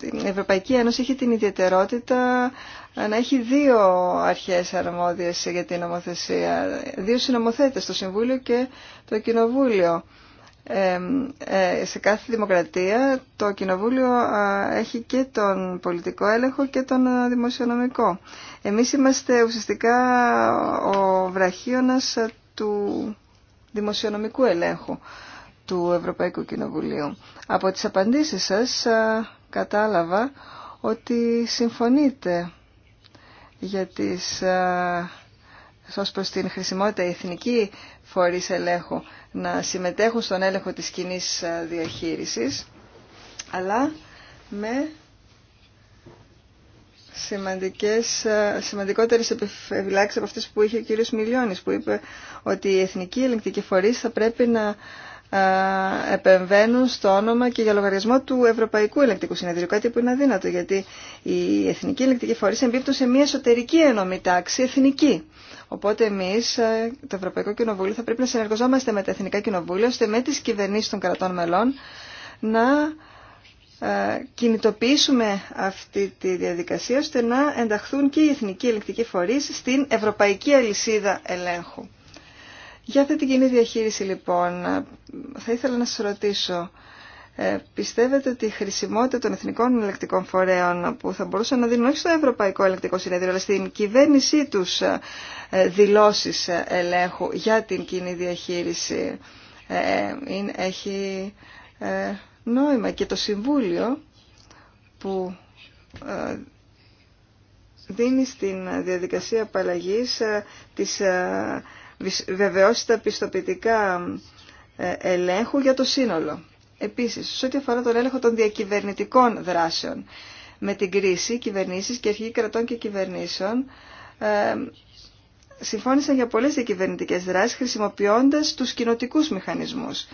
Speaker 5: η Ευρωπαϊκή Ένωση έχει την ιδιαιτερότητα ε, να έχει δύο αρχές αρμόδιες για την νομοθεσία, δύο συνομοθέτες, το Συμβούλιο και το Κοινοβούλιο. Ε, σε κάθε δημοκρατία το κοινοβούλιο έχει και τον πολιτικό έλεγχο και τον δημοσιονομικό. Εμείς είμαστε ουσιαστικά ο βραχίωνας του δημοσιονομικού ελέγχου του Ευρωπαϊκού Κοινοβουλίου. Από τις απαντήσεις σας κατάλαβα ότι συμφωνείτε για τις ως προς την χρησιμότητα εθνική φορείς ελέγχου να συμμετέχουν στον έλεγχο της κοινή ε, διαχείρισης, αλλά με σημαντικότερε σημαντικότερες επιφυλάξεις από αυτές που είχε ο κ. Μιλιώνης, που είπε ότι οι εθνικοί ελεγκτικοί φορείς θα πρέπει να ε, επεμβαίνουν στο όνομα και για λογαριασμό του Ευρωπαϊκού Ελεκτικού Συνεδρίου. Κάτι που είναι αδύνατο, γιατί οι εθνικοί ελεκτικοί φορεί εμπίπτουν σε μια εσωτερική ενόμη τάξη, εθνική. Οπότε εμεί, ε, το Ευρωπαϊκό Κοινοβούλιο, θα πρέπει να συνεργαζόμαστε με τα εθνικά κοινοβούλια, ώστε με τι κυβερνήσει των κρατών μελών να ε, κινητοποιήσουμε αυτή τη διαδικασία ώστε να ενταχθούν και οι εθνικοί ελεκτικοί φορείς στην ευρωπαϊκή αλυσίδα ελέγχου. Για αυτή την κοινή διαχείριση λοιπόν, ε, θα ήθελα να σας ρωτήσω ε, πιστεύετε ότι η χρησιμότητα των εθνικών ελεκτικών φορέων που θα μπορούσαν να δίνουν όχι στο Ευρωπαϊκό Ελεκτικό Συνέδριο αλλά στην κυβέρνησή τους ε, ε, δηλώσεις ελέγχου για την κοινή διαχείριση έχει νόημα και το Συμβούλιο που δίνει στην διαδικασία απαλλαγής της βεβαιώσεις τα πιστοποιητικά ελέγχου για το σύνολο. Επίσης, σε ό,τι αφορά τον έλεγχο των διακυβερνητικών δράσεων, με την κρίση κυβερνήσεις και αρχή κρατών και κυβερνήσεων ε, συμφώνησαν για πολλές διακυβερνητικές δράσεις χρησιμοποιώντας τους κοινοτικούς μηχανισμούς.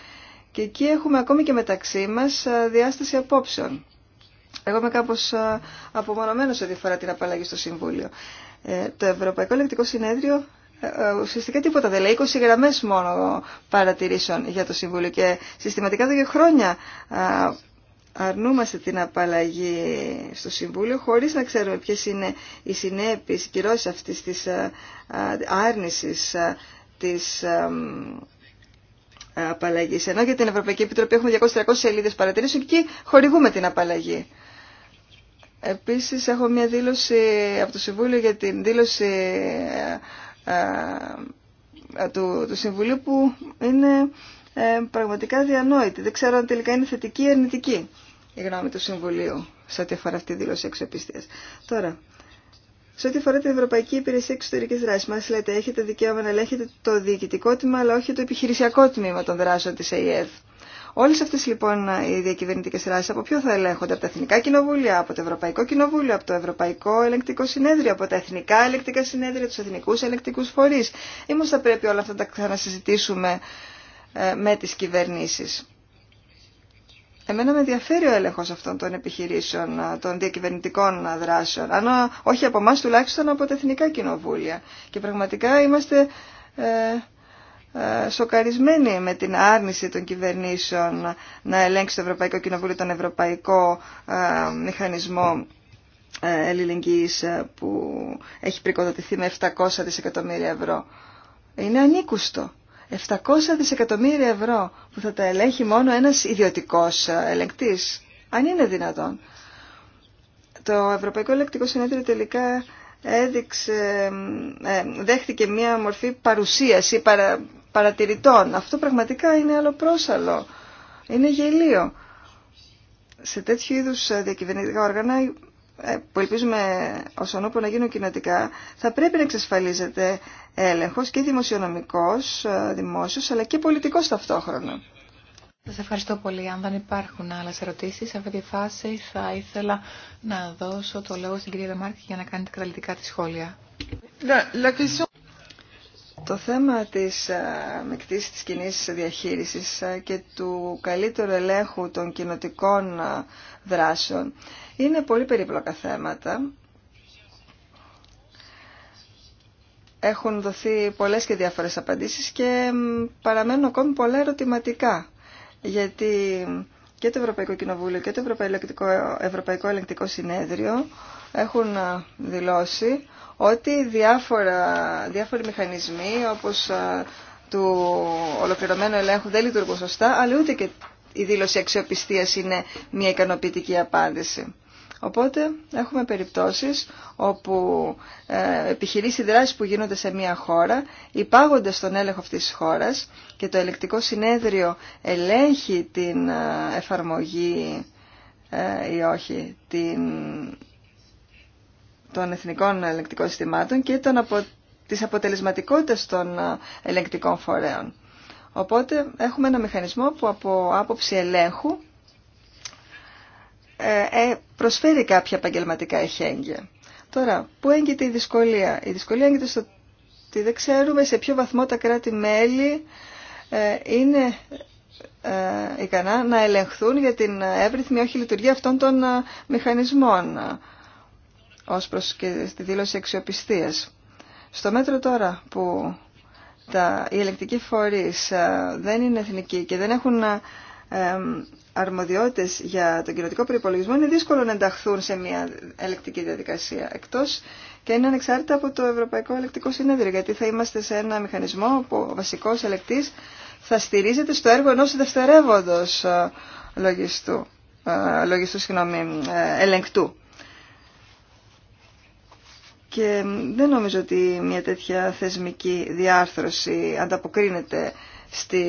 Speaker 5: Και εκεί έχουμε ακόμη και μεταξύ μας ε, διάσταση απόψεων. Εγώ είμαι κάπως ε, απομονωμένος ό,τι αφορά την απαλλαγή στο Συμβούλιο. Ε, το Ευρωπαϊκό Ελεκτικό Συνέδριο ε, ε, ουσιαστικά τίποτα δεν λέει. 20 γραμμές μόνο παρατηρήσεων για το Συμβούλιο και συστηματικά δύο χρόνια ε, αρνούμαστε την απαλλαγή στο Συμβούλιο χωρίς να ξέρουμε ποιες είναι οι συνέπειες, οι κυρώσεις αυτής της άρνησης της απαλλαγής. Ενώ για την Ευρωπαϊκή Επιτροπή έχουμε 200-300 σελίδες παρατηρήσεων και εκεί χορηγούμε την απαλλαγή. Επίσης έχω μια δήλωση από το Συμβούλιο για την δήλωση ε, ε, του, του Συμβουλίου που είναι ε, πραγματικά διανόητη. Δεν ξέρω αν τελικά είναι θετική ή αρνητική η γνώμη του Συμβουλίου σε ό,τι αφορά αυτή τη δήλωση εξοπιστίας. Τώρα, σε ό,τι αφορά την Ευρωπαϊκή Υπηρεσία Εξωτερική Δράση, μα λέτε έχετε δικαίωμα να ελέγχετε το διοικητικό τμήμα, αλλά όχι το επιχειρησιακό τμήμα των δράσεων τη ΑΕΔ. Όλε αυτέ λοιπόν οι διακυβερνητικέ δράσει από ποιο θα ελέγχονται, από τα Εθνικά Κοινοβούλια, από το Ευρωπαϊκό Κοινοβούλιο, από το Ευρωπαϊκό Ελεκτικό Συνέδριο, από τα Εθνικά Ελεκτικά Συνέδρια, τους Εθνικούς Ελεκτικού Φορείς. Ήμως θα πρέπει όλα αυτά να τα ξανασυζητήσουμε ε, με τι κυβερνήσει. Εμένα με ενδιαφέρει ο έλεγχο αυτών των επιχειρήσεων, ε, των διακυβερνητικών δράσεων, αν ε, όχι από εμά τουλάχιστον από τα Εθνικά Κοινοβούλια. Και πραγματικά είμαστε ε, σοκαρισμένη με την άρνηση των κυβερνήσεων να ελέγξει το Ευρωπαϊκό Κοινοβούλιο τον Ευρωπαϊκό ε, Μηχανισμό ε, Ελληνικής που έχει πρικοδοτηθεί με 700 δισεκατομμύρια ευρώ. Είναι ανήκουστο. 700 δισεκατομμύρια ευρώ που θα τα ελέγχει μόνο ένας ιδιωτικός ελεγκτής. Αν είναι δυνατόν. Το Ευρωπαϊκό Ελεκτικό Συνέδριο τελικά έδειξε, δέχτηκε μία μορφή παρουσίαση, παρατηρητών. Αυτό πραγματικά είναι άλλο αλλοπρόσαλο. Είναι γελίο. Σε τέτοιου είδου ε, διακυβερνητικά όργανα ε, που ελπίζουμε ως ονόπο να γίνουν κοινοτικά, θα πρέπει να εξασφαλίζεται έλεγχος και δημοσιονομικός, ε, δημόσιος, αλλά και πολιτικός ταυτόχρονα.
Speaker 2: Σας ευχαριστώ πολύ. Αν δεν υπάρχουν άλλες ερωτήσεις, σε αυτή τη φάση θα ήθελα να δώσω το λόγο στην κυρία Δαμάρκη για να κάνει τα καταλητικά τη σχόλια.
Speaker 5: Το θέμα της ε, μεικτής της κοινή διαχείρισης ε, και του καλύτερου ελέγχου των κοινοτικών ε, δράσεων είναι πολύ περίπλοκα θέματα. Έχουν δοθεί πολλές και διάφορες απαντήσεις και παραμένουν ακόμη πολλά ερωτηματικά. Γιατί και το Ευρωπαϊκό Κοινοβούλιο και το Ευρωπαϊκό, Ευρωπαϊκό Ελεγκτικό Συνέδριο έχουν δηλώσει ότι διάφορα, διάφοροι μηχανισμοί όπως του ολοκληρωμένου ελέγχου δεν λειτουργούν σωστά, αλλά ούτε και η δήλωση αξιοπιστίας είναι μια ικανοποιητική απάντηση. Οπότε έχουμε περιπτώσεις όπου ε, επιχειρήσει δράσεις που γίνονται σε μια χώρα υπάγονται στον έλεγχο αυτής της χώρας και το ελεκτικό συνέδριο ελέγχει την ε, εφαρμογή ε, ή όχι την των εθνικών ελεγκτικών συστημάτων και των απο... της αποτελεσματικότητας των ε, ελεγκτικών φορέων. Οπότε έχουμε ένα μηχανισμό που από άποψη ελέγχου ε, ε, προσφέρει κάποια επαγγελματικά εχέγγυα. Τώρα, πού έγκυται η δυσκολία. Η δυσκολία έγκυται στο ότι δεν ξέρουμε σε ποιο βαθμό τα κράτη-μέλη είναι ικανά να ελεγχθούν για την εύρυθμη όχι λειτουργία αυτών των μηχανισμών ως προς και δήλωση αξιοπιστίας. Στο μέτρο τώρα που τα, οι ελεκτικοί φορείς ε, δεν είναι εθνικοί και δεν έχουν ε, αρμοδιότητες για τον κοινωτικό προϋπολογισμό, είναι δύσκολο να ενταχθούν σε μια ελεκτική διαδικασία, εκτός και είναι ανεξάρτητα από το Ευρωπαϊκό Ελεκτικό Συνέδριο, γιατί θα είμαστε σε ένα μηχανισμό που ο βασικός ελεκτής θα στηρίζεται στο έργο ενός δευτερεύοντος ε, λογιστού, λογιστού συγγνώμη, ελεγκτού. Και δεν νομίζω ότι μια τέτοια θεσμική διάρθρωση ανταποκρίνεται στη,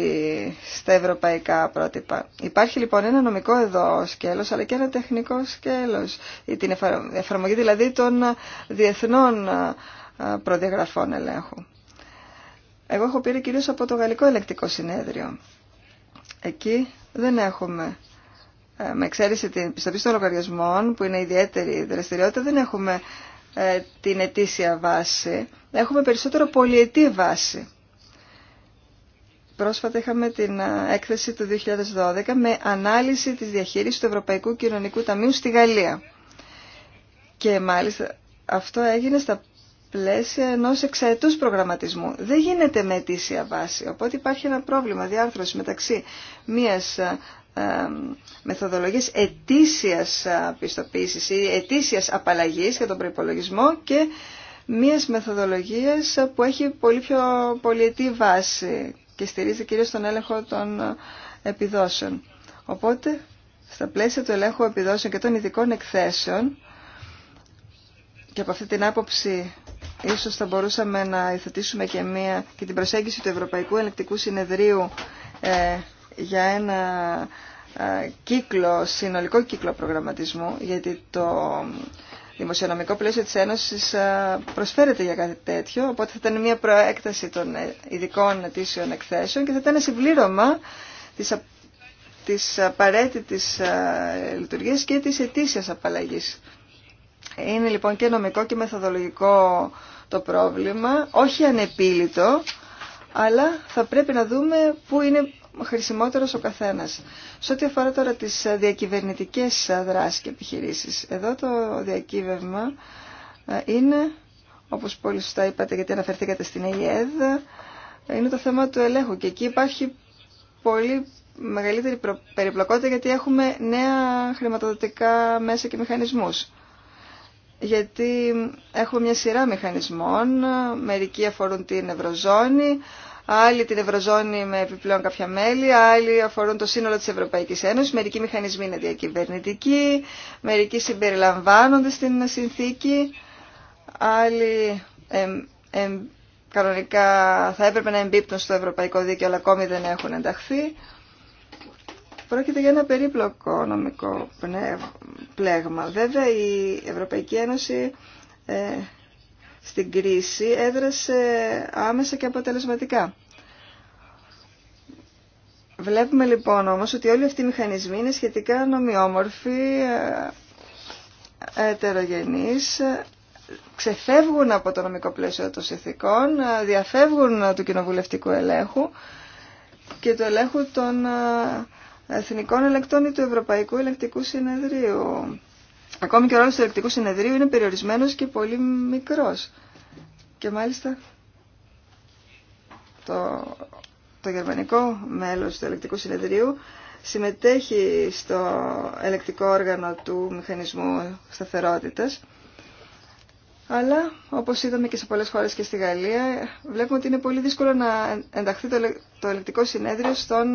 Speaker 5: στα ευρωπαϊκά πρότυπα. Υπάρχει λοιπόν ένα νομικό εδώ σκέλος, αλλά και ένα τεχνικό σκέλος. Την εφαρμογή δηλαδή των διεθνών προδιαγραφών ελέγχου. Εγώ έχω πήρει κυρίως από το Γαλλικό Ελεκτικό Συνέδριο. Εκεί δεν έχουμε, ε, με εξαίρεση την πιστοποίηση των λογαριασμών, που είναι ιδιαίτερη δραστηριότητα, δεν έχουμε ε, την ετήσια βάση, έχουμε περισσότερο πολυετή βάση. Πρόσφατα είχαμε την ε, έκθεση του 2012 με ανάλυση της διαχείρισης του Ευρωπαϊκού Κοινωνικού Ταμείου στη Γαλλία. Και μάλιστα αυτό έγινε στα πλαίσια ενός εξαετούς προγραμματισμού. Δεν γίνεται με αιτήσια βάση, οπότε υπάρχει ένα πρόβλημα διάρθρωση μεταξύ μιας ε, μεθοδολογίες ετήσιας πιστοποίησης ή ετήσιας απαλλαγής για τον προϋπολογισμό και μίας μεθοδολογίας που έχει πολύ πιο πολυετή βάση και στηρίζεται κυρίως στον έλεγχο των επιδόσεων. Οπότε, στα πλαίσια του ελέγχου επιδόσεων και των ειδικών εκθέσεων και από αυτή την άποψη ίσως θα μπορούσαμε να υιοθετήσουμε και, και την προσέγγιση του Ευρωπαϊκού Ελεκτικού Συνεδρίου ε, για ένα ε, κύκλο, συνολικό κύκλο προγραμματισμού, γιατί το δημοσιονομικό πλαίσιο της Ένωσης ε, προσφέρεται για κάτι τέτοιο, οπότε θα ήταν μια προέκταση των ειδικών αιτήσεων εκθέσεων και θα ήταν ένα συμπλήρωμα της, της απαραίτητης ε, λειτουργίας και της ετήσιας απαλλαγής. Είναι λοιπόν και νομικό και μεθοδολογικό το πρόβλημα, όχι ανεπίλητο, αλλά θα πρέπει να δούμε πού είναι χρησιμότερο ο καθένας. Σε ό,τι αφορά τώρα τις διακυβερνητικέ δράσει και επιχειρήσει. εδώ το διακύβευμα ε, είναι, όπως πολύ σωστά είπατε γιατί αναφερθήκατε στην ΕΙΕΔ, είναι το θέμα του ελέγχου και εκεί υπάρχει πολύ μεγαλύτερη περιπλοκότητα γιατί έχουμε νέα χρηματοδοτικά μέσα και μηχανισμούς. Γιατί έχουμε μια σειρά μηχανισμών, μερικοί αφορούν την Ευρωζώνη, άλλοι την Ευρωζώνη με επιπλέον κάποια μέλη, άλλοι αφορούν το σύνολο της Ευρωπαϊκής Ένωσης, μερικοί μηχανισμοί είναι διακυβερνητικοί, μερικοί συμπεριλαμβάνονται στην συνθήκη, άλλοι εμ, κανονικά θα έπρεπε να εμπίπτουν στο Ευρωπαϊκό Δίκαιο, αλλά ακόμη δεν έχουν ενταχθεί. Πρόκειται για ένα περίπλοκο νομικό πλέγμα. Βέβαια, η Ευρωπαϊκή Ένωση ε, στην κρίση έδρασε άμεσα και αποτελεσματικά. Βλέπουμε λοιπόν όμως ότι όλοι αυτοί οι μηχανισμοί είναι σχετικά νομιόμορφοι, ε, ετερογενείς, ξεφεύγουν από το νομικό πλαίσιο των συνθηκών, διαφεύγουν του κοινοβουλευτικού ελέγχου και του ελέγχου των ε, εθνικών ελεκτών ή του Ευρωπαϊκού Ελεκτικού Συνεδρίου. Ακόμη και ο ρόλος του ελεκτικού συνεδρίου είναι περιορισμένος και πολύ μικρός. Και μάλιστα το, το γερμανικό μέλος του ελεκτικού συνεδρίου συμμετέχει στο ελεκτικό όργανο του Μηχανισμού Σταθερότητας αλλά, όπως είδαμε και σε πολλές χώρες και στη Γαλλία, βλέπουμε ότι είναι πολύ δύσκολο να ενταχθεί το ελεκτικό συνέδριο στον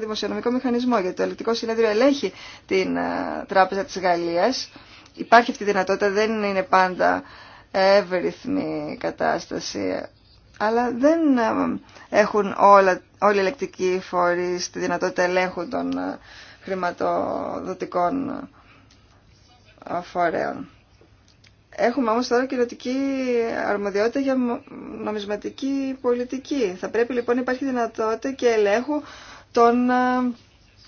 Speaker 5: δημοσιονομικό μηχανισμό, γιατί το ελεκτικό συνέδριο ελέγχει την Τράπεζα της Γαλλίας. Υπάρχει αυτή η δυνατότητα, δεν είναι πάντα εύρυθμη κατάσταση, αλλά δεν έχουν όλα, όλοι οι ελεκτικοί φορείς τη δυνατότητα ελέγχου των χρηματοδοτικών φορέων. Έχουμε όμως τώρα κοινωτική αρμοδιότητα για νομισματική πολιτική. Θα πρέπει λοιπόν να υπάρχει δυνατότητα και ελέγχου των ε,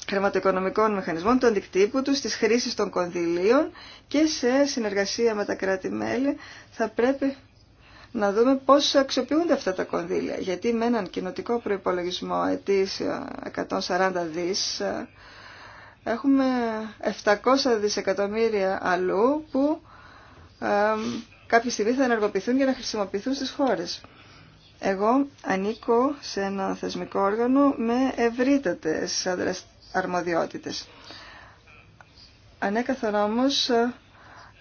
Speaker 5: χρηματοοικονομικών μηχανισμών, των δικτύπου τους, της χρήσης των κονδυλίων και σε συνεργασία με τα κράτη-μέλη θα πρέπει να δούμε πώς αξιοποιούνται αυτά τα κονδύλια. Γιατί με έναν κοινοτικό προϋπολογισμό ετής 140 δις ε, έχουμε 700 δισεκατομμύρια αλλού που κάποια στιγμή θα ενεργοποιηθούν για να χρησιμοποιηθούν στις χώρες. Εγώ ανήκω σε ένα θεσμικό όργανο με ευρύτατες αρμοδιότητες. Ανέκαθεν όμως ε,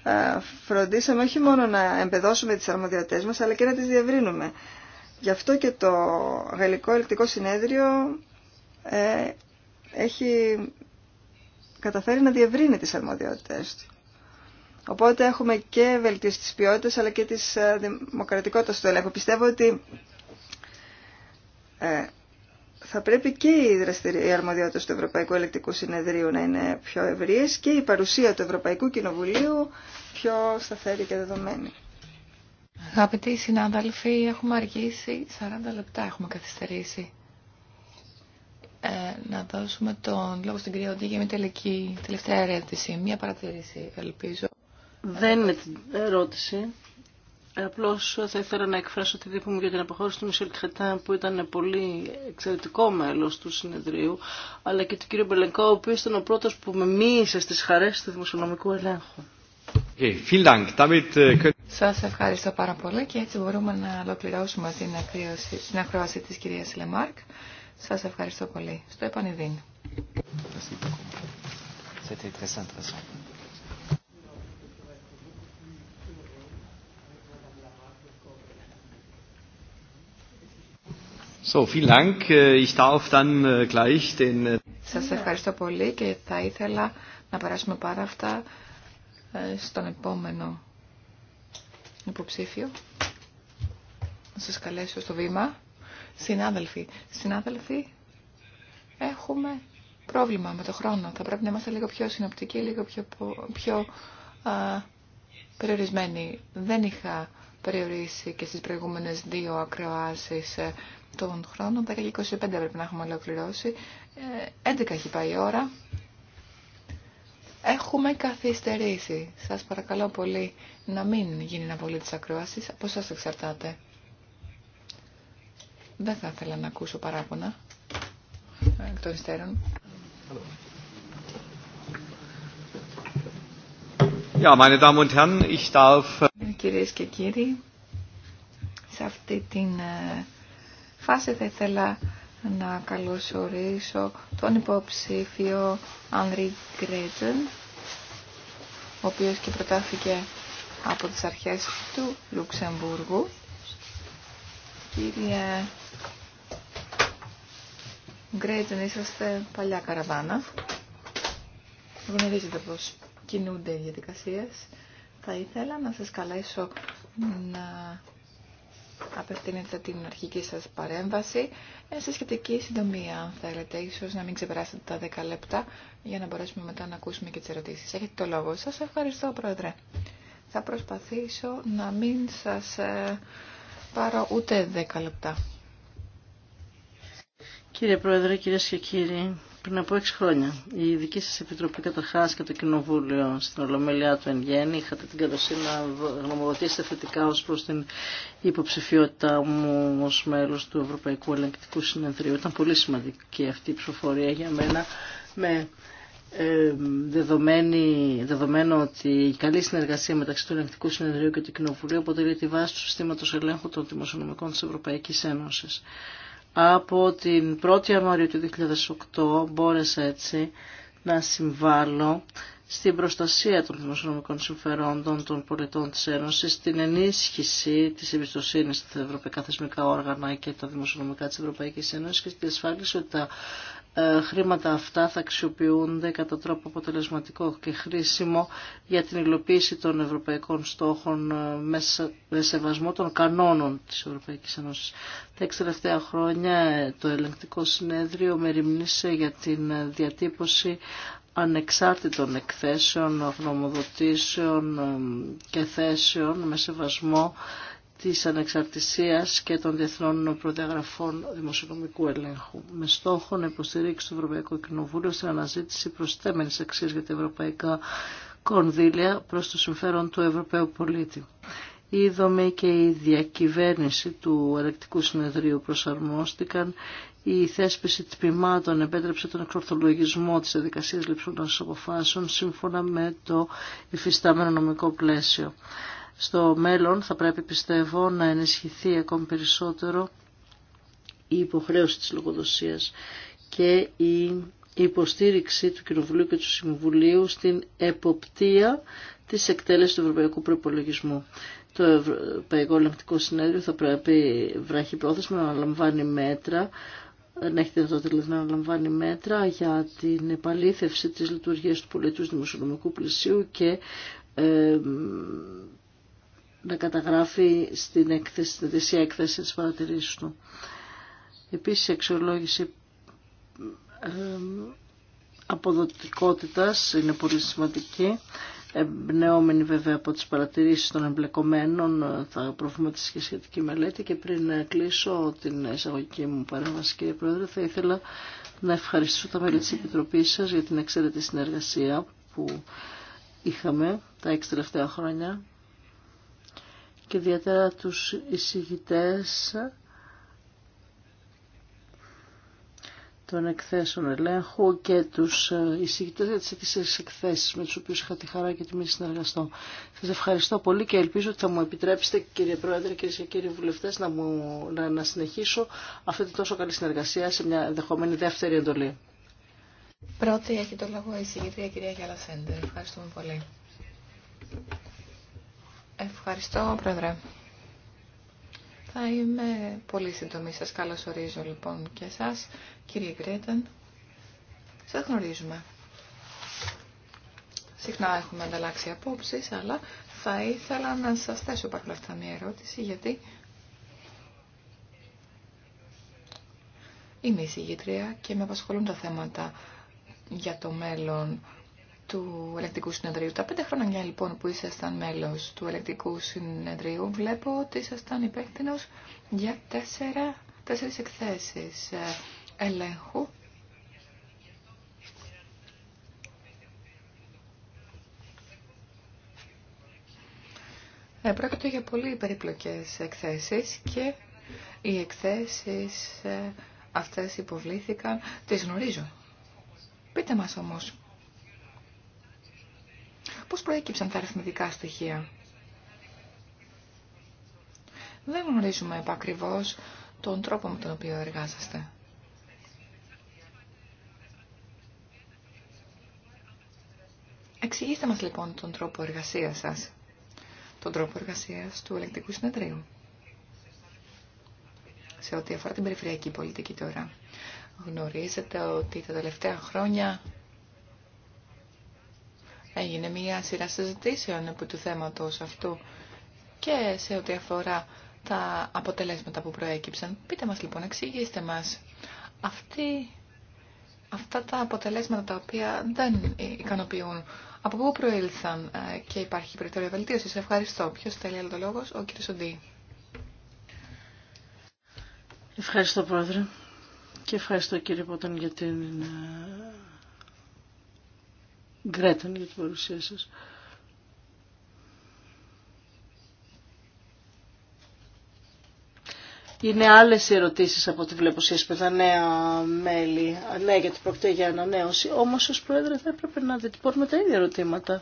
Speaker 5: ε, φροντίσαμε όχι μόνο να εμπεδώσουμε τις αρμοδιότητες μας, αλλά και να τις διευρύνουμε. Γι' αυτό και το Γαλλικό Ελεκτικό Συνέδριο ε, έχει καταφέρει να διευρύνει τις αρμοδιότητες του. Οπότε έχουμε και βελτίωση της ποιότητα, αλλά και τη ε, δημοκρατικότητα του ελέγχου. Πιστεύω ότι ε, θα πρέπει και οι, οι του Ευρωπαϊκού Ελεκτικού Συνεδρίου να είναι πιο ευρειε και η παρουσία του Ευρωπαϊκού Κοινοβουλίου πιο σταθερή και δεδομένη.
Speaker 2: Αγαπητοί συνάδελφοι, έχουμε αργήσει 40 λεπτά, έχουμε καθυστερήσει. Ε, να δώσουμε τον λόγο στην κυρία Οντή για μια τελική, τελευταία ερώτηση, μια παρατήρηση, ελπίζω. Δεν είναι την
Speaker 4: ερώτηση. Απλώ θα ήθελα να εκφράσω τη δίπλα μου για την αποχώρηση του Μισελ Κρετάν που ήταν πολύ εξαιρετικό μέλο του συνεδρίου αλλά και του κ. Μπελενκό ο οποίο ήταν ο πρώτο που με μίλησε στι χαρέ του δημοσιονομικού ελέγχου.
Speaker 1: Ε, ε, Σα ευχαριστώ
Speaker 2: πάρα πολύ και έτσι μπορούμε να ολοκληρώσουμε την, ακρίωση, ακρόαση τη κυρία Λεμάρκ. Σα ευχαριστώ πολύ. Στο επανειδήν. So, Σας ευχαριστώ πολύ και θα ήθελα να περάσουμε πάρα αυτά ε, στον επόμενο υποψήφιο. Να σας καλέσω στο βήμα. Συνάδελφοι, συνάδελφοι, έχουμε πρόβλημα με το χρόνο. Θα πρέπει να είμαστε λίγο πιο συνοπτικοί, λίγο πιο, περιορισμένοι. Δεν είχα περιορίσει και στις προηγούμενες δύο ακροάσεις ε, τον χρόνο, 10 και 25 πρέπει να έχουμε ολοκληρώσει. 11 ε, έχει πάει η ώρα. Έχουμε καθυστερήσει. Σας παρακαλώ πολύ να μην γίνει βολεί της ακρόασης. Από σας εξαρτάται. Δεν θα ήθελα να ακούσω παράπονα εκ των υστέρων. Κυρίες και κύριοι, σε αυτή την ε, φάση θα ήθελα να καλωσορίσω τον υποψήφιο Ανρι Γκρέτζεν, ο οποίος και προτάθηκε από τις αρχές του Λουξεμβούργου. Κύριε Γκρέτζεν, είσαστε παλιά καραβάνα. Γνωρίζετε πώς κινούνται οι διαδικασίες. Θα ήθελα να σας καλέσω να Απευθύνεται την αρχική σας παρέμβαση ε, σε σχετική συντομία, αν θέλετε. Ίσως να μην ξεπεράσετε τα 10 λεπτά για να μπορέσουμε μετά να ακούσουμε και τις ερωτήσεις. Έχετε το λόγο. Σας ευχαριστώ, Πρόεδρε. Θα προσπαθήσω να μην σας ε, πάρω ούτε 10 λεπτά.
Speaker 4: Κύριε Πρόεδρε, κυρίες και κύριοι, πριν από έξι χρόνια, η δική σα Επιτροπή καταρχά και το Κοινοβούλιο στην Ολομέλειά του εν είχατε την κατοσύνη να γνωμοδοτήσετε θετικά ω προ την υποψηφιότητά μου ω μέλο του Ευρωπαϊκού Ελεγκτικού Συνεδρίου. Ήταν πολύ σημαντική αυτή η ψηφοφορία για μένα με ε, δεδομένο ότι η καλή συνεργασία μεταξύ του Ελεγκτικού Συνεδρίου και του Κοινοβουλίου αποτελεί τη βάση του συστήματο ελέγχου των δημοσιονομικών τη Ευρωπαϊκή Ένωση. Από την 1η Ιανουαρίου του 2008 μπόρεσα έτσι να συμβάλλω στην προστασία των δημοσιονομικών συμφερόντων των πολιτών της Ένωσης, στην ενίσχυση της εμπιστοσύνης στα ευρωπαϊκά θεσμικά όργανα και τα δημοσιονομικά της Ευρωπαϊκής Ένωσης και στη ασφάλιση ότι τα ε, χρήματα αυτά θα αξιοποιούνται κατά τρόπο αποτελεσματικό και χρήσιμο για την υλοποίηση των ευρωπαϊκών στόχων ε, με σεβασμό των κανόνων της Ευρωπαϊκής Ένωσης. Τα έξι τελευταία χρόνια ε, το ελεγκτικό συνέδριο μεριμνήσε για την διατύπωση ανεξάρτητων εκθέσεων, γνωμοδοτήσεων και θέσεων με σεβασμό της ανεξαρτησίας και των διεθνών προδιαγραφών δημοσιονομικού ελέγχου, με στόχο να υποστηρίξει το Ευρωπαϊκό Κοινοβούλιο στην αναζήτηση προστέμενης αξίας για τα ευρωπαϊκά κονδύλια προς το συμφέρον του Ευρωπαίου πολίτη. Η και η διακυβέρνηση του ελεκτικού συνεδρίου προσαρμόστηκαν η θέσπιση τμήματων επέτρεψε τον εξορθολογισμό της διαδικασίας λήψης των αποφάσεων σύμφωνα με το υφιστάμενο νομικό πλαίσιο στο μέλλον θα πρέπει πιστεύω να ενισχυθεί ακόμη περισσότερο η υποχρέωση της λογοδοσίας και η υποστήριξη του Κοινοβουλίου και του Συμβουλίου στην εποπτεία της εκτέλεσης του Ευρωπαϊκού Προπολογισμού. Το Ευρωπαϊκό Ελεγκτικό Συνέδριο θα πρέπει βράχει πρόθεσμα να αναλαμβάνει μέτρα να έχει να αναλαμβάνει μέτρα για την επαλήθευση της λειτουργίας του πολιτού δημοσιονομικού πλησίου και ε, να καταγράφει στην έκθεση, στη δεσία έκθεση της παρατηρήσης του. Επίσης η αξιολόγηση αποδοτικότητας είναι πολύ σημαντική. εμπνεώμενη βέβαια από τις παρατηρήσεις των εμπλεκομένων ε, θα προβούμε τη σχετική μελέτη και πριν ε, κλείσω την εισαγωγική μου παρέμβαση κύριε Πρόεδρε θα ήθελα να ευχαριστήσω τα μέλη της Επιτροπής σας για την εξαίρετη συνεργασία που είχαμε τα έξι τελευταία χρόνια και ιδιαίτερα τους εισηγητές των εκθέσεων ελέγχου και τους εισηγητές για τις εκθέσεις με τους οποίους είχα τη χαρά και τιμή συνεργαστώ. Σας ευχαριστώ πολύ και ελπίζω ότι θα μου επιτρέψετε κύριε Πρόεδρε και κύριοι, βουλευτές να, μου, να, να συνεχίσω αυτή τη τόσο καλή συνεργασία σε μια ενδεχόμενη δεύτερη εντολή.
Speaker 2: Πρώτη έχει το λόγο η κυρία Γιάλα Σέντερ. Ευχαριστούμε πολύ. Ευχαριστώ, Πρόεδρε. Θα είμαι πολύ σύντομη. Σας καλωσορίζω λοιπόν και σας, κύριε Γκρέτεν. Σας γνωρίζουμε. Συχνά έχουμε ανταλλάξει απόψεις, αλλά θα ήθελα να σας θέσω παρ' αυτά μια ερώτηση, γιατί είμαι εισηγήτρια και με απασχολούν τα θέματα για το μέλλον του Ελεκτικού Συνεδρίου. Τα πέντε χρόνια λοιπόν που ήσασταν μέλος του Ελεκτικού Συνεδρίου βλέπω ότι ήσασταν υπεύθυνο για τέσσερα, τέσσερις εκθέσεις ε, ελέγχου. Ε, πρόκειται για πολύ περιπλοκές εκθέσεις και οι εκθέσεις ε, αυτές υποβλήθηκαν, τις γνωρίζω. Πείτε μας όμως Πώς προέκυψαν τα αριθμητικά στοιχεία. Δεν γνωρίζουμε επακριβώς τον τρόπο με τον οποίο εργάζεστε. Εξηγήστε μας λοιπόν τον τρόπο εργασίας σας, τον τρόπο εργασίας του ελεκτικού συνεδρίου. Σε ό,τι αφορά την περιφερειακή πολιτική τώρα. Γνωρίζετε ότι τα τελευταία χρόνια Έγινε μια σειρά συζητήσεων επί του θέματος αυτού και σε ό,τι αφορά τα αποτελέσματα που προέκυψαν. Πείτε μας λοιπόν, εξηγήστε μας. Αυτή, αυτά τα αποτελέσματα τα οποία δεν ικανοποιούν, από πού προήλθαν ε, και υπάρχει περιθώριο βελτίωση. Ευχαριστώ. Ποιο θέλει άλλο το λόγο, ο κ. Σοντή.
Speaker 4: Ευχαριστώ, Πρόεδρε. Και ευχαριστώ, κύριε Ποτών, για την ε, Γκρέτον για την παρουσία σας. Είναι άλλε οι ερωτήσει από ό,τι βλέπω σχέση με τα νέα μέλη. Ναι, γιατί πρόκειται για ανανέωση. Όμω, ω Πρόεδρε, θα έπρεπε να διατυπώνουμε τα ίδια ερωτήματα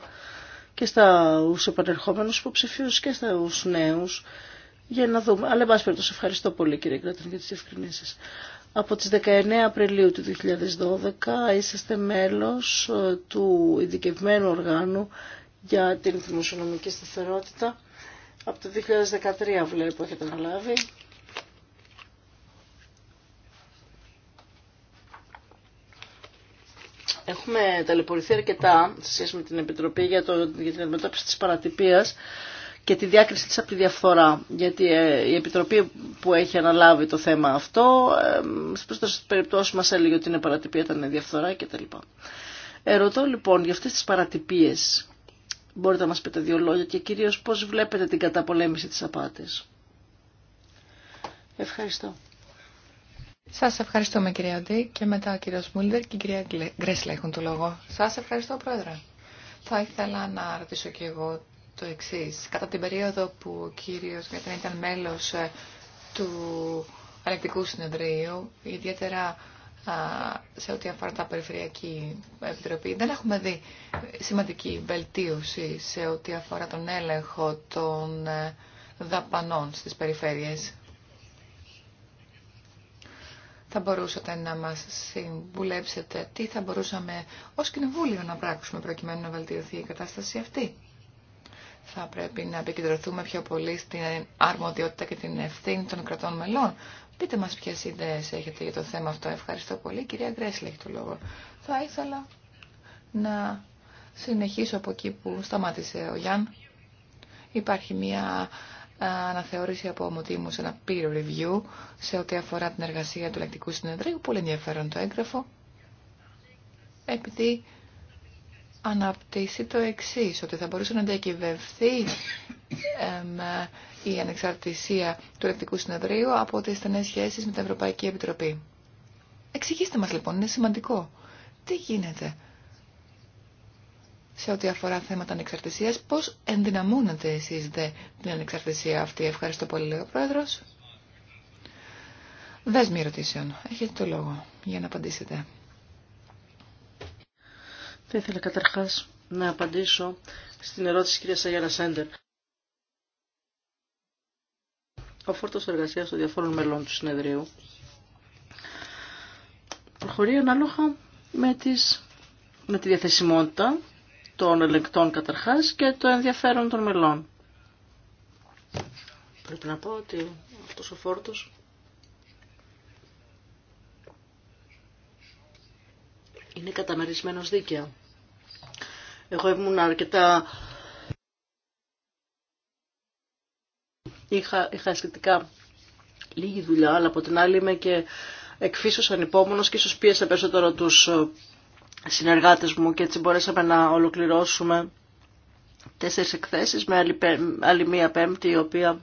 Speaker 4: και στου επανερχόμενου υποψηφίου και στου νέου. Για να δούμε. Αλλά, εν πάση περιπτώσει, ευχαριστώ πολύ, κύριε Γκρέτον για τι διευκρινήσει. Από τις 19 Απριλίου του 2012 είσαστε μέλος ε, του ειδικευμένου οργάνου για την δημοσιονομική σταθερότητα. Από το 2013 βλέπω έχετε αναλάβει. Έχουμε ταλαιπωρηθεί αρκετά σε σχέση με την Επιτροπή για, το, για την αντιμετώπιση της παρατυπίας και τη διάκριση της από τη διαφθορά... Γιατί ε, η Επιτροπή που έχει αναλάβει το θέμα αυτό, ε, στις του περιπτώσεις μας έλεγε ότι είναι παρατυπία, ήταν διαφθορά κτλ. Ερωτώ λοιπόν για αυτές τις παρατυπίες. Μπορείτε να μας πείτε δύο λόγια και κυρίως πώς βλέπετε την καταπολέμηση της απάτης. Ευχαριστώ.
Speaker 2: Σας ευχαριστούμε κυρία Οντή... και μετά ο κύριος Μούλντερ και η κυρία Γκρέσλα έχουν το λόγο. Σας ευχαριστώ πρόεδρε. Θα ήθελα να ρωτήσω και εγώ το Κατά την περίοδο που ο κύριο Γκέτεν ήταν μέλο ε, του Ανεκτικού Συνεδρίου, ιδιαίτερα σε ό,τι αφορά τα Περιφερειακή Επιτροπή, δεν έχουμε δει σημαντική βελτίωση σε ό,τι αφορά τον έλεγχο των ε, δαπανών στις περιφέρειες. Θα μπορούσατε να μας συμβουλέψετε τι θα μπορούσαμε ως Κοινοβούλιο να πράξουμε προκειμένου να βελτιωθεί η κατάσταση αυτή θα πρέπει να επικεντρωθούμε πιο πολύ στην αρμοδιότητα και την ευθύνη των κρατών μελών. Πείτε μας ποιες ιδέες έχετε για το θέμα αυτό. Ευχαριστώ πολύ. Κυρία Γκρέσλη έχει το λόγο. Θα ήθελα να συνεχίσω από εκεί που σταμάτησε ο Γιάν. Υπάρχει μια ε, αναθεώρηση από ομοτήμου σε ένα peer review σε ό,τι αφορά την εργασία του Ελεκτικού Συνεδρίου. Πολύ ενδιαφέρον το έγγραφο. Επειδή αναπτύσσει το εξή, ότι θα μπορούσε να διακυβευθεί η ανεξαρτησία του Ελεκτικού Συνεδρίου από τις στενές σχέσεις με την Ευρωπαϊκή Επιτροπή. Εξηγήστε μας λοιπόν, είναι σημαντικό. Τι γίνεται σε ό,τι αφορά θέματα ανεξαρτησίας, πώς ενδυναμώνετε εσείς δε την ανεξαρτησία αυτή. Ευχαριστώ πολύ, λέει ο Πρόεδρος. Δέσμη ερωτήσεων. Έχετε το λόγο για να απαντήσετε.
Speaker 4: Θα ήθελα καταρχάς να απαντήσω στην ερώτηση της κυρίας Σαγιάρα Σέντερ. Ο φόρτος εργασίας των διαφόρων μελών του συνεδρίου προχωρεί ανάλογα με, τις, με τη διαθεσιμότητα των ελεγκτών καταρχάς και το ενδιαφέρον των μελών. Πρέπει να πω ότι αυτός ο φόρτος είναι καταμερισμένος δίκαιο. Εγώ ήμουν αρκετά... Είχα, είχα σχετικά λίγη δουλειά, αλλά από την άλλη είμαι και εκφίσως ανυπόμονος και ίσως πίεσα περισσότερο τους ε, συνεργάτες μου και έτσι μπορέσαμε να ολοκληρώσουμε τέσσερις εκθέσεις με άλλη, μία πέμπτη η οποία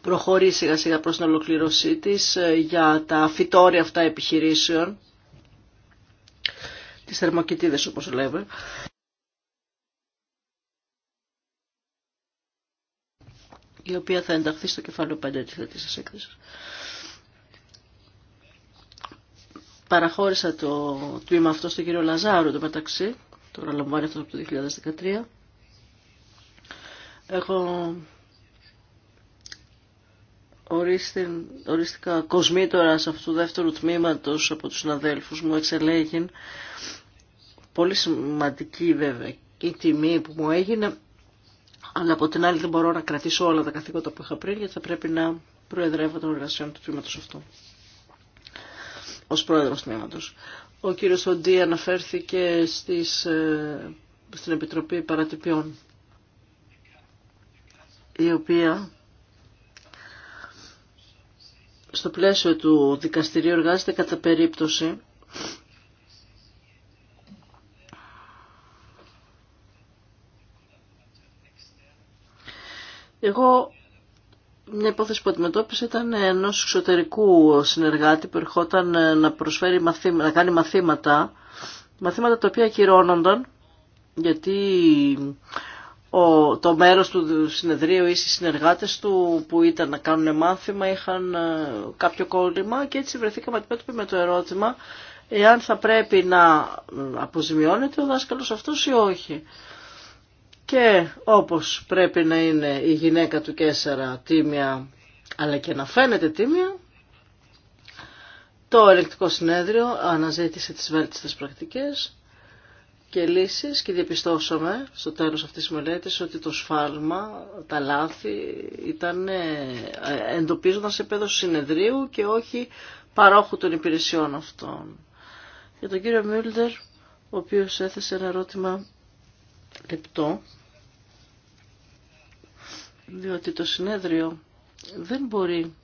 Speaker 4: προχωρεί σιγά σιγά προς την ολοκληρωσή της ε, για τα φυτόρια αυτά επιχειρήσεων τις θερμοκοιτίδες όπως λέμε. η οποία θα ενταχθεί στο κεφάλαιο 5 της θετής έκθεσης. Παραχώρησα το τμήμα αυτό στον κύριο Λαζάρο, το μεταξύ, τώρα λαμβάνει αυτό από το 2013. Έχω ορίστηκα οριστικά κοσμήτορας αυτού του δεύτερου τμήματος από τους συναδέλφους μου εξελέγην. Πολύ σημαντική βέβαια η τιμή που μου έγινε, αλλά από την άλλη δεν μπορώ να κρατήσω όλα τα καθήκοντα που είχα πριν, γιατί θα πρέπει να προεδρεύω των εργασιών του τμήματος αυτού. Ως πρόεδρος τμήματος. Ο κύριος Οντή αναφέρθηκε στις, ε, στην Επιτροπή Παρατυπιών, η οποία στο πλαίσιο του δικαστηρίου εργάζεται κατά περίπτωση Εγώ μια υπόθεση που αντιμετώπισα ήταν ενό εξωτερικού συνεργάτη που ερχόταν να, προσφέρει μαθήματα, να κάνει μαθήματα, μαθήματα τα οποία ακυρώνονταν γιατί ο, το μέρος του συνεδρίου ή οι συνεργάτες του που ήταν να κάνουν μάθημα είχαν ε, κάποιο κόλλημα και έτσι βρεθήκαμε αντιμέτωποι με το ερώτημα εάν θα πρέπει να αποζημιώνεται ο δάσκαλος αυτός ή όχι. Και όπως πρέπει να είναι η γυναίκα του Κέσσερα τίμια αλλά και να φαίνεται τίμια, το ελεκτικό συνέδριο αναζήτησε τις βέλτιστες πρακτικές και λύσεις και διαπιστώσαμε στο τέλος αυτής της μελέτης ότι το σφάλμα, τα λάθη ήταν, ε, εντοπίζονταν σε επίπεδο συνεδρίου και όχι παρόχου των υπηρεσιών αυτών. Για τον κύριο Μιούλτερ, ο οποίος έθεσε ένα ερώτημα λεπτό, διότι το συνέδριο δεν μπορεί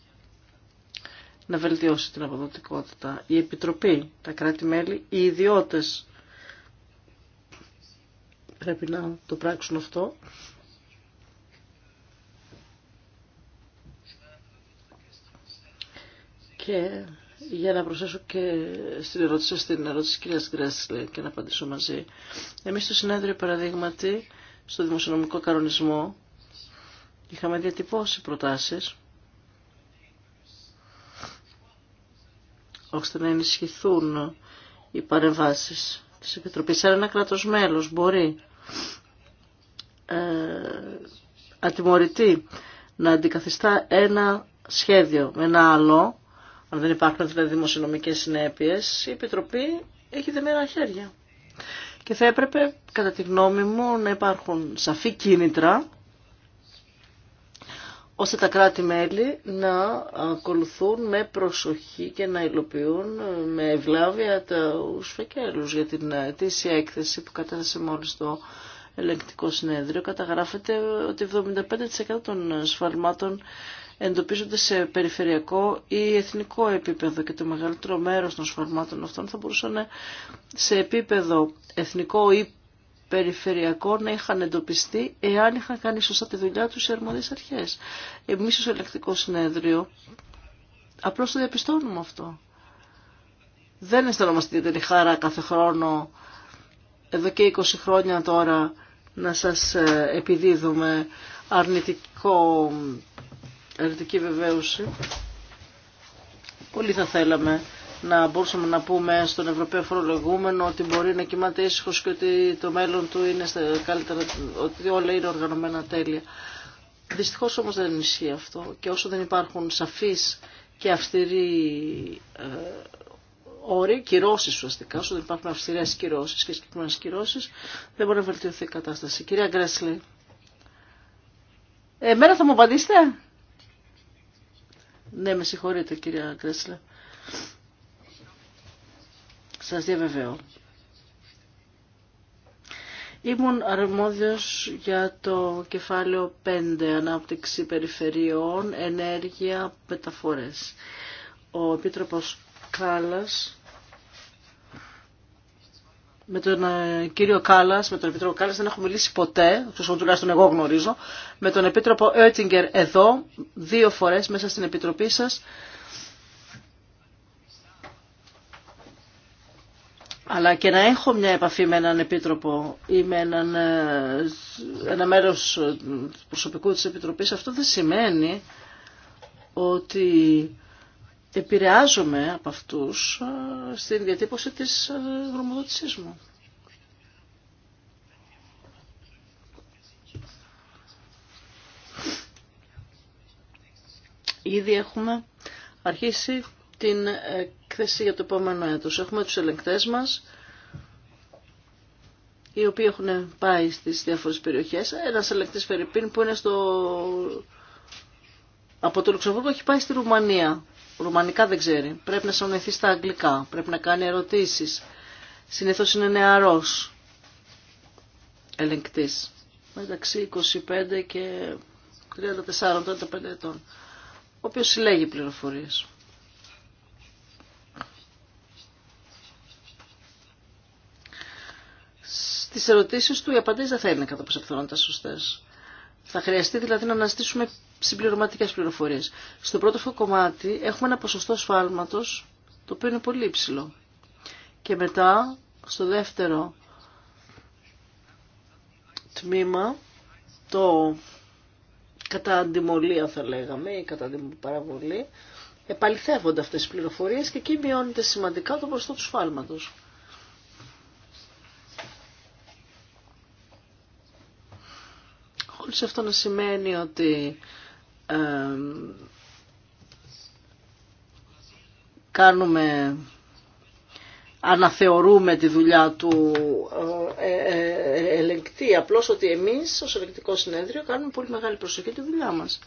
Speaker 4: να βελτιώσει την αποδοτικότητα. Η Επιτροπή, τα κράτη-μέλη, οι ιδιώτες πρέπει να το πράξουν αυτό. Και για να προσθέσω και στην ερώτηση, στην ερώτηση της κυρίας Γκρέσλε και να απαντήσω μαζί. Εμείς στο συνέδριο παραδείγματι, στο δημοσιονομικό κανονισμό, είχαμε διατυπώσει προτάσεις ώστε να ενισχυθούν οι παρεμβάσεις της Επιτροπής. Αν ένα κράτος μέλος μπορεί ε, ατιμωρητή να αντικαθιστά ένα σχέδιο με ένα άλλο, αν δεν υπάρχουν δηλαδή δημοσιονομικές συνέπειες, η Επιτροπή έχει δεμένα χέρια. Και θα έπρεπε, κατά τη γνώμη μου, να υπάρχουν σαφή κίνητρα ώστε τα κράτη-μέλη να ακολουθούν με προσοχή και να υλοποιούν με ευλάβεια τους φεκέλους για την αιτήσια έκθεση που κατέθεσε μόλις το ελεγκτικό συνέδριο. Καταγράφεται ότι 75% των σφαλμάτων εντοπίζονται σε περιφερειακό ή εθνικό επίπεδο και το μεγαλύτερο μέρος των σφαλμάτων αυτών θα μπορούσαν σε επίπεδο εθνικό ή περιφερειακό να είχαν εντοπιστεί εάν είχαν κάνει σωστά τη δουλειά τους οι αρμόδιες αρχές. Εμείς ως ελεκτικό συνέδριο απλώς το διαπιστώνουμε αυτό. Δεν αισθανόμαστε την χαρά κάθε χρόνο, εδώ και 20 χρόνια τώρα, να σας ε, επιδίδουμε αρνητικό, αρνητική βεβαίωση. Πολύ θα θέλαμε να μπορούσαμε να πούμε στον Ευρωπαίο φορολογούμενο ότι μπορεί να κοιμάται ήσυχο και ότι το μέλλον του είναι καλύτερα, ότι όλα είναι οργανωμένα τέλεια. Δυστυχώ όμω δεν ισχύει αυτό και όσο δεν υπάρχουν σαφεί και αυστηροί ε, όροι, κυρώσει ουσιαστικά, όσο δεν υπάρχουν αυστηρέ κυρώσει και συγκεκριμένε κυρώσει, δεν μπορεί να βελτιωθεί η κατάσταση. Κυρία Γκρέσλε, εμένα θα μου απαντήσετε. Ναι, με συγχωρείτε κυρία Γκρέσλε. Σας διαβεβαιώ. Ήμουν αρμόδιος για το κεφάλαιο 5, ανάπτυξη περιφερειών, ενέργεια, μεταφορές. Ο Επίτροπος Κάλλας, με τον ε, κύριο Κάλλας, με τον Επίτροπο Κάλλας δεν έχω μιλήσει ποτέ, τουλάχιστον εγώ γνωρίζω, με τον Επίτροπο Έτιγκερ εδώ, δύο φορές μέσα στην Επιτροπή σας, αλλά και να έχω μια επαφή με έναν επίτροπο ή με έναν, ε, ένα μέρος ε, προσωπικού της Επιτροπής, αυτό δεν σημαίνει ότι επηρεάζομαι από αυτούς ε, στην διατύπωση της δρομοδοτησή μου. Ήδη έχουμε αρχίσει την έκθεση για το επόμενο έτος. Έχουμε τους ελεγκτές μας, οι οποίοι έχουν πάει στις διάφορες περιοχές. Ένας ελεγκτής Φερρυπίν που είναι στο... από το Λουξεμβούργο έχει πάει στη Ρουμανία. Ρουμανικά δεν ξέρει. Πρέπει να συνονεθεί στα αγγλικά. Πρέπει να κάνει ερωτήσεις. Συνήθως είναι νεαρός ελεγκτής. Μεταξύ 25 και 34-35 ετών. Ο οποίος συλλέγει πληροφορίες. Τι ερωτήσεις του, οι απαντήσεις δεν θα είναι κατά πάσα πιθανότητα σωστές. Θα χρειαστεί δηλαδή να αναστήσουμε συμπληρωματικές πληροφορίες. Στο πρώτο κομμάτι έχουμε ένα ποσοστό σφάλματος, το οποίο είναι πολύ υψηλό. Και μετά, στο δεύτερο τμήμα, το κατά αντιμολία θα λέγαμε ή κατά παραβολή, επαληθεύονται αυτές οι πληροφορίες και εκεί μειώνεται σημαντικά το ποσοστό του σφάλματος. ενόχληση αυτό να σημαίνει ότι κάνουμε αναθεωρούμε τη δουλειά του ε, ε, ε, ελεγκτή. Απλώς ότι εμείς ως ελεγκτικό συνέδριο κάνουμε πολύ μεγάλη προσοχή τη δουλειά μας.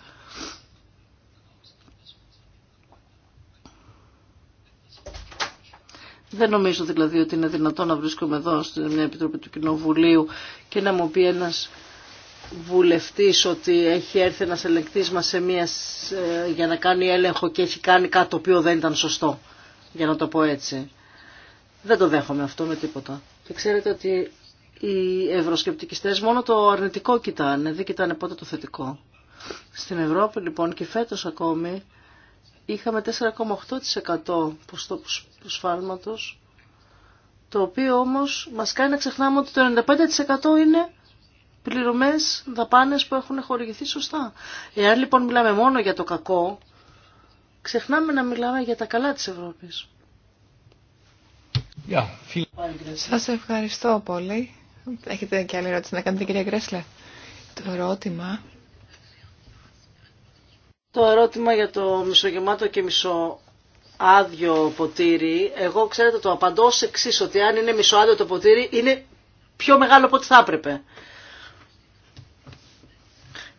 Speaker 4: Δεν νομίζω δηλαδή ότι είναι δυνατόν να βρίσκομαι εδώ στην επιτροπή του Κοινοβουλίου και να μου πει ένας βουλευτής ότι έχει έρθει ένας ελεκτής μας σε για να κάνει έλεγχο και έχει κάνει κάτι το οποίο δεν ήταν σωστό, για να το πω έτσι. Δεν το δέχομαι αυτό με τίποτα. Και ξέρετε ότι οι ευρωσκεπτικιστές μόνο το αρνητικό κοιτάνε, δεν κοιτάνε πότε το θετικό. Στην Ευρώπη λοιπόν και φέτος ακόμη είχαμε 4,8% ποστό προσφάλματος, το οποίο όμως μας κάνει να ξεχνάμε ότι το 95% είναι πληρωμές, δαπάνες που έχουν χορηγηθεί σωστά. Εάν λοιπόν μιλάμε μόνο για το κακό, ξεχνάμε να μιλάμε για τα καλά της Ευρώπης. Yeah. Σας
Speaker 2: ευχαριστώ πολύ. Έχετε και άλλη ερώτηση να κάνετε κυρία Γκρέσλε. Το ερώτημα...
Speaker 4: Το ερώτημα για το μισογεμάτο και μισό άδειο ποτήρι, εγώ ξέρετε το απαντώ σε εξής, ότι αν είναι μισοάδιο το ποτήρι είναι πιο μεγάλο από ό,τι θα έπρεπε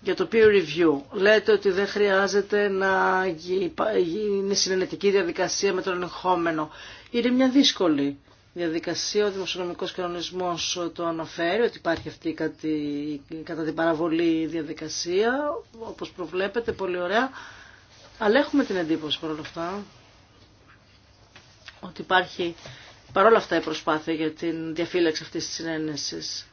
Speaker 4: για το peer review. Λέτε ότι δεν χρειάζεται να γίνει συνενετική διαδικασία με τον ενεχόμενο. Είναι μια δύσκολη διαδικασία. Ο δημοσιονομικός κανονισμός το αναφέρει ότι υπάρχει αυτή κατά την παραβολή διαδικασία, όπως προβλέπετε, πολύ ωραία. Αλλά έχουμε την εντύπωση παρόλα αυτά ότι υπάρχει παρόλα αυτά η προσπάθεια για την διαφύλαξη αυτής της συνένεσης.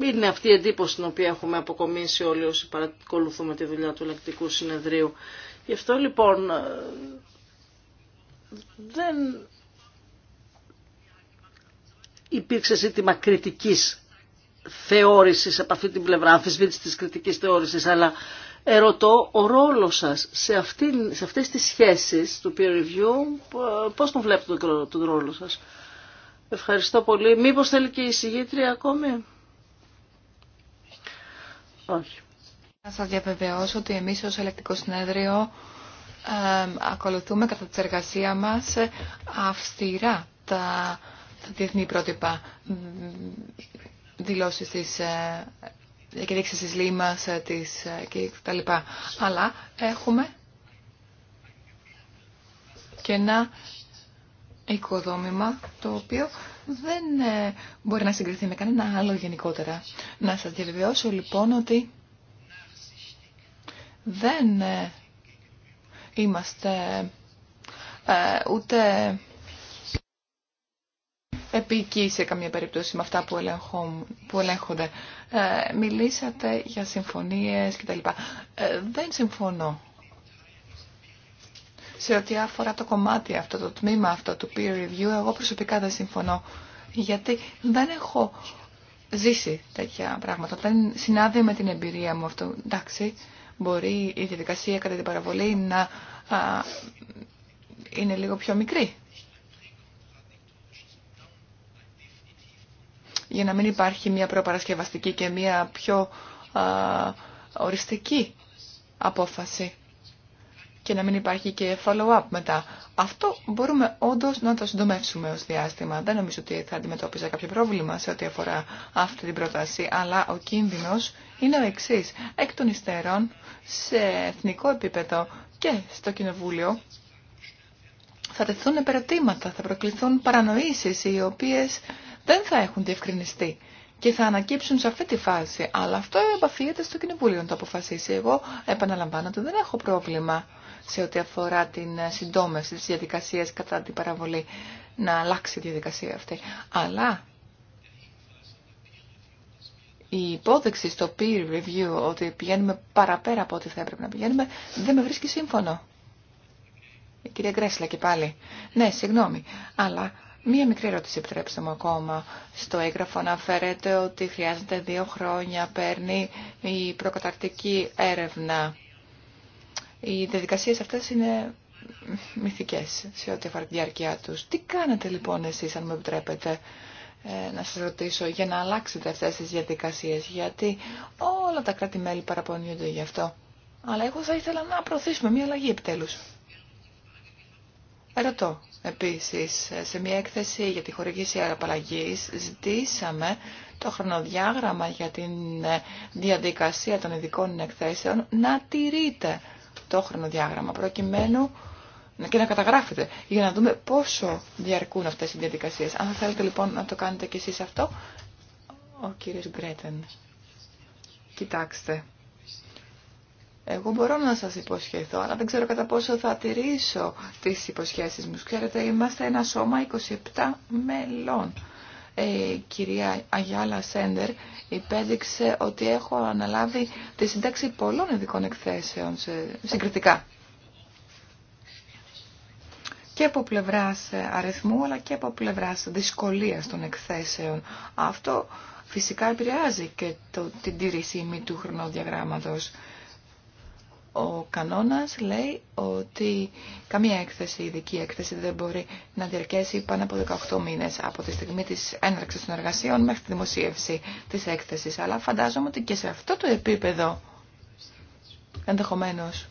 Speaker 4: Είναι αυτή η εντύπωση την οποία έχουμε αποκομίσει όλοι όσοι παρακολουθούμε τη δουλειά του ελεκτικού συνεδρίου. Γι' αυτό λοιπόν ε, δεν υπήρξε ζήτημα κριτικής θεώρησης από αυτή την πλευρά, αμφισβήτηση της κριτικής θεώρησης, αλλά ερωτώ ο ρόλος σας σε, αυτήν σε αυτές τις σχέσεις του peer review, πώς τον βλέπετε τον, ρόλο σας. Ευχαριστώ πολύ. Μήπως θέλει και η συγγήτρια ακόμη. Να
Speaker 2: σας διαβεβαιώσω ότι εμείς ως ελεκτικό συνέδριο ε, ακολουθούμε κατά τη εργασία μας αυστηρά τα, τα διεθνή πρότυπα δηλώσεις της ε, τη της Λίμας ε, της, ε, και τα λοιπά. Αλλά έχουμε και να οικοδόμημα το οποίο δεν ε, μπορεί να συγκριθεί με κανένα άλλο γενικότερα. Να σας διαβεβαιώσω λοιπόν ότι δεν ε, είμαστε ε, ούτε επικοί σε καμία περίπτωση με αυτά που, που ελέγχονται. μιλήσατε για συμφωνίες κτλ. δεν συμφωνώ. Σε ό,τι αφορά το κομμάτι αυτό, το τμήμα αυτό του peer review, εγώ προσωπικά δεν συμφωνώ. Γιατί δεν έχω ζήσει τέτοια πράγματα. Δεν συνάδει με την εμπειρία μου αυτό. Εντάξει, μπορεί η διαδικασία κατά την παραβολή να είναι λίγο πιο μικρή. Για να μην υπάρχει μια προπαρασκευαστική και μια πιο οριστική απόφαση και να μην υπάρχει και follow-up μετά. Αυτό μπορούμε όντω να το συντομεύσουμε ω διάστημα. Δεν νομίζω ότι θα αντιμετώπιζα κάποιο πρόβλημα σε ό,τι αφορά αυτή την πρόταση, αλλά ο κίνδυνο είναι ο εξή. Εκ των υστέρων, σε εθνικό επίπεδο και στο Κοινοβούλιο, θα τεθούν επερωτήματα, θα προκληθούν παρανοήσεις οι οποίες δεν θα έχουν διευκρινιστεί και θα ανακύψουν σε αυτή τη φάση. Αλλά αυτό επαφίεται στο Κοινοβούλιο να το αποφασίσει. Εγώ επαναλαμβάνω ότι δεν έχω πρόβλημα σε ό,τι αφορά την συντόμευση της διαδικασίας κατά την παραβολή, να αλλάξει η διαδικασία αυτή. Αλλά η υπόδειξη στο peer review ότι πηγαίνουμε παραπέρα από ό,τι θα έπρεπε να πηγαίνουμε δεν με βρίσκει σύμφωνο. Η κυρία Γκρέσλα και πάλι. Ναι, συγγνώμη, αλλά Μία μικρή ερώτηση, επιτρέψτε μου ακόμα. Στο έγγραφο αναφέρεται ότι χρειάζεται δύο χρόνια, παίρνει η προκαταρκτική έρευνα. Οι διαδικασίες αυτές είναι μυθικές σε ό,τι αφορά τη διάρκεια τους. Τι κάνετε λοιπόν εσείς, αν μου επιτρέπετε, ε, να σας ρωτήσω για να αλλάξετε αυτές τις διαδικασίες, γιατί όλα τα κράτη-μέλη παραπονιούνται γι' αυτό. Αλλά εγώ θα ήθελα να προωθήσουμε μια αλλαγή επιτέλους. Ρωτώ επίσης, σε μια έκθεση για τη χορηγήση αεροπαλλαγή, ζητήσαμε το χρονοδιάγραμμα για την ε, διαδικασία των ειδικών εκθέσεων να τηρείται το χρονοδιάγραμμα προκειμένου και να καταγράφετε για να δούμε πόσο διαρκούν αυτές οι διαδικασίες. Αν θέλετε λοιπόν να το κάνετε κι εσείς αυτό, ο κύριος Γκρέτεν. Κοιτάξτε. Εγώ μπορώ να σας υποσχεθώ, αλλά δεν ξέρω κατά πόσο θα τηρήσω τις υποσχέσεις μου. Ξέρετε, είμαστε ένα σώμα 27 μελών η ε, κυρία Αγιάλα Σέντερ υπέδειξε ότι έχω αναλάβει τη σύνταξη πολλών ειδικών εκθέσεων συγκριτικά. Και από πλευράς αριθμού αλλά και από πλευράς δυσκολίας των εκθέσεων. Αυτό φυσικά επηρεάζει και το, την τήρηση του χρονοδιαγράμματος. Ο κανόνας λέει ότι καμία έκθεση, ειδική έκθεση δεν μπορεί να διαρκέσει πάνω από 18 μήνες από τη στιγμή της έναρξης των εργασίων μέχρι τη δημοσίευση της έκθεσης. Αλλά φαντάζομαι ότι και σε αυτό το επίπεδο ενδεχομένως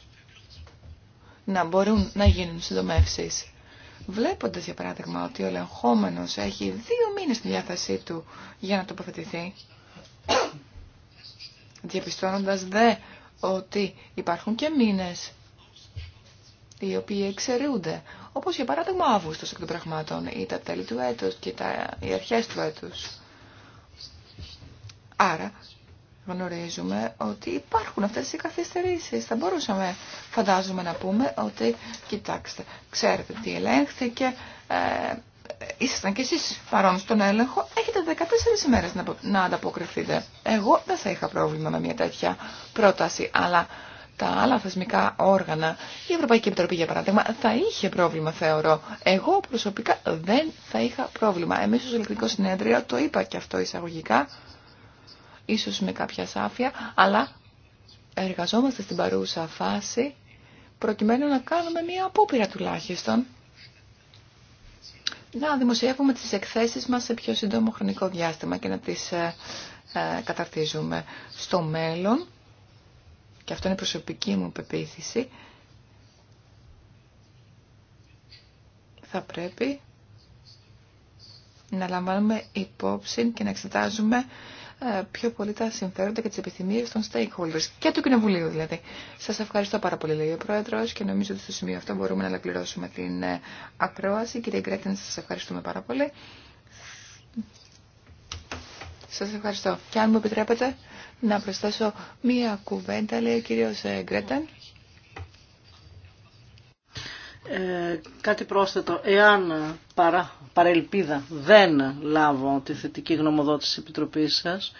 Speaker 2: να μπορούν να γίνουν συντομεύσεις. Βλέποντας για παράδειγμα ότι ο ελεγχόμενος έχει δύο μήνες στη διάθεσή του για να τοποθετηθεί, διαπιστώνοντας δε ότι υπάρχουν και μήνες οι οποίοι εξαιρούνται, όπως για παράδειγμα Αύγουστος εκ των πραγμάτων ή τα τέλη του έτους και τα, οι αρχές του έτους. Άρα γνωρίζουμε ότι υπάρχουν αυτές οι καθυστερήσεις. Θα μπορούσαμε, φαντάζομαι, να πούμε ότι, κοιτάξτε, ξέρετε τι ελέγχθηκε, ε, ήσασταν κι εσείς παρόν στον έλεγχο, έχετε 14 ημέρες να ανταποκριθείτε. Εγώ δεν θα είχα πρόβλημα με μια τέτοια πρόταση, αλλά τα άλλα θεσμικά όργανα, η Ευρωπαϊκή Επιτροπή για παράδειγμα, θα είχε πρόβλημα θεωρώ. Εγώ προσωπικά δεν θα είχα πρόβλημα. Εμείς ως ηλεκτρικό συνέδριο, το είπα και αυτό εισαγωγικά, ίσως με κάποια σάφια, αλλά εργαζόμαστε στην παρούσα φάση προκειμένου να κάνουμε μία απόπειρα τουλάχιστον να δημοσιεύουμε τις εκθέσεις μας σε πιο σύντομο χρονικό διάστημα και να τις ε, ε, καταρτίζουμε στο μέλλον. Και αυτό είναι η προσωπική μου πεποίθηση. Θα πρέπει να λαμβάνουμε υπόψη και να εξετάζουμε ε, πιο πολύ τα συμφέροντα και τι επιθυμίε των stakeholders και του Κοινοβουλίου δηλαδή. Σας ευχαριστώ πάρα πολύ λέει ο Πρόεδρος και νομίζω ότι στο σημείο αυτό μπορούμε να ολοκληρώσουμε την ε, ακρόαση. Κύριε Γκρέτεν, σας ευχαριστούμε πάρα πολύ. Σας ευχαριστώ. Και αν μου επιτρέπετε να προσθέσω μία κουβέντα, λέει ο κύριο ε, Γκρέτεν.
Speaker 4: Ε, κάτι πρόσθετο, εάν παρά, παρελπίδα δεν λάβω τη θετική γνωμοδότηση της Επιτροπής σας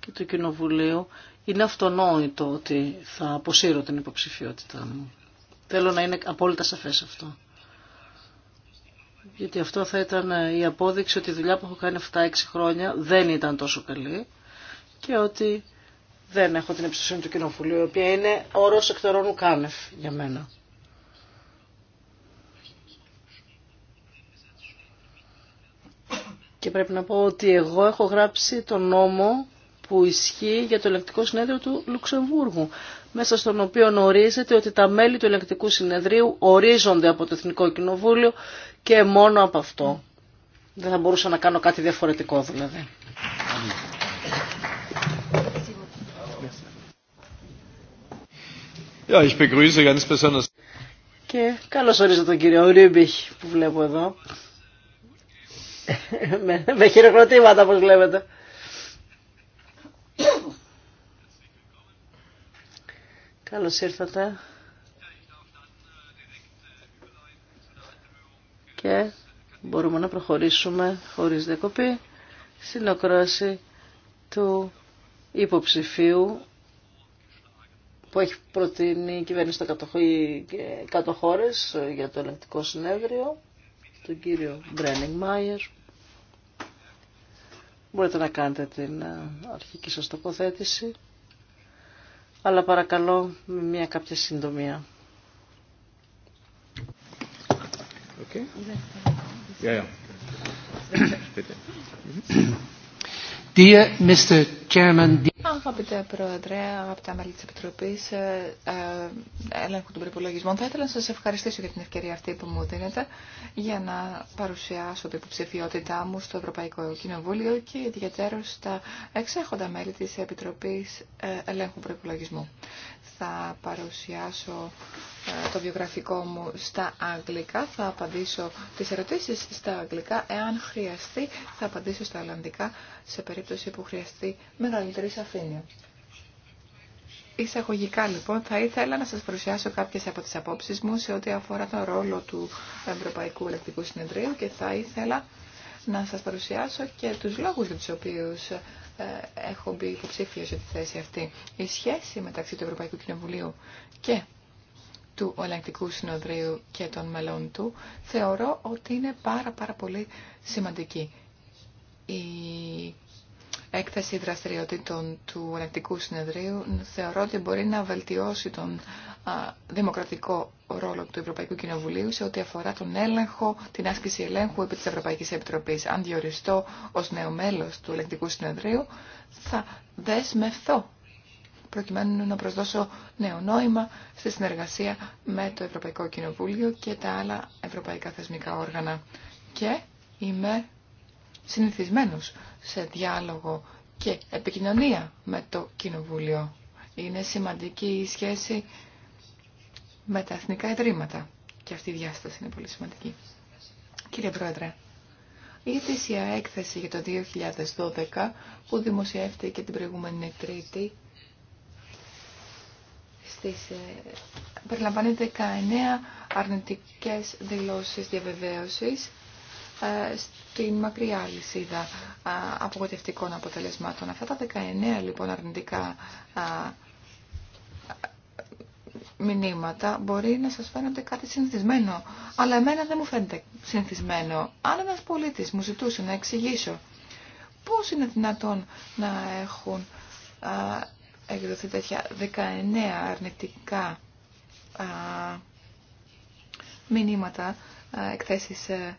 Speaker 4: και του Κοινοβουλίου, είναι αυτονόητο ότι θα αποσύρω την υποψηφιότητά μου. Θέλω να είναι απόλυτα σαφές αυτό. Γιατί αυτό θα ήταν η απόδειξη ότι η δουλειά που έχω κάνει 7-6 χρόνια δεν ήταν τόσο καλή και ότι δεν έχω την εμπιστοσύνη του Κοινοβουλίου, η οποία είναι όρος εκτερών ουκάνευ για μένα. Και πρέπει να πω ότι εγώ έχω γράψει τον νόμο που ισχύει για το ελεκτικό συνέδριο του Λουξεμβούργου, μέσα στον οποίο ορίζεται ότι τα μέλη του ελεκτικού συνεδρίου ορίζονται από το Εθνικό Κοινοβούλιο και μόνο από αυτό. Δεν θα μπορούσα να κάνω κάτι διαφορετικό δηλαδή. Και καλώς ορίζω τον κύριο Ρίμπιχ που βλέπω εδώ με, με χειροκροτήματα όπως βλέπετε. Καλώς ήρθατε. Και μπορούμε να προχωρήσουμε χωρίς διακοπή στην ακρόαση του υποψηφίου που έχει προτείνει η κυβέρνηση των κατοχώρες για το ελεγκτικό συνέδριο τον κύριο Μπρένιγκ Μάιερ. Μπορείτε να κάνετε την ε, αρχική σας τοποθέτηση, αλλά παρακαλώ με μια κάποια συντομία.
Speaker 1: Okay. Yeah, yeah.
Speaker 2: Αγαπητέ Πρόεδρε, αγαπητά μέλη τη Επιτροπή Ελέγχου ε, των Προπολογισμών, θα ήθελα να σα ευχαριστήσω για την ευκαιρία αυτή που μου δίνετε για να παρουσιάσω την υποψηφιότητά μου στο Ευρωπαϊκό Κοινοβούλιο και ιδιαίτερω στα εξέχοντα μέλη τη Επιτροπή ε, Ελέγχου Προπολογισμού θα παρουσιάσω ε, το βιογραφικό μου στα αγγλικά, θα απαντήσω τις ερωτήσεις στα αγγλικά, εάν χρειαστεί θα απαντήσω στα ολλανδικά σε περίπτωση που χρειαστεί μεγαλύτερη σαφήνεια. Εισαγωγικά λοιπόν θα ήθελα να σας παρουσιάσω κάποιες από τις απόψεις μου σε ό,τι αφορά τον ρόλο του Ευρωπαϊκού Ελεκτικού Συνεδρίου και θα ήθελα να σας παρουσιάσω και τους λόγους για τους οποίους ε, έχω μπει υποψήφιο σε τη θέση αυτή. Η σχέση μεταξύ του Ευρωπαϊκού Κοινοβουλίου και του ολλανδικού Συνοδρίου και των μελών του θεωρώ ότι είναι πάρα πάρα πολύ σημαντική. Η έκθεση δραστηριοτήτων του Ελεκτικού Συνεδρίου θεωρώ ότι μπορεί να βελτιώσει τον δημοκρατικό ρόλο του Ευρωπαϊκού Κοινοβουλίου σε ό,τι αφορά τον έλεγχο, την άσκηση ελέγχου επί της Ευρωπαϊκής Επιτροπής. Αν διοριστώ ως νέο μέλος του Ελεγκτικού Συνεδρίου, θα δεσμευθώ προκειμένου να προσδώσω νέο νόημα στη συνεργασία με το Ευρωπαϊκό Κοινοβούλιο και τα άλλα ευρωπαϊκά θεσμικά όργανα. Και είμαι συνηθισμένος σε διάλογο και επικοινωνία με το Κοινοβούλιο. Είναι σημαντική η σχέση με τα εθνικά ιδρύματα. Και αυτή η διάσταση είναι πολύ σημαντική. Κύριε Πρόεδρε, η ετήσια έκθεση για το 2012 που δημοσιεύτηκε την προηγούμενη Τρίτη στις, ε, περιλαμβάνει 19 αρνητικές δηλώσεις διαβεβαίωσης ε, στην μακριά λυσίδα ε, απογοητευτικών αποτελεσμάτων. Αυτά τα 19 λοιπόν αρνητικά μηνύματα μπορεί να σας φαίνονται κάτι συνθισμένο. αλλά εμένα δεν μου φαίνεται συνθισμένο. Αν ένας πολίτης μου ζητούσε να εξηγήσω πώς είναι δυνατόν να έχουν α, εκδοθεί τέτοια 19 αρνητικά α, μηνύματα, α, εκθέσεις ε,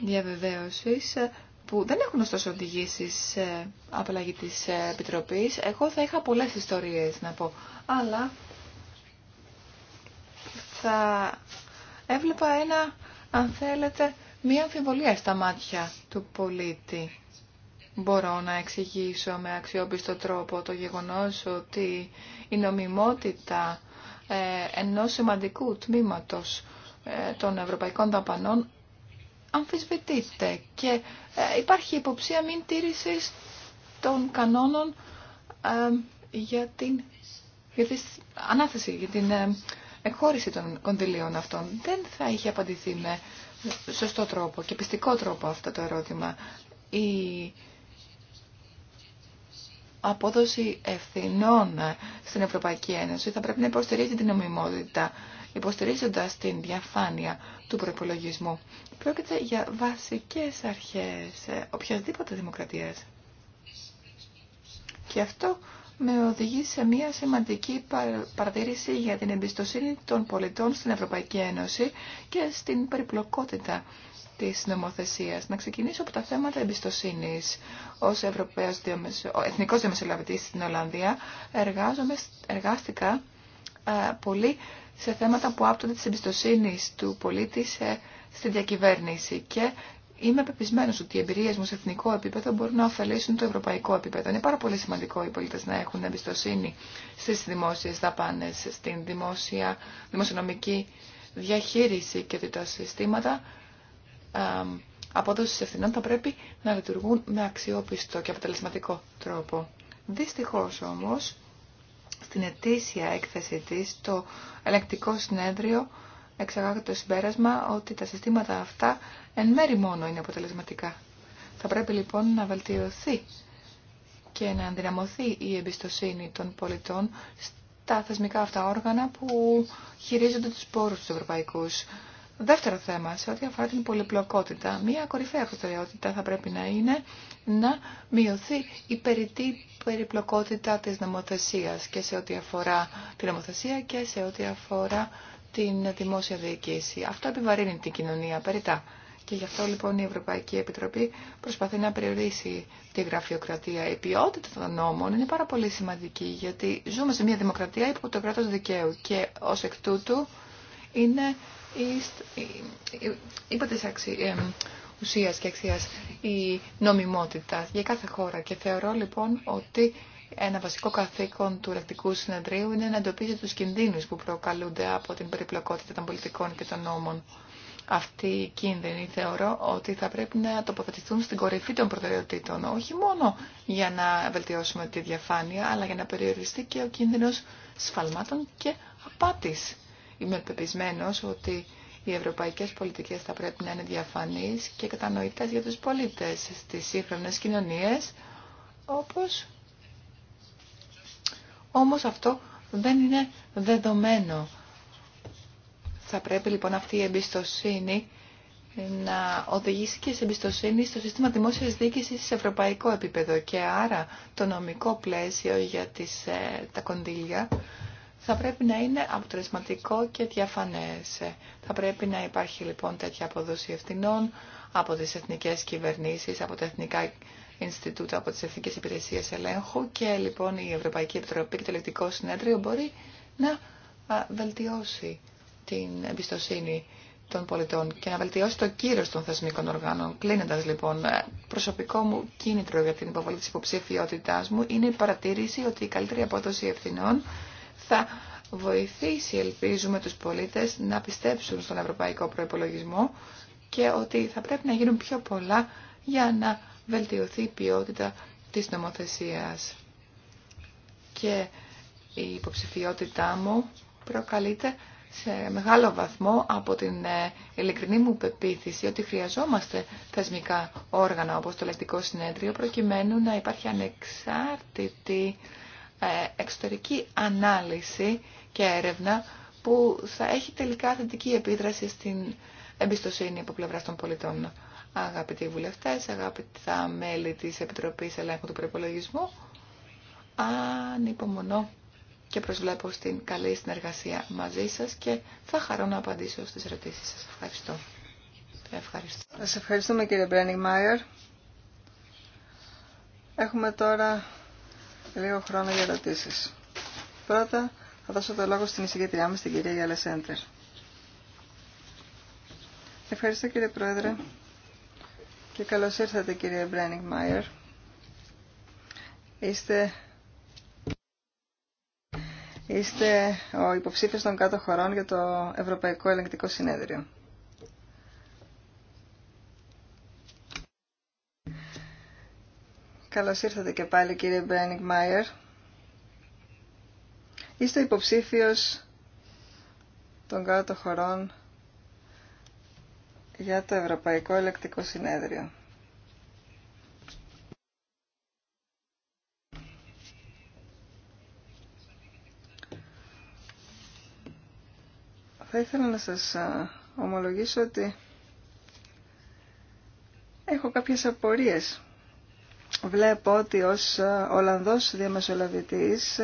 Speaker 2: διαβεβαίωσης, ε, που δεν έχουν ωστόσο οδηγήσει σε απαλλαγή τη ε, Επιτροπή. Εγώ θα είχα πολλέ ιστορίε να πω. Αλλά θα έβλεπα ένα, αν θέλετε, μία αμφιβολία στα μάτια του πολίτη. Μπορώ να εξηγήσω με αξιόπιστο τρόπο το γεγονός ότι η νομιμότητα ε, ενός σημαντικού τμήματος ε, των ευρωπαϊκών δαπανών αμφισβητείται και ε, υπάρχει υποψία μην τήρησης των κανόνων για, την, για ανάθεση, για την εκχώρηση των κοντιλίων αυτών. Δεν θα είχε απαντηθεί με σωστό τρόπο και πιστικό τρόπο αυτό το ερώτημα. Η απόδοση ευθυνών στην Ευρωπαϊκή Ένωση θα πρέπει να υποστηρίζει την νομιμότητα, υποστηρίζοντας την διαφάνεια του προπολογισμού. Πρόκειται για βασικές αρχές οποιασδήποτε δημοκρατίας. Και αυτό με οδηγεί σε μια σημαντική παρατήρηση για την εμπιστοσύνη των πολιτών στην Ευρωπαϊκή Ένωση και στην περιπλοκότητα της νομοθεσίας. Να ξεκινήσω από τα θέματα εμπιστοσύνης. Ως Ευρωπαίος διομεσο... Εθνικός στην Ολλανδία εργάζομαι... εργάστηκα πολύ σε θέματα που άπτονται της εμπιστοσύνης του πολίτη στη διακυβέρνηση και Είμαι πεπισμένο ότι οι εμπειρίε μου σε εθνικό επίπεδο μπορούν να ωφελήσουν το ευρωπαϊκό επίπεδο. Είναι πάρα πολύ σημαντικό οι πολίτε να έχουν εμπιστοσύνη στι δημόσιε δαπάνε, στην δημόσια, δημοσιονομική διαχείριση και ότι τα συστήματα απόδοση ευθυνών θα πρέπει να λειτουργούν με αξιόπιστο και αποτελεσματικό τρόπο. Δυστυχώ όμω, στην ετήσια έκθεση τη, το ελεκτικό συνέδριο εξαγάγεται το συμπέρασμα ότι τα συστήματα αυτά εν μέρη μόνο είναι αποτελεσματικά. Θα πρέπει λοιπόν να βελτιωθεί και να ενδυναμωθεί η εμπιστοσύνη των πολιτών στα θεσμικά αυτά όργανα που χειρίζονται τους πόρους του Ευρωπαϊκού. Δεύτερο θέμα, σε ό,τι αφορά την πολυπλοκότητα, μία κορυφαία προτεραιότητα θα πρέπει να είναι να μειωθεί η περιττή περιπλοκότητα της νομοθεσίας και σε ό,τι αφορά την νομοθεσία και σε ό,τι αφορά την δημόσια διοίκηση. Αυτό επιβαρύνει την κοινωνία περιτά. Και γι' αυτό λοιπόν η Ευρωπαϊκή Επιτροπή προσπαθεί να περιορίσει τη γραφειοκρατία. Η ποιότητα των νόμων είναι πάρα πολύ σημαντική γιατί ζούμε σε μια δημοκρατία υπό το κράτο δικαίου και ω εκ τούτου είναι υπό τη ουσία και αξία η νομιμότητα για κάθε χώρα και θεωρώ λοιπόν ότι ένα βασικό καθήκον του Ρεκτικού Συνεδρίου είναι να εντοπίζει του κινδύνους που προκαλούνται από την περιπλοκότητα των πολιτικών και των νόμων. Αυτοί οι κίνδυνοι θεωρώ ότι θα πρέπει να τοποθετηθούν στην κορυφή των προτεραιοτήτων, όχι μόνο για να βελτιώσουμε τη διαφάνεια, αλλά για να περιοριστεί και ο κίνδυνος σφαλμάτων και απάτης. Είμαι πεπισμένο ότι οι ευρωπαϊκές πολιτικές θα πρέπει να είναι διαφανείς και κατανοητές για τους πολίτες στις σύγχρονες κοινωνίες, όπως όμως αυτό δεν είναι δεδομένο. Θα πρέπει λοιπόν αυτή η εμπιστοσύνη να οδηγήσει και σε εμπιστοσύνη στο σύστημα δημόσιας διοίκησης σε ευρωπαϊκό επίπεδο και άρα το νομικό πλαίσιο για τις, ε, τα κονδύλια θα πρέπει να είναι αποτελεσματικό και διαφανές. Θα πρέπει να υπάρχει λοιπόν τέτοια αποδοσή ευθυνών από τις εθνικές κυβερνήσεις, από τα εθνικά Ινστιτούτα από τις Εθνικές Υπηρεσίες Ελέγχου και λοιπόν η Ευρωπαϊκή Επιτροπή και το Ελεκτικό Συνέδριο μπορεί να βελτιώσει την εμπιστοσύνη των πολιτών και να βελτιώσει το κύρος των θεσμικών οργάνων. Κλείνοντας λοιπόν, ε, προσωπικό μου κίνητρο για την υποβολή της υποψηφιότητάς μου είναι η παρατήρηση ότι η καλύτερη απόδοση ευθυνών θα βοηθήσει, ελπίζουμε, τους πολίτες να πιστέψουν στον ευρωπαϊκό Προπολογισμό και ότι θα πρέπει να γίνουν πιο πολλά για να βελτιωθεί η ποιότητα της νομοθεσίας. Και η υποψηφιότητά μου προκαλείται σε μεγάλο βαθμό από την ε, ειλικρινή μου πεποίθηση ότι χρειαζόμαστε θεσμικά όργανα όπως το Λεκτικό Συνέδριο προκειμένου να υπάρχει ανεξάρτητη ε, εξωτερική ανάλυση και έρευνα που θα έχει τελικά θετική επίδραση στην εμπιστοσύνη από πλευρά των πολιτών αγαπητοί βουλευτές, αγαπητά μέλη της Επιτροπής Ελέγχου του Προπολογισμού. Ανυπομονώ και προσβλέπω στην καλή συνεργασία μαζί σας και θα χαρώ να απαντήσω στις ερωτήσεις σας. Ευχαριστώ. Ευχαριστώ. Σας ευχαριστούμε κύριε Μπρένιγκ Μάιερ.
Speaker 5: Έχουμε τώρα λίγο χρόνο για ερωτήσεις. Πρώτα θα δώσω το λόγο στην εισηγήτριά μας, την κυρία Γιάλα Σέντερ. Ευχαριστώ κύριε Πρόεδρε. Και καλώς ήρθατε κύριε Μπρένιγκ Μάιερ. Είστε... ο υποψήφιος των κάτω χωρών για το Ευρωπαϊκό Ελεγκτικό Συνέδριο. Καλώς ήρθατε και πάλι κύριε Μπρένιγκ Μάιερ. Είστε υποψήφιος των κάτω χωρών για το Ευρωπαϊκό Ελεκτικό Συνέδριο. Θα ήθελα να σας ομολογήσω ότι έχω κάποιες απορίες. Βλέπω ότι ως Ολλανδός διαμεσολαβητής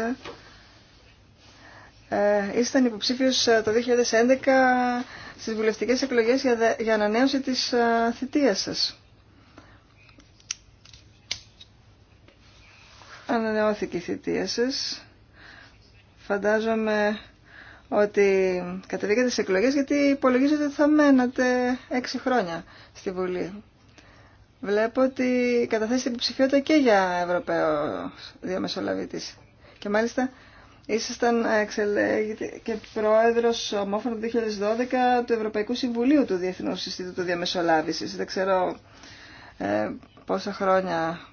Speaker 5: ε, ήσταν υποψήφιος ε, το 2011 στις βουλευτικές εκλογές για, για ανανέωση της θητεία θητείας σας. Ανανεώθηκε η θητεία σας. Φαντάζομαι ότι κατεβήκατε στις εκλογές γιατί υπολογίζετε ότι θα μένατε έξι χρόνια στη Βουλή. Βλέπω ότι καταθέσετε υποψηφιότητα και για Ευρωπαίο διαμεσολαβητής. Και μάλιστα Ήσασταν και πρόεδρος ομόφωνα το 2012 του Ευρωπαϊκού Συμβουλίου του Διεθνούς Συστήτου Διαμεσολάβησης. Δεν ξέρω ε, πόσα χρόνια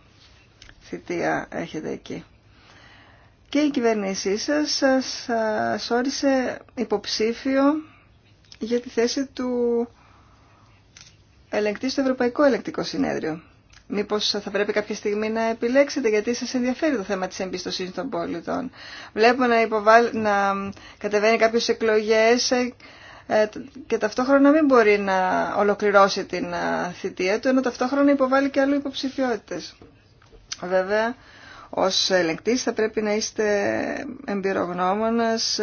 Speaker 5: θητεία έχετε εκεί. Και η κυβέρνησή σας σας όρισε υποψήφιο για τη θέση του ελεγκτή στο Ευρωπαϊκό Ελεκτικό Συνέδριο. Μήπως θα πρέπει κάποια στιγμή να επιλέξετε γιατί σας ενδιαφέρει το θέμα της εμπιστοσύνης των πολιτών. Βλέπουμε να, υποβάλ, να κατεβαίνει κάποιες εκλογές ε, ε, και ταυτόχρονα μην μπορεί να ολοκληρώσει την ε, θητεία του, ενώ ταυτόχρονα υποβάλλει και άλλου υποψηφιότητες. Βέβαια, ως ελεγκτής θα πρέπει να είστε εμπειρογνώμονας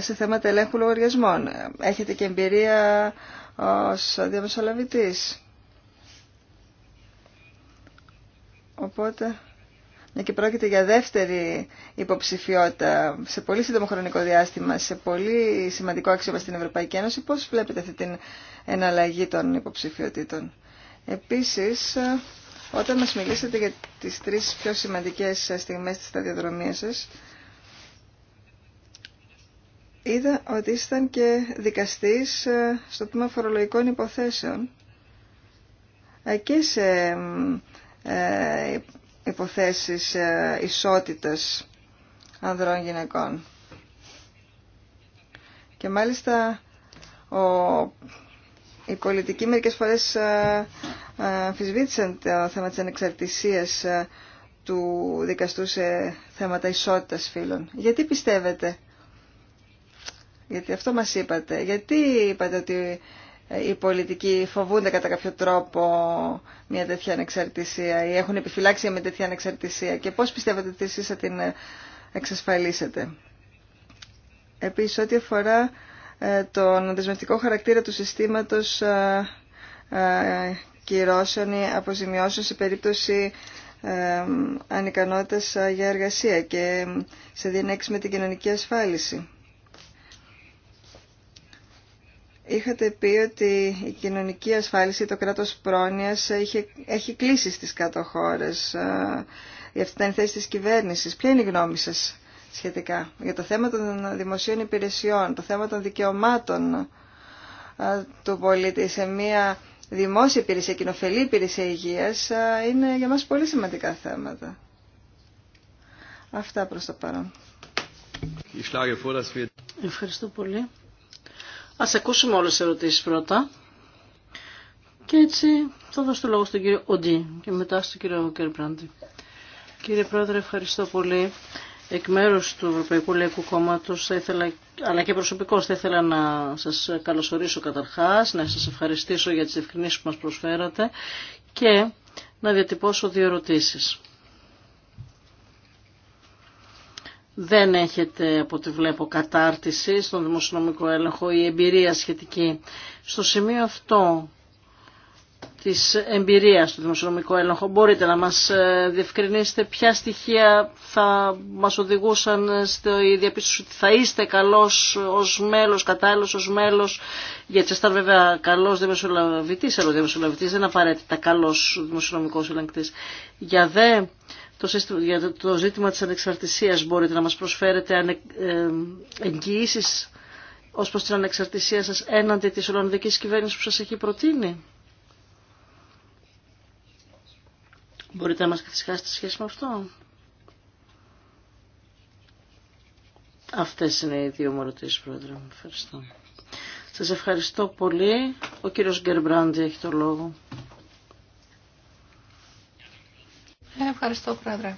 Speaker 5: σε θέματα ελέγχου λογαριασμών. Έχετε και εμπειρία ως διαμεσολαβητής. Οπότε, μια ναι, και πρόκειται για δεύτερη υποψηφιότητα σε πολύ σύντομο χρονικό διάστημα, σε πολύ σημαντικό αξίωμα στην Ευρωπαϊκή Ένωση, πώς βλέπετε αυτή την εναλλαγή των υποψηφιότητων. Επίσης, όταν μας μιλήσατε για τις τρεις πιο σημαντικές στιγμές της σταδιοδρομίας σας, είδα ότι ήσταν και δικαστής ε, στο τμήμα φορολογικών υποθέσεων ε, και σε ε, υποθέσεις ε, ισότητας ανδρών γυναικών. Και μάλιστα ο, οι πολιτικοί μερικές φορές ε, αμφισβήτησαν το θέμα της ανεξαρτησίας του δικαστού σε θέματα ισότητας φύλων. Γιατί πιστεύετε, γιατί αυτό μας είπατε, γιατί είπατε ότι οι πολιτικοί φοβούνται κατά κάποιο τρόπο μια τέτοια ανεξαρτησία ή έχουν επιφυλάξει με τέτοια ανεξαρτησία και πώς πιστεύετε ότι εσείς θα την ε, εξασφαλίσετε. Επίσης, ό,τι αφορά ε, τον δεσμευτικό χαρακτήρα του συστήματος ε, κυρώσεων ή αποζημιώσεων σε περίπτωση ανικανότητας για εργασία και σε διενέξει με την κοινωνική ασφάλιση. Είχατε πει ότι η κοινωνική ασφάλιση, το κράτος πρόνοιας έχει κλείσει στις κάτω χώρες. για αυτή ήταν η θέση της κυβέρνησης. Ποια είναι η γνώμη σας σχετικά για το θέμα των δημοσίων υπηρεσιών, το θέμα των δικαιωμάτων του πολίτη σε μια δημόσια υπηρεσία, κοινοφελή υπηρεσία υγείας είναι για μας πολύ σημαντικά
Speaker 4: θέματα. Αυτά προς το παρόν. Ευχαριστώ πολύ. Ας ακούσουμε όλες τις ερωτήσεις πρώτα. Και έτσι θα δώσω το λόγο στον κύριο Οντί και μετά στον κύριο Κερμπράντη. Κύριε Πρόεδρε, ευχαριστώ πολύ. Εκ μέρου του Ευρωπαϊκού Λαϊκού Κόμματο, αλλά και προσωπικώ, θα ήθελα να σα καλωσορίσω καταρχά, να σα ευχαριστήσω για τι ευκρινήσει που μα προσφέρατε και να διατυπώσω δύο ερωτήσει. δεν έχετε, από ό,τι βλέπω, κατάρτιση στον δημοσιονομικό έλεγχο ή εμπειρία σχετική. Στο σημείο αυτό της εμπειρίας του δημοσιονομικού έλεγχου μπορείτε να μας ε, διευκρινίσετε ποια στοιχεία θα μας οδηγούσαν στη διαπίστωση ότι θα είστε καλός ως μέλος, κατάλληλος ως μέλος γιατί σας ήταν βέβαια καλός δημοσιολαβητής, αλλά ο δημοσιολαβητής δεν απαραίτητα καλός δημοσιονομικός ελεγκτής. Για το, για το ζήτημα της ανεξαρτησίας μπορείτε να μας προσφέρετε ανε, ε, εγγυήσεις ως προς την ανεξαρτησία σας έναντι της Ολλανδικής κυβέρνησης που σας έχει προτείνει. Μπορείτε να μας καθισχάσετε σχέση με αυτό. Αυτές είναι οι δύο μου ερωτήσεις, Πρόεδρε. Ευχαριστώ. Σας ευχαριστώ πολύ. Ο κύριος Γκερμπράντι έχει το λόγο.
Speaker 2: Ευχαριστώ, Πρόεδρε.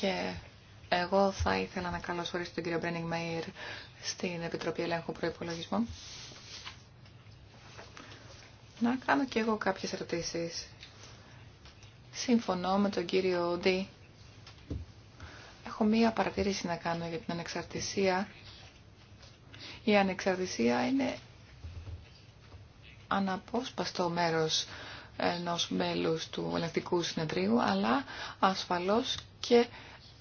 Speaker 2: Και εγώ θα ήθελα να καλωσορίσω τον κύριο Μπρένιγκ Μέιρ στην Επιτροπή Ελέγχου Προϋπολογισμών. Να κάνω και εγώ κάποιες ερωτήσεις. Συμφωνώ με τον κύριο Ντι. Έχω μία παρατήρηση να κάνω για την ανεξαρτησία. Η ανεξαρτησία είναι αναπόσπαστο μέρος ενός μέλους του ελεκτικού συνεδρίου, αλλά ασφαλώς και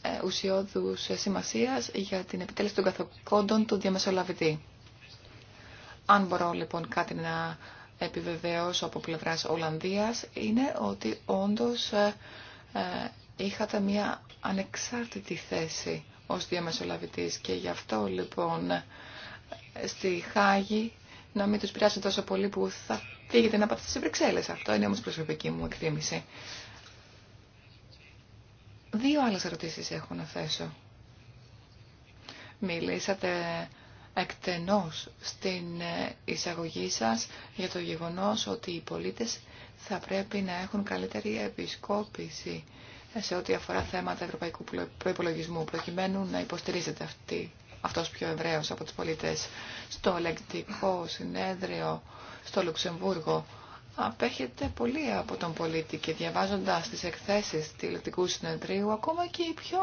Speaker 2: ε, ουσιώδους σημασίας για την επιτέλεση των καθοκόντων του διαμεσολαβητή. Αν μπορώ λοιπόν κάτι να επιβεβαίωσω από πλευράς Ολλανδίας είναι ότι όντως ε, ε, είχατε μια ανεξάρτητη θέση ως διαμεσολαβητής και γι' αυτό λοιπόν στη Χάγη να μην τους πειράσει τόσο πολύ που θα φύγετε να πάτε στι Βρυξέλλε. Αυτό είναι όμως προσωπική μου εκτίμηση. Δύο άλλες ερωτήσει έχω να θέσω. Μιλήσατε εκτενώς στην ε, εισαγωγή σας για το γεγονός ότι οι πολίτες θα πρέπει να έχουν καλύτερη επισκόπηση σε ό,τι αφορά θέματα ευρωπαϊκού προϋπολογισμού, προκειμένου να υποστηρίζεται αυτή αυτός πιο ευραίος από τους πολίτες στο λεκτικό συνέδριο στο Λουξεμβούργο απέχεται πολύ από τον πολίτη και διαβάζοντας τις εκθέσεις του λεκτικού συνεδρίου ακόμα και οι πιο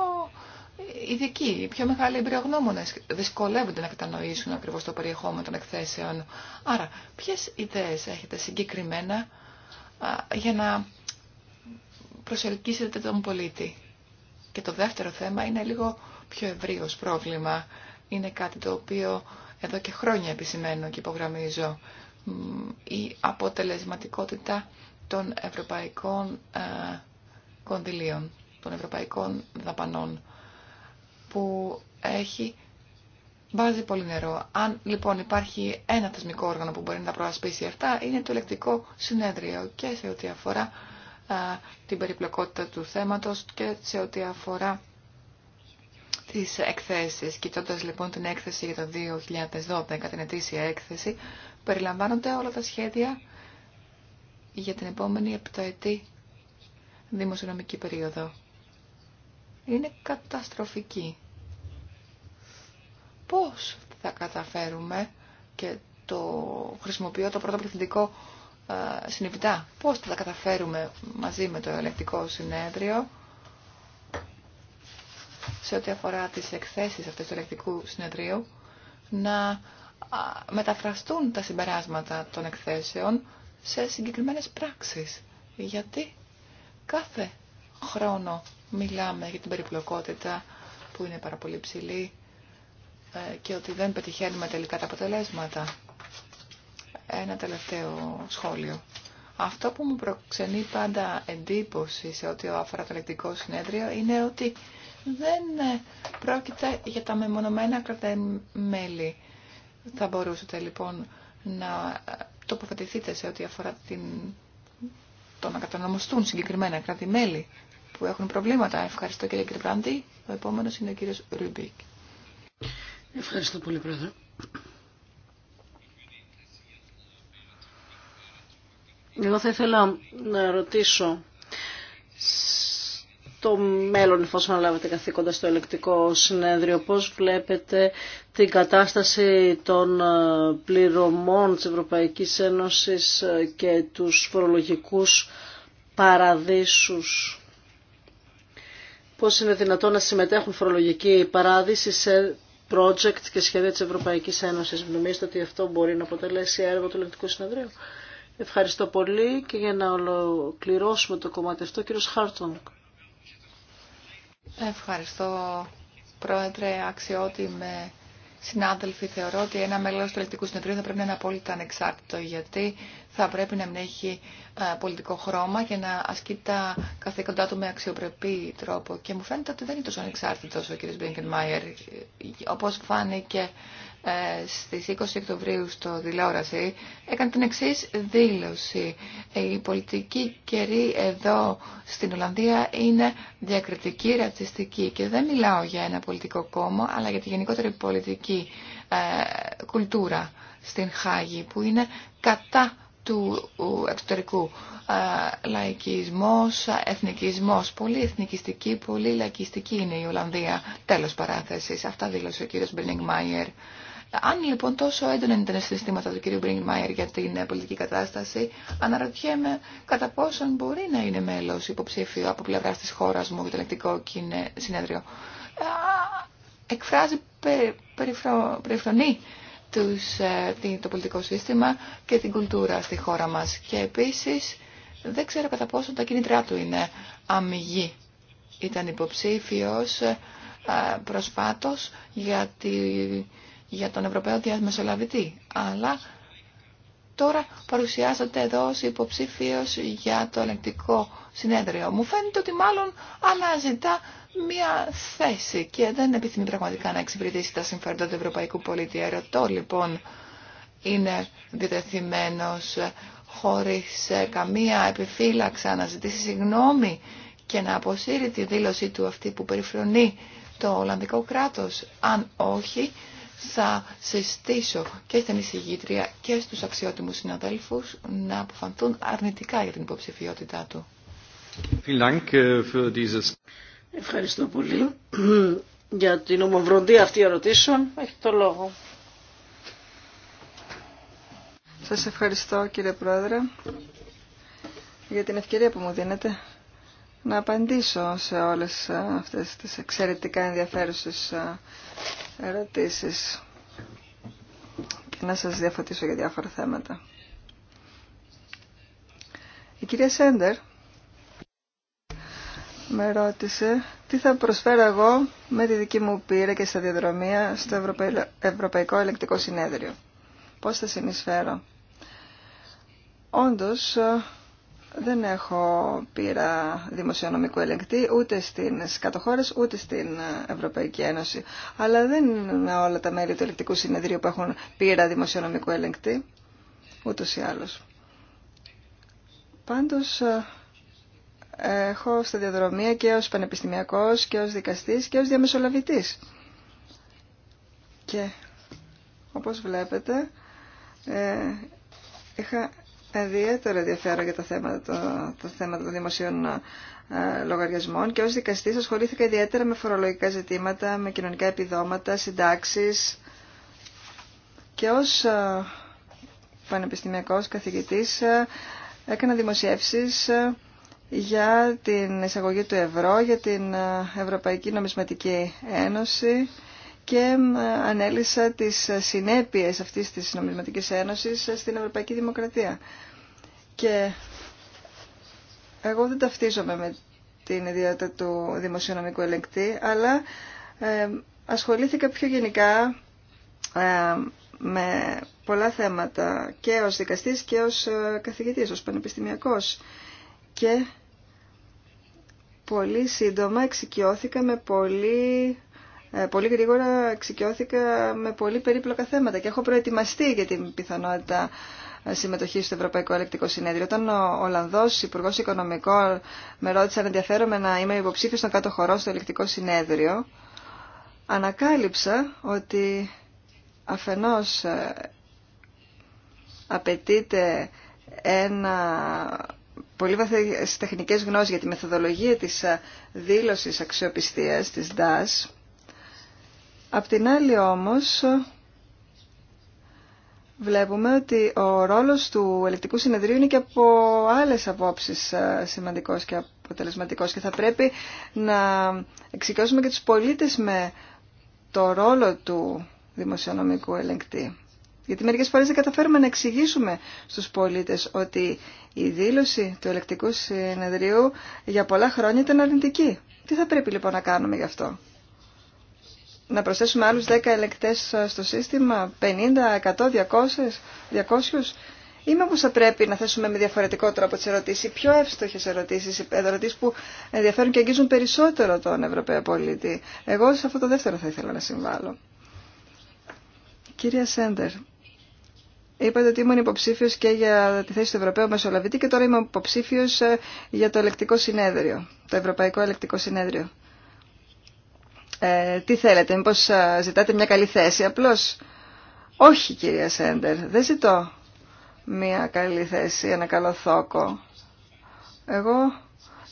Speaker 2: ειδικοί, οι πιο μεγάλοι εμπειρογνώμονες δυσκολεύονται να κατανοήσουν ακριβώς το περιεχόμενο των εκθέσεων. Άρα, ποιες ιδέες έχετε συγκεκριμένα για να προσελκύσετε τον πολίτη. Και το δεύτερο θέμα είναι λίγο πιο ευρύως πρόβλημα είναι κάτι το οποίο εδώ και χρόνια επισημαίνω και υπογραμμίζω. Η αποτελεσματικότητα των ευρωπαϊκών ε, κονδυλίων, των ευρωπαϊκών δαπανών που έχει βάζει πολύ νερό. Αν λοιπόν υπάρχει ένα θεσμικό όργανο που μπορεί να προασπίσει αυτά, είναι το ελεκτικό συνέδριο και σε ό,τι αφορά ε, την περιπλοκότητα του θέματος και σε ό,τι αφορά τις εκθέσεις. κοιτώντα λοιπόν την έκθεση για το 2012, την ετήσια έκθεση, περιλαμβάνονται όλα τα σχέδια για την επόμενη επταετή δημοσιονομική περίοδο. Είναι καταστροφική. Πώς θα καταφέρουμε και το χρησιμοποιώ το πρώτο πληθυντικό ε, συνειδητά. Πώς θα τα καταφέρουμε μαζί με το ελεκτικό συνέδριο σε ό,τι αφορά τις εκθέσεις αυτές του ελεκτικού συνεδρίου να μεταφραστούν τα συμπεράσματα των εκθέσεων σε συγκεκριμένες πράξεις. Γιατί κάθε χρόνο μιλάμε για την περιπλοκότητα που είναι πάρα πολύ ψηλή ε, και ότι δεν πετυχαίνουμε τελικά τα αποτελέσματα. Ένα τελευταίο σχόλιο. Αυτό που μου προξενεί πάντα εντύπωση σε ό,τι αφορά το ελεκτικό συνέδριο είναι ότι δεν ε, πρόκειται για τα μεμονωμένα κρατέν μέλη. Θα μπορούσατε λοιπόν να ε, τοποθετηθείτε σε ό,τι αφορά την... το να κατανομωστουν συγκεκριμενα συγκεκριμένα κράτη-μέλη που έχουν προβλήματα. Ευχαριστώ κύριε Κρυπράντη. Ο επόμενος είναι ο κύριος Ρουμπίκ.
Speaker 3: Ευχαριστώ πολύ πρόεδρε.
Speaker 4: Εγώ θα ήθελα να ρωτήσω το μέλλον εφόσον λάβετε καθήκοντα στο ελεκτικό συνέδριο. Πώς βλέπετε την κατάσταση των ε, πληρωμών της Ευρωπαϊκής Ένωσης ε, και τους φορολογικούς παραδείσους. Πώς είναι δυνατόν να συμμετέχουν φορολογικοί παράδεισοι σε project και σχέδια της Ευρωπαϊκής Ένωσης. Νομίζετε ότι αυτό μπορεί να αποτελέσει έργο του ελεκτικού συνεδρίου. Ευχαριστώ πολύ και για να ολοκληρώσουμε το κομμάτι αυτό, κύριος Χάρτονγκ.
Speaker 2: Ευχαριστώ, Πρόεδρε, αξιότιμε συνάδελφοι. Θεωρώ ότι ένα μέλο του Ελεκτικού Συνεδρίου θα πρέπει να είναι απόλυτα ανεξάρτητο, γιατί θα πρέπει να μην έχει ε, πολιτικό χρώμα και να ασκεί τα καθήκοντά του με αξιοπρεπή τρόπο. Και μου φαίνεται ότι δεν είναι τόσο ανεξάρτητο ο κ. Μπίνκεν Μάιερ. Ε, Όπω φάνηκε ε, στις 20 Οκτωβρίου στο τηλεόραση έκανε την εξή δήλωση. Ε, η πολιτική καιρή εδώ στην Ολλανδία είναι διακριτική, ρατσιστική και δεν μιλάω για ένα πολιτικό κόμμα αλλά για τη γενικότερη πολιτική ε, κουλτούρα στην Χάγη που είναι κατά του εξωτερικού ε, λαϊκισμός, εθνικισμός, πολύ εθνικιστική, πολύ λαϊκιστική είναι η Ολλανδία. Τέλος παράθεσης. Αυτά δήλωσε ο κύριος Μπρινιγκ Μάιερ. Αν λοιπόν τόσο έντονα είναι τα συστήματα του κ. Μπριγμαϊρ για την ε, πολιτική κατάσταση, αναρωτιέμαι κατά πόσον μπορεί να είναι μέλο υποψήφιο από πλευρά τη χώρα μου για το ελεκτικό συνέδριο. Ε, εκφράζει, περιφρονή περιφρονεί τους, ε, το πολιτικό σύστημα και την κουλτούρα στη χώρα μας. Και επίσης δεν ξέρω κατά πόσο τα κίνητρά του είναι αμυγή. Ήταν υποψήφιος προσφάτως για για τον Ευρωπαίο Διαμεσολαβητή. Αλλά τώρα παρουσιάζεται εδώ ως υποψήφιος για το ελεγκτικό συνέδριο. Μου φαίνεται ότι μάλλον αναζητά μία θέση και δεν επιθυμεί πραγματικά να εξυπηρετήσει τα συμφέροντα του ευρωπαϊκού πολίτη. Ερωτώ λοιπόν είναι διτεθειμένος χωρίς ε, καμία επιφύλαξη να ζητήσει συγγνώμη και να αποσύρει τη δήλωσή του αυτή που περιφρονεί το Ολλανδικό κράτος. Αν όχι, θα συστήσω και στην εισηγήτρια και στους αξιότιμους συναδέλφους να αποφανθούν αρνητικά για την υποψηφιότητά του.
Speaker 4: Äh, ευχαριστώ πολύ για την ομοβροντή αυτή ερωτήσεων. Έχει το λόγο.
Speaker 5: Σας ευχαριστώ κύριε Πρόεδρε για την ευκαιρία που μου δίνετε να απαντήσω σε όλες ε, αυτές τις εξαιρετικά ενδιαφέρουσες ε, ερωτήσεις και να σας διαφωτίσω για διάφορα θέματα. Η κυρία Σέντερ με ρώτησε τι θα προσφέρω εγώ με τη δική μου πείρα και διαδρομία στο Ευρωπαϊκό Ελεκτικό Συνέδριο. Πώς θα συνεισφέρω. Όντως, ε, δεν έχω πείρα δημοσιονομικού ελεγκτή ούτε στις κατοχώρες ούτε στην Ευρωπαϊκή Ένωση. Αλλά δεν είναι όλα τα μέλη του ελεγκτικού συνεδρίου που έχουν πείρα δημοσιονομικού ελεγκτή, ούτως ή άλλως. Πάντως, ε, έχω διαδρομία και ως πανεπιστημιακός και ως δικαστής και ως διαμεσολαβητής. Και, όπως βλέπετε, ε, είχα ιδιαίτερο ενδιαφέρον για τα θέματα, το, θέμα των δημοσίων ε, λογαριασμών και ως δικαστής ασχολήθηκα ιδιαίτερα με φορολογικά ζητήματα, με κοινωνικά επιδόματα, συντάξεις και ως ε, πανεπιστημιακός καθηγητής ε, έκανα δημοσιεύσεις ε, για την εισαγωγή του ευρώ, για την Ευρωπαϊκή Νομισματική Ένωση και ανέλησα τις συνέπειες αυτής της νομισματικής ένωσης στην Ευρωπαϊκή Δημοκρατία. Και εγώ δεν ταυτίζομαι με την ιδιότητα του δημοσιονομικού ελεγκτή, αλλά ε, ασχολήθηκα πιο γενικά ε, με πολλά θέματα και ως δικαστής και ως ε, καθηγητής, ως πανεπιστημιακός. Και πολύ σύντομα εξοικειώθηκα με πολύ ε, πολύ γρήγορα εξοικειώθηκα με πολύ περίπλοκα θέματα και έχω προετοιμαστεί για την πιθανότητα ε, συμμετοχή στο Ευρωπαϊκό Ελεκτικό Συνέδριο. Όταν ο Ολλανδό Υπουργό Οικονομικών με ρώτησε αν ενδιαφέρομαι να είμαι υποψήφιο στον κάτω χωρό στο Ελεκτικό Συνέδριο, ανακάλυψα ότι αφενός ε, απαιτείται ένα πολύ βαθύ τεχνικέ γνώσει για τη μεθοδολογία τη δήλωση αξιοπιστία τη ΔΑΣ Απ' την άλλη όμως βλέπουμε ότι ο ρόλος του ελεκτικού συνεδρίου είναι και από άλλες απόψεις ε, σημαντικός και αποτελεσματικός και θα πρέπει να εξοικειώσουμε και τους πολίτες με το ρόλο του δημοσιονομικού ελεγκτή. Γιατί μερικές φορές δεν καταφέρουμε να εξηγήσουμε στους πολίτες ότι η δήλωση του ελεκτικού συνεδρίου για πολλά χρόνια ήταν αρνητική. Τι θα πρέπει λοιπόν να κάνουμε γι' αυτό να προσθέσουμε άλλους 10 ελεκτές στο σύστημα, 50, 100, 200, 200 ή θα πρέπει να θέσουμε με διαφορετικό τρόπο τις ερωτήσεις, πιο εύστοχες ερωτήσεις, ερωτήσεις που ενδιαφέρουν και αγγίζουν περισσότερο τον Ευρωπαίο πολίτη. Εγώ σε αυτό το δεύτερο θα ήθελα να συμβάλλω. Κυρία Σέντερ, είπατε ότι ήμουν υποψήφιος και για τη θέση του Ευρωπαίου Μεσολαβητή και τώρα είμαι υποψήφιος ε, για το ελεκτικό συνέδριο, το Ευρωπαϊκό Ελεκτικό Συνέδριο. Ε, τι θέλετε, μήπω ε, ζητάτε μια καλή θέση. Απλώς, όχι κυρία Σέντερ, δεν ζητώ μια καλή θέση, ένα καλό θόκο. Εγώ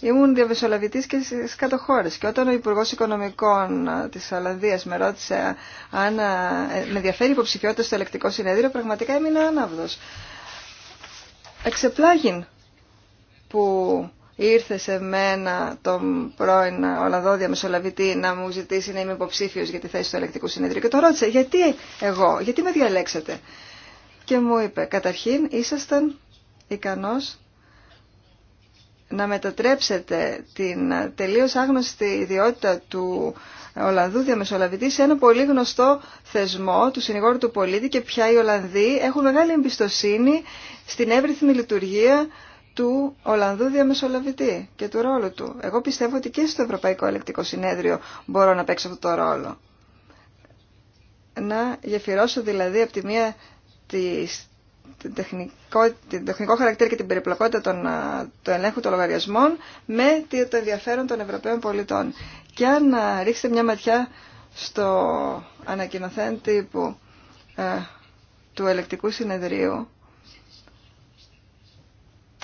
Speaker 5: ήμουν διαβεσολαβητής και στι κάτω και όταν ο Υπουργό Οικονομικών ε, της Ολλανδία με ρώτησε αν με ενδιαφέρει υποψηφιότητα στο ελεκτικό συνέδριο, πραγματικά έμεινα άναυδο. Εξεπλάγιν που ήρθε σε μένα τον πρώην Ολλανδό διαμεσολαβητή να μου ζητήσει να είμαι υποψήφιο για τη θέση του ελεκτικού συνεδρίου και το ρώτησε γιατί εγώ, γιατί με διαλέξατε. Και μου είπε, καταρχήν ήσασταν ικανός να μετατρέψετε την τελείως άγνωστη ιδιότητα του Ολλανδού διαμεσολαβητή σε ένα πολύ γνωστό θεσμό του συνηγόρου του πολίτη και πια οι Ολλανδοί έχουν μεγάλη εμπιστοσύνη στην εύρυθμη λειτουργία του Ολλανδού διαμεσολαβητή και του ρόλου του. Εγώ πιστεύω ότι και στο Ευρωπαϊκό Ελεκτικό Συνέδριο μπορώ να παίξω αυτό τον ρόλο. Να γεφυρώσω δηλαδή από τη μία την τεχνικό, τεχνικό χαρακτήρα και την περιπλοκότητα των, του ελέγχου των λογαριασμών με το ενδιαφέρον των Ευρωπαίων πολιτών. Και αν ρίξετε μια ματιά στο ανακοινοθέν τύπου ε, του ελεκτικού συνεδρίου,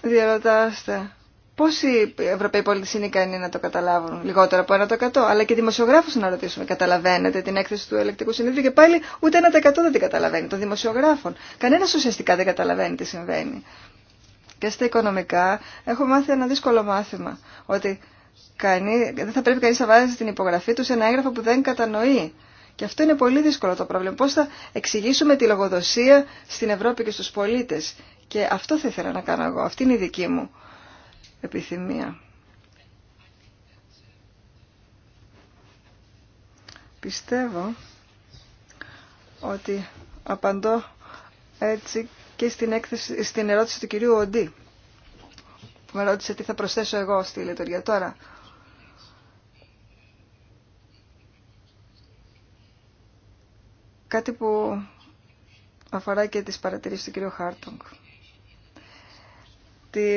Speaker 5: διαρωτάστε πόσοι Ευρωπαίοι πολίτε είναι ικανοί να το καταλάβουν, λιγότερο από 1%. Αλλά και δημοσιογράφου να ρωτήσουμε, καταλαβαίνετε την έκθεση του ελεκτικού συνεδρίου και πάλι ούτε 1% δεν την καταλαβαίνει, των δημοσιογράφων. Κανένα ουσιαστικά δεν καταλαβαίνει τι συμβαίνει. Και στα οικονομικά έχω μάθει ένα δύσκολο μάθημα, ότι κανεί, δεν θα πρέπει κανεί να βάζει την υπογραφή του σε ένα έγγραφο που δεν κατανοεί. Και αυτό είναι πολύ δύσκολο το πρόβλημα. Πώ θα εξηγήσουμε τη λογοδοσία στην Ευρώπη και στου πολίτε. Και αυτό θα ήθελα να κάνω εγώ. Αυτή είναι η δική μου επιθυμία. Πιστεύω ότι απαντώ έτσι και στην, στην ερώτηση του κυρίου Οντί που με ρώτησε τι θα προσθέσω εγώ στη λειτουργία τώρα. Κάτι που αφορά και τις παρατηρήσεις του κυρίου Χάρτονγκ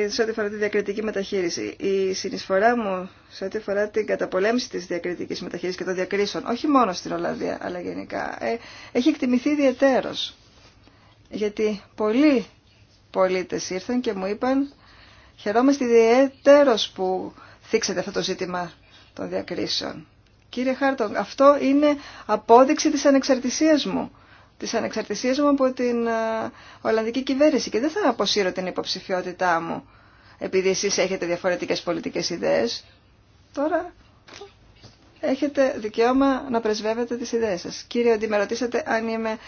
Speaker 5: σε ό,τι αφορά τη διακριτική μεταχείριση. Η συνεισφορά μου σε ό,τι αφορά την καταπολέμηση της διακριτικής μεταχείρισης και των διακρίσεων, όχι μόνο στην Ολλανδία, αλλά γενικά, ε, έχει εκτιμηθεί ιδιαίτερω. Γιατί πολλοί πολίτε ήρθαν και μου είπαν «Χαιρόμαστε ιδιαίτερω που θίξετε αυτό το ζήτημα των διακρίσεων». Κύριε Χάρτον, αυτό είναι απόδειξη της ανεξαρτησίας μου της ανεξαρτησίας μου από την ε, Ολλανδική κυβέρνηση και δεν θα αποσύρω την υποψηφιότητά μου επειδή εσείς έχετε διαφορετικές πολιτικές ιδέες. Τώρα έχετε δικαίωμα να πρεσβεύετε τις ιδέες σας. Κύριε ότι με ρωτήσατε αν είμαι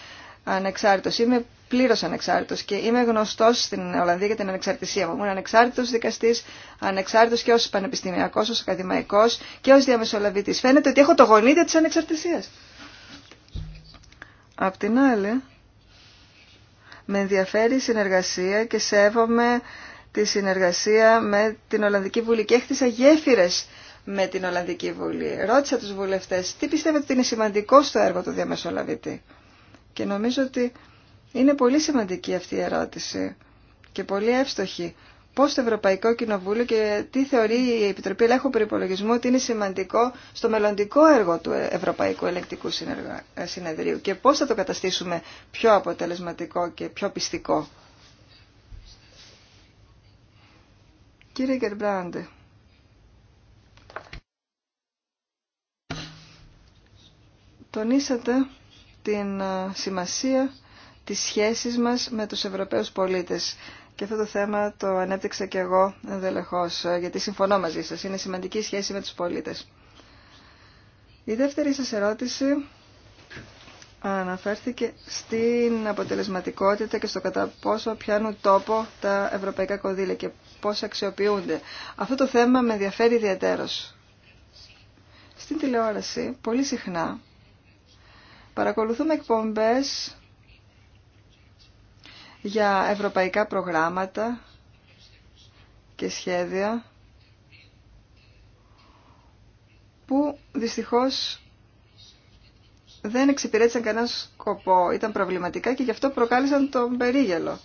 Speaker 5: ανεξάρτητος. Είμαι πλήρως ανεξάρτητος και είμαι γνωστός στην Ολλανδία για την ανεξαρτησία μου. Ήμουν ανεξάρτητος δικαστής, ανεξάρτητος και ως πανεπιστημιακός, ως ακαδημαϊκός και ως διαμεσολαβητής. Φαίνεται ότι έχω το γονίδιο της ανεξαρτησίας. Απ' την άλλη, με ενδιαφέρει η συνεργασία και σέβομαι τη συνεργασία με την Ολλανδική Βουλή και έχτισα γέφυρες με την Ολλανδική Βουλή. Ρώτησα τους βουλευτές τι πιστεύετε ότι είναι σημαντικό στο έργο του διαμεσολαβητή. Και νομίζω ότι είναι πολύ σημαντική αυτή η ερώτηση και πολύ εύστοχη Πώ το Ευρωπαϊκό Κοινοβούλιο και τι θεωρεί η Επιτροπή Ελέγχου Περιπολογισμού ότι είναι σημαντικό στο μελλοντικό έργο του Ευρωπαϊκού Ελεκτικού ε, Συνεδρίου και πώ θα το καταστήσουμε πιο αποτελεσματικό και πιο πιστικό. Κύριε Γκερμπράντε. Τονίσατε την ε, σημασία της σχέσης μας με τους Ευρωπαίους πολίτες. Και αυτό το θέμα το ανέπτυξα και εγώ ενδελεχώς, ε, γιατί συμφωνώ μαζί σας. Είναι σημαντική σχέση με τους πολίτες. Η δεύτερη σας ερώτηση αναφέρθηκε στην αποτελεσματικότητα και στο κατά πόσο πιάνουν τόπο τα ευρωπαϊκά κονδύλια και πώς αξιοποιούνται. Αυτό το θέμα με ενδιαφέρει ιδιαίτερος. Στην τηλεόραση πολύ συχνά παρακολουθούμε εκπομπές για ευρωπαϊκά προγράμματα και σχέδια που δυστυχώς δεν εξυπηρέτησαν κανένα σκοπό, ήταν προβληματικά και γι' αυτό προκάλεσαν τον περίγελο.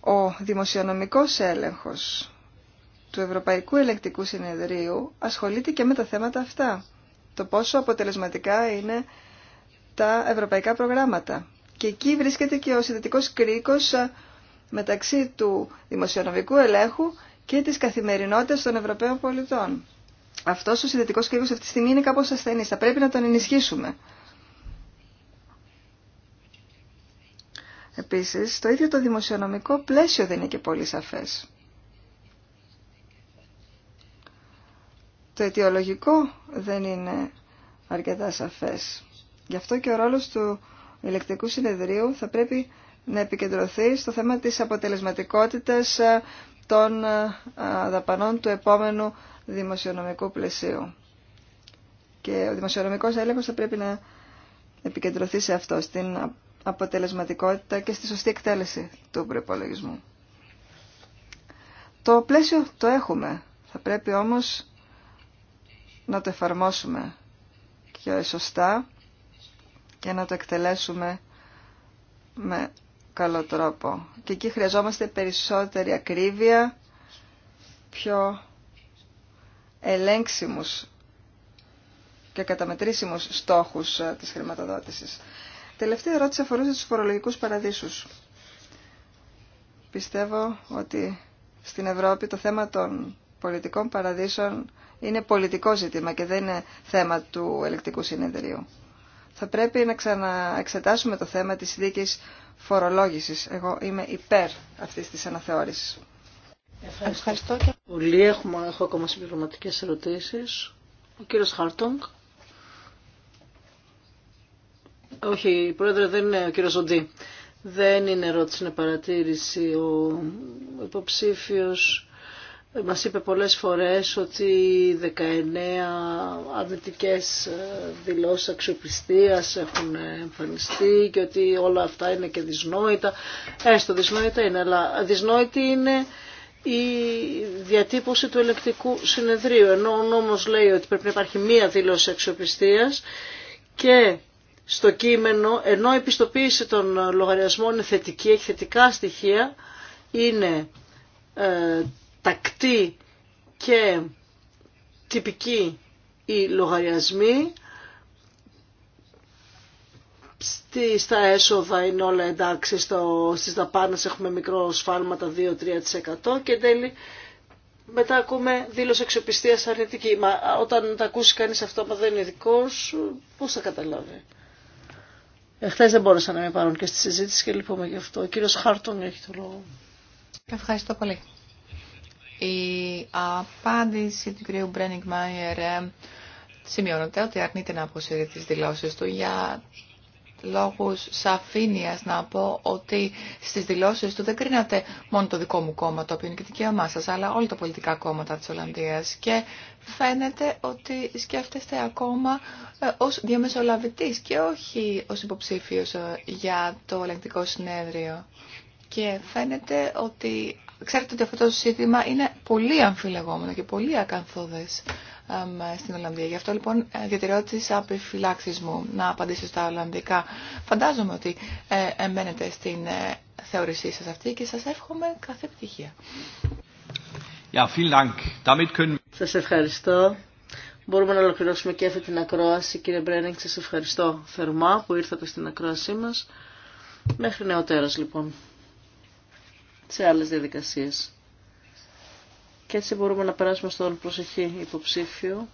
Speaker 5: Ο δημοσιονομικός έλεγχος του Ευρωπαϊκού Ελεκτικού Συνεδρίου ασχολείται και με τα θέματα αυτά. Το πόσο αποτελεσματικά είναι τα ευρωπαϊκά προγράμματα. Και εκεί βρίσκεται και ο συνδετικός κρίκος ε, μεταξύ του δημοσιονομικού ελέγχου και της καθημερινότητας των Ευρωπαίων πολιτών. Αυτός ο συνδετικός κρίκος αυτή τη στιγμή είναι κάπως ασθενής. Θα πρέπει να τον ενισχύσουμε. Επίσης, το ίδιο το δημοσιονομικό πλαίσιο δεν είναι και πολύ σαφές. Το αιτιολογικό δεν είναι αρκετά σαφές. Γι' αυτό και ο ρόλος του ηλεκτρικού συνεδρίου θα πρέπει να επικεντρωθεί στο θέμα της αποτελεσματικότητας ε, των ε, ε, δαπανών του επόμενου δημοσιονομικού πλαισίου. Και ο δημοσιονομικός έλεγχος θα πρέπει να επικεντρωθεί σε αυτό, στην αποτελεσματικότητα και στη σωστή εκτέλεση του προπολογισμού. Το πλαίσιο το έχουμε. Θα πρέπει όμως να το εφαρμόσουμε και σωστά για να το εκτελέσουμε με καλό τρόπο. Και εκεί χρειαζόμαστε περισσότερη ακρίβεια, πιο ελέγξιμους και καταμετρήσιμους στόχους ε, της χρηματοδότησης. Τελευταία ερώτηση αφορούσε τους φορολογικούς παραδείσους. Πιστεύω ότι στην Ευρώπη το θέμα των πολιτικών παραδείσων είναι πολιτικό ζήτημα και δεν είναι θέμα του ελεκτικού συνεδρίου θα πρέπει να ξαναεξετάσουμε το θέμα της δίκης φορολόγησης.
Speaker 4: Εγώ είμαι υπέρ αυτής της αναθεώρησης.
Speaker 3: Ευχαριστώ, και
Speaker 4: πολύ. Έχουμε, έχω ακόμα συμπληρωματικές ερωτήσεις. Ο κύριος Χάρτονγκ. Όχι, πρόεδρε, δεν είναι ο κύριος Ωντί. Δεν είναι ερώτηση, είναι παρατήρηση. Ο υποψήφιος μας είπε πολλές φορές ότι 19 αρνητικές ε, δηλώσεις αξιοπιστίας έχουν εμφανιστεί και ότι όλα αυτά είναι και δυσνόητα. Έστω ε, δυσνόητα είναι, αλλά δυσνόητη είναι η διατύπωση του ελεκτικού συνεδρίου. Ενώ ο νόμος λέει ότι πρέπει να υπάρχει μία δήλωση αξιοπιστίας και στο κείμενο, ενώ η πιστοποίηση των λογαριασμών είναι θετική, έχει θετικά στοιχεία, είναι ε, τακτή και τυπική οι λογαριασμοί. Στα έσοδα είναι όλα εντάξει, στο, στις δαπάνες έχουμε μικρό σφάλματα 2-3% και τέλει μετά ακούμε δήλωση αξιοπιστίας αρνητική. Μα όταν τα ακούσει κανείς αυτό που δεν είναι δικό σου, πώς θα καταλάβει. Εχθές δεν μπόρεσαν να με πάρουν και στη συζήτηση και λυπούμε γι' αυτό. Ο κύριος Χάρτον έχει το λόγο. Ευχαριστώ πολύ. Η
Speaker 2: απάντηση του κ. Μπρένιγκ Μάιερ ε, σημειώνεται ότι αρνείται να αποσύρει τις δηλώσεις του για λόγους σαφήνειας να πω ότι στις δηλώσεις του δεν κρίνατε μόνο το δικό μου κόμμα, το οποίο είναι και δικαίωμά σα, αλλά όλα τα πολιτικά κόμματα της Ολλανδίας και φαίνεται ότι σκέφτεστε ακόμα ε, ως διαμεσολαβητής και όχι ως υποψήφιος ε, για το ελεγκτικό συνέδριο. Και φαίνεται ότι Ξέρετε ότι αυτό το σύστημα είναι πολύ αμφιλεγόμενο και πολύ ακαθόδες στην Ολλανδία. Γι' αυτό λοιπόν ε, διατηρώ τι απεφυλάξει μου να απαντήσω στα Ολλανδικά. Φαντάζομαι ότι ε, εμένετε στην ε,
Speaker 4: θεώρησή σα αυτή και σα εύχομαι κάθε επιτυχία. Σα ευχαριστώ. Μπορούμε να ολοκληρώσουμε και αυτή την ακρόαση. Κύριε Μπρένινγκ, σα ευχαριστώ θερμά που ήρθατε στην ακρόασή μα. Μέχρι νεοτέρας λοιπόν σε άλλες διαδικασίες. Και έτσι μπορούμε να περάσουμε στον προσεχή υποψήφιο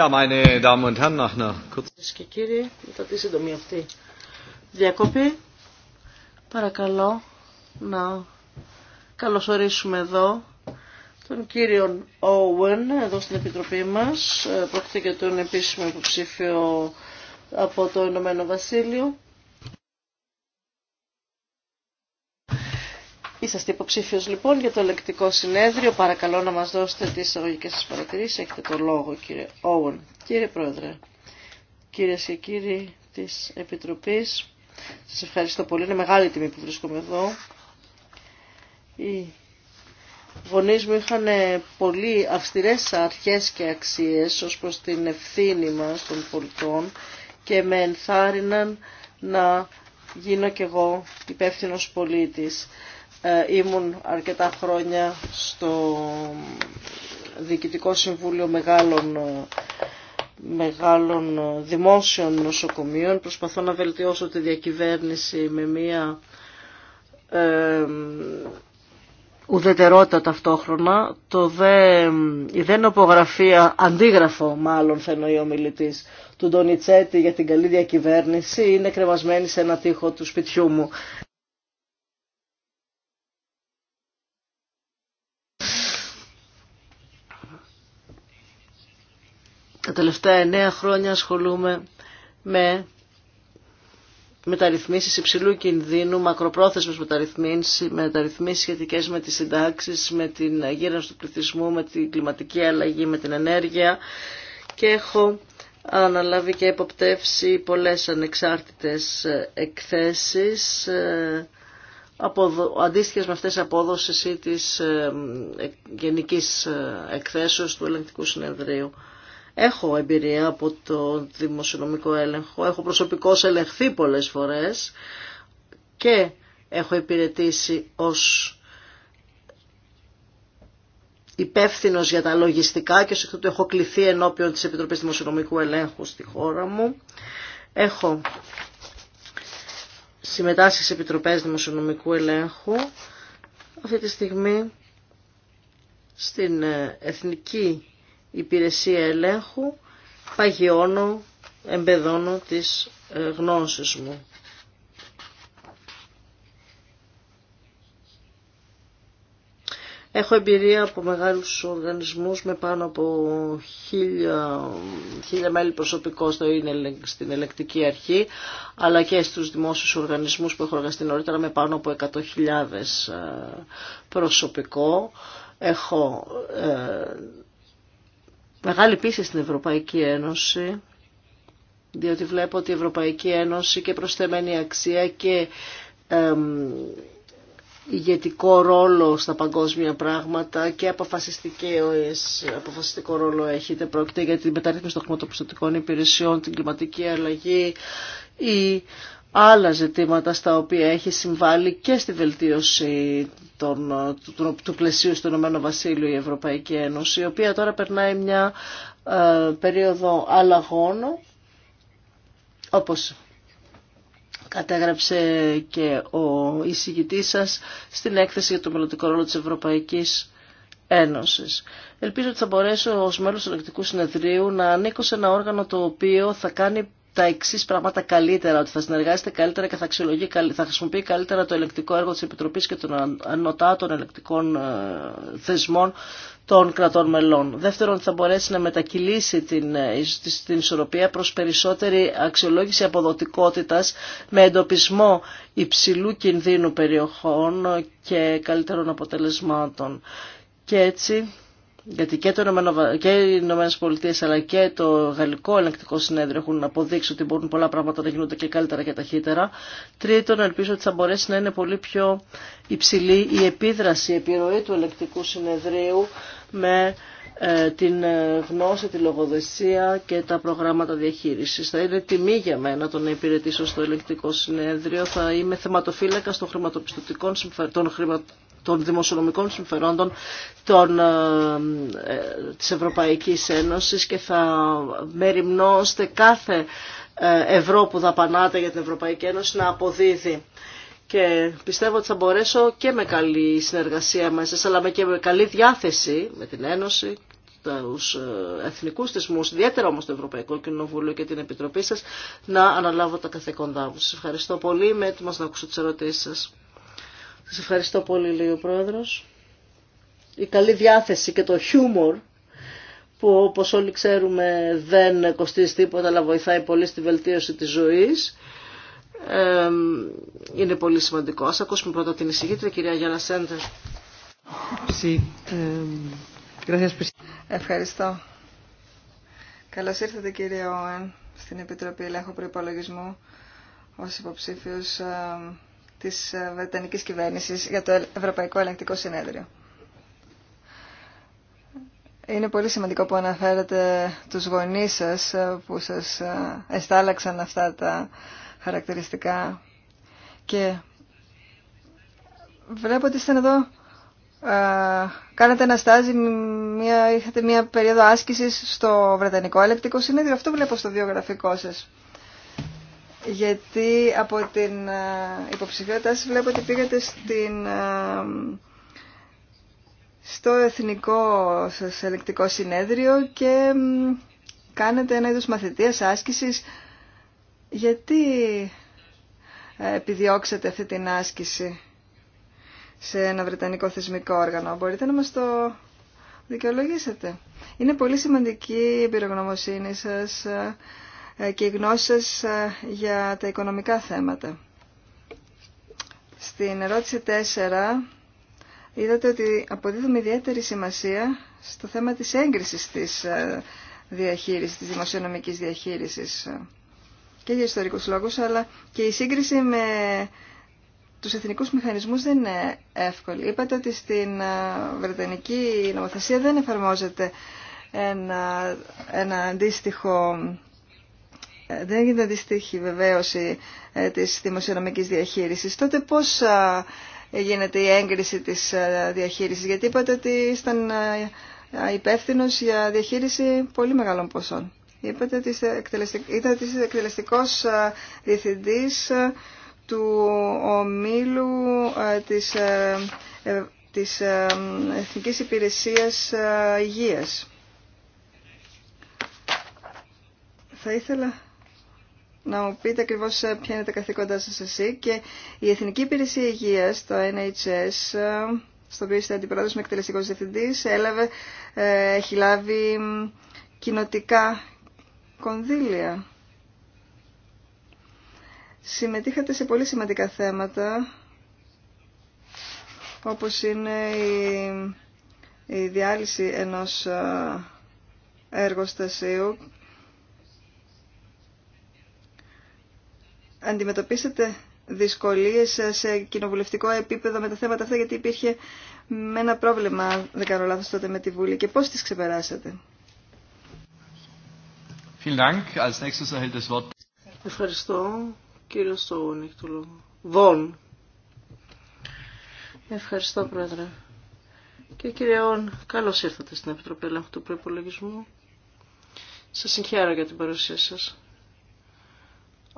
Speaker 1: Ja, meine Damen και
Speaker 4: κύριοι, μετά τη σύντομη αυτή διακοπή, παρακαλώ να καλωσορίσουμε εδώ τον κύριο Owen, εδώ στην Επιτροπή μας. Ε, πρόκειται για τον επίσημο υποψήφιο από το Ηνωμένο Βασίλειο. Είσαστε υποψήφιος λοιπόν για το λεκτικό συνέδριο. Παρακαλώ να μας δώσετε τις εισαγωγικές σας παρατηρήσεις. Έχετε το λόγο κύριε Όουν. Κύριε Πρόεδρε, κύριε και κύριοι της Επιτροπής, σας ευχαριστώ πολύ. Είναι μεγάλη τιμή που βρίσκομαι εδώ. Οι γονεί μου είχαν πολύ αυστηρές αρχές και αξίες ως προς την ευθύνη μας των πολιτών και με ενθάρρυναν να γίνω κι εγώ υπεύθυνο πολίτης. Ε, ήμουν αρκετά χρόνια στο Διοικητικό Συμβούλιο Μεγάλων, ε, μεγάλων Δημόσιων Νοσοκομείων. Προσπαθώ να βελτιώσω τη διακυβέρνηση με μία ε, ουδετερότητα ταυτόχρονα. Το δε, η δεν απογραφία, αντίγραφο μάλλον θα ο μιλητής, του Ντονιτσέτη για την καλή διακυβέρνηση είναι κρεμασμένη σε ένα τοίχο του σπιτιού μου. Τα τελευταία εννέα χρόνια ασχολούμαι με μεταρρυθμίσεις υψηλού κινδύνου, μακροπρόθεσμες μεταρρυθμίσεις, μεταρρυθμίσεις σχετικές με τις συντάξεις, με την γύρανση του πληθυσμού, με την κλιματική αλλαγή, με την ενέργεια και έχω αναλάβει και εποπτεύσει πολλές ανεξάρτητες εκθέσεις ε, αντίστοιχες με αυτές απόδοσεις ή της ε, ε, γενικής εκθέσεως του ελεγκτικού συνεδρίου. Έχω εμπειρία από το δημοσιονομικό έλεγχο, έχω προσωπικώς ελεγχθεί πολλές φορές και έχω υπηρετήσει ως υπεύθυνος για τα λογιστικά και ως εκ έχω κληθεί ενώπιον της Επιτροπής Δημοσιονομικού Ελέγχου στη χώρα μου. Έχω συμμετάσχει σε Επιτροπές Δημοσιονομικού Ελέγχου αυτή τη στιγμή στην ε, Εθνική υπηρεσία ελέγχου παγιώνω, εμπεδώνω τις ε, γνώσεις μου. Έχω εμπειρία από μεγάλους οργανισμούς με πάνω από χίλια, χίλια μέλη προσωπικό στο είναι, στην ελεκτική αρχή, αλλά και στους δημόσιους οργανισμούς που έχω εργαστεί νωρίτερα με πάνω από 100.000 ε, προσωπικό. Έχω ε, Μεγάλη πίστη στην Ευρωπαϊκή Ένωση, διότι βλέπω ότι η Ευρωπαϊκή Ένωση και προσθεμένη αξία και εμ, ηγετικό ρόλο στα παγκόσμια πράγματα και αποφασιστικό ρόλο έχετε. Πρόκειται για την μεταρρύθμιση των χρηματοπιστωτικών υπηρεσιών, την κλιματική αλλαγή, η άλλα ζητήματα στα οποία έχει συμβάλει και στη βελτίωση των, του, του, πλαισίου στον Ηνωμένο Βασίλειο η Ευρωπαϊκή Ένωση, η οποία τώρα περνάει μια ε, περίοδο αλλαγών, όπως κατέγραψε και ο εισηγητής σας στην έκθεση για το μελλοντικό ρόλο της Ευρωπαϊκής Ένωσης. Ελπίζω ότι θα μπορέσω ως μέλος του Ελεκτικού Συνεδρίου να ανήκω σε ένα όργανο το οποίο θα κάνει τα εξή πράγματα καλύτερα, ότι θα συνεργάζεται καλύτερα και θα, θα χρησιμοποιεί καλύτερα το ελεκτικό έργο της Επιτροπής και των ανωτάτων ελεκτικών ε, θεσμών των κρατών μελών. Δεύτερον, θα μπορέσει να μετακυλήσει την, ε, την ισορροπία προς περισσότερη αξιολόγηση αποδοτικότητας με εντοπισμό υψηλού κινδύνου περιοχών και καλύτερων αποτελεσμάτων. Και έτσι γιατί και, το οι Ηνωμένε Πολιτείε αλλά και το Γαλλικό Ελεκτικό Συνέδριο έχουν αποδείξει ότι μπορούν πολλά πράγματα να γίνονται και καλύτερα και ταχύτερα. Τρίτον, ελπίζω ότι θα μπορέσει να είναι πολύ πιο υψηλή η επίδραση, η επιρροή του Ελεκτικού Συνεδρίου με ε, την ε, γνώση, τη λογοδοσία και τα προγράμματα διαχείρισης. Θα είναι τιμή για μένα το να υπηρετήσω στο ελεκτικό συνέδριο. Θα είμαι θεματοφύλακα των χρηματοπιστωτικών χρηματο των δημοσιονομικών συμφερόντων των, ε, ε, της Ευρωπαϊκής Ένωσης και θα μεριμνώστε κάθε ε, ευρώ που δαπανάτε για την Ευρωπαϊκή Ένωση να αποδίδει. Και πιστεύω ότι θα μπορέσω και με καλή συνεργασία μαζί αλλά και με καλή διάθεση με την Ένωση, του εθνικού θεσμού, ιδιαίτερα όμω το Ευρωπαϊκό Κοινοβούλιο και την Επιτροπή σα, να αναλάβω τα καθήκοντά μου. Σα ευχαριστώ πολύ. Είμαι έτοιμο να ακούσω τι ερωτήσει σα. Σας ευχαριστώ πολύ, λέει ο Πρόεδρος. Η καλή διάθεση και το χιούμορ που όπως όλοι ξέρουμε δεν κοστίζει τίποτα αλλά βοηθάει πολύ στη βελτίωση της ζωής. είναι πολύ σημαντικό. Ας ακούσουμε πρώτα την εισηγήτρια, κυρία Γιάννα Σέντερ.
Speaker 5: Ευχαριστώ. Καλώς ήρθατε κύριε Όεν στην Επιτροπή Ελέγχου Προϋπολογισμού ως υποψήφιος της ε, Βρετανικής κυβέρνησης για το Ευρωπαϊκό Ελεκτικό Συνέδριο. Είναι πολύ σημαντικό που αναφέρετε τους γονείς σας ε, που σας ε, εστάλαξαν αυτά τα χαρακτηριστικά και βλέπω ότι είστε εδώ κάνατε ένα στάζι, μια, είχατε μια περίοδο άσκησης στο Βρετανικό Ελεκτικό Συνέδριο. Αυτό βλέπω στο βιογραφικό σας γιατί από την ε, υποψηφιότητά σας βλέπω ότι πήγατε ε, στο Εθνικό σας Ελεκτικό Συνέδριο και κάνετε ένα είδος μαθητείας άσκησης. Γιατί ε, επιδιώξατε αυτή την άσκηση σε ένα βρετανικό θεσμικό όργανο. Μπορείτε να μας το δικαιολογήσετε. Είναι πολύ σημαντική η εμπειρογνωμοσύνη σας ε, και η γνώση ε, για τα οικονομικά θέματα. Στην ερώτηση 4 είδατε ότι αποδίδουμε ιδιαίτερη σημασία στο θέμα της έγκρισης της ε, διαχείρισης, της δημοσιονομικής διαχείρισης και για ιστορικούς λόγους, αλλά και η σύγκριση με τους εθνικούς μηχανισμούς δεν είναι εύκολη. Είπατε ότι στην Βρετανική νομοθεσία δεν εφαρμόζεται ένα, ένα αντίστοιχο δεν γίνεται αντιστοίχη βεβαίωση ε, της δημοσιονομικής διαχείρισης, τότε πώς γίνεται η έγκριση της διαχείρισης, γιατί είπατε ότι ήσταν υπεύθυνο για διαχείριση πολύ μεγάλων ποσών. Είπατε ότι είστε εκτελεστικός διευθυντής του ομίλου της, ε, της Εθνικής Υπηρεσίας Υγείας. Θα ήθελα να μου πείτε ακριβώ ε, ποια είναι τα καθήκοντά σας εσύ και η Εθνική Υπηρεσία Υγείας, το NHS, ε, στο οποίο είστε αντιπρόεδρος με εκτελεστικός διευθυντής, έλαβε, ε, έχει λάβει κοινοτικά κονδύλια. Συμμετείχατε σε πολύ σημαντικά θέματα, όπως είναι η, η διάλυση ενός εργοστασίου αντιμετωπίσατε δυσκολίες σε κοινοβουλευτικό επίπεδο με τα θέματα αυτά γιατί υπήρχε με ένα πρόβλημα, δεν κάνω λάθος τότε, με τη Βουλή και πώς τις ξεπεράσατε.
Speaker 4: Ευχαριστώ. Κύριο Στόγων έχει Βον. Ευχαριστώ, Πρόεδρε. Και κύριε Όν, καλώς ήρθατε στην Επιτροπή Ελέγχου του Προϋπολογισμού. Σας συγχαίρω για την παρουσία σας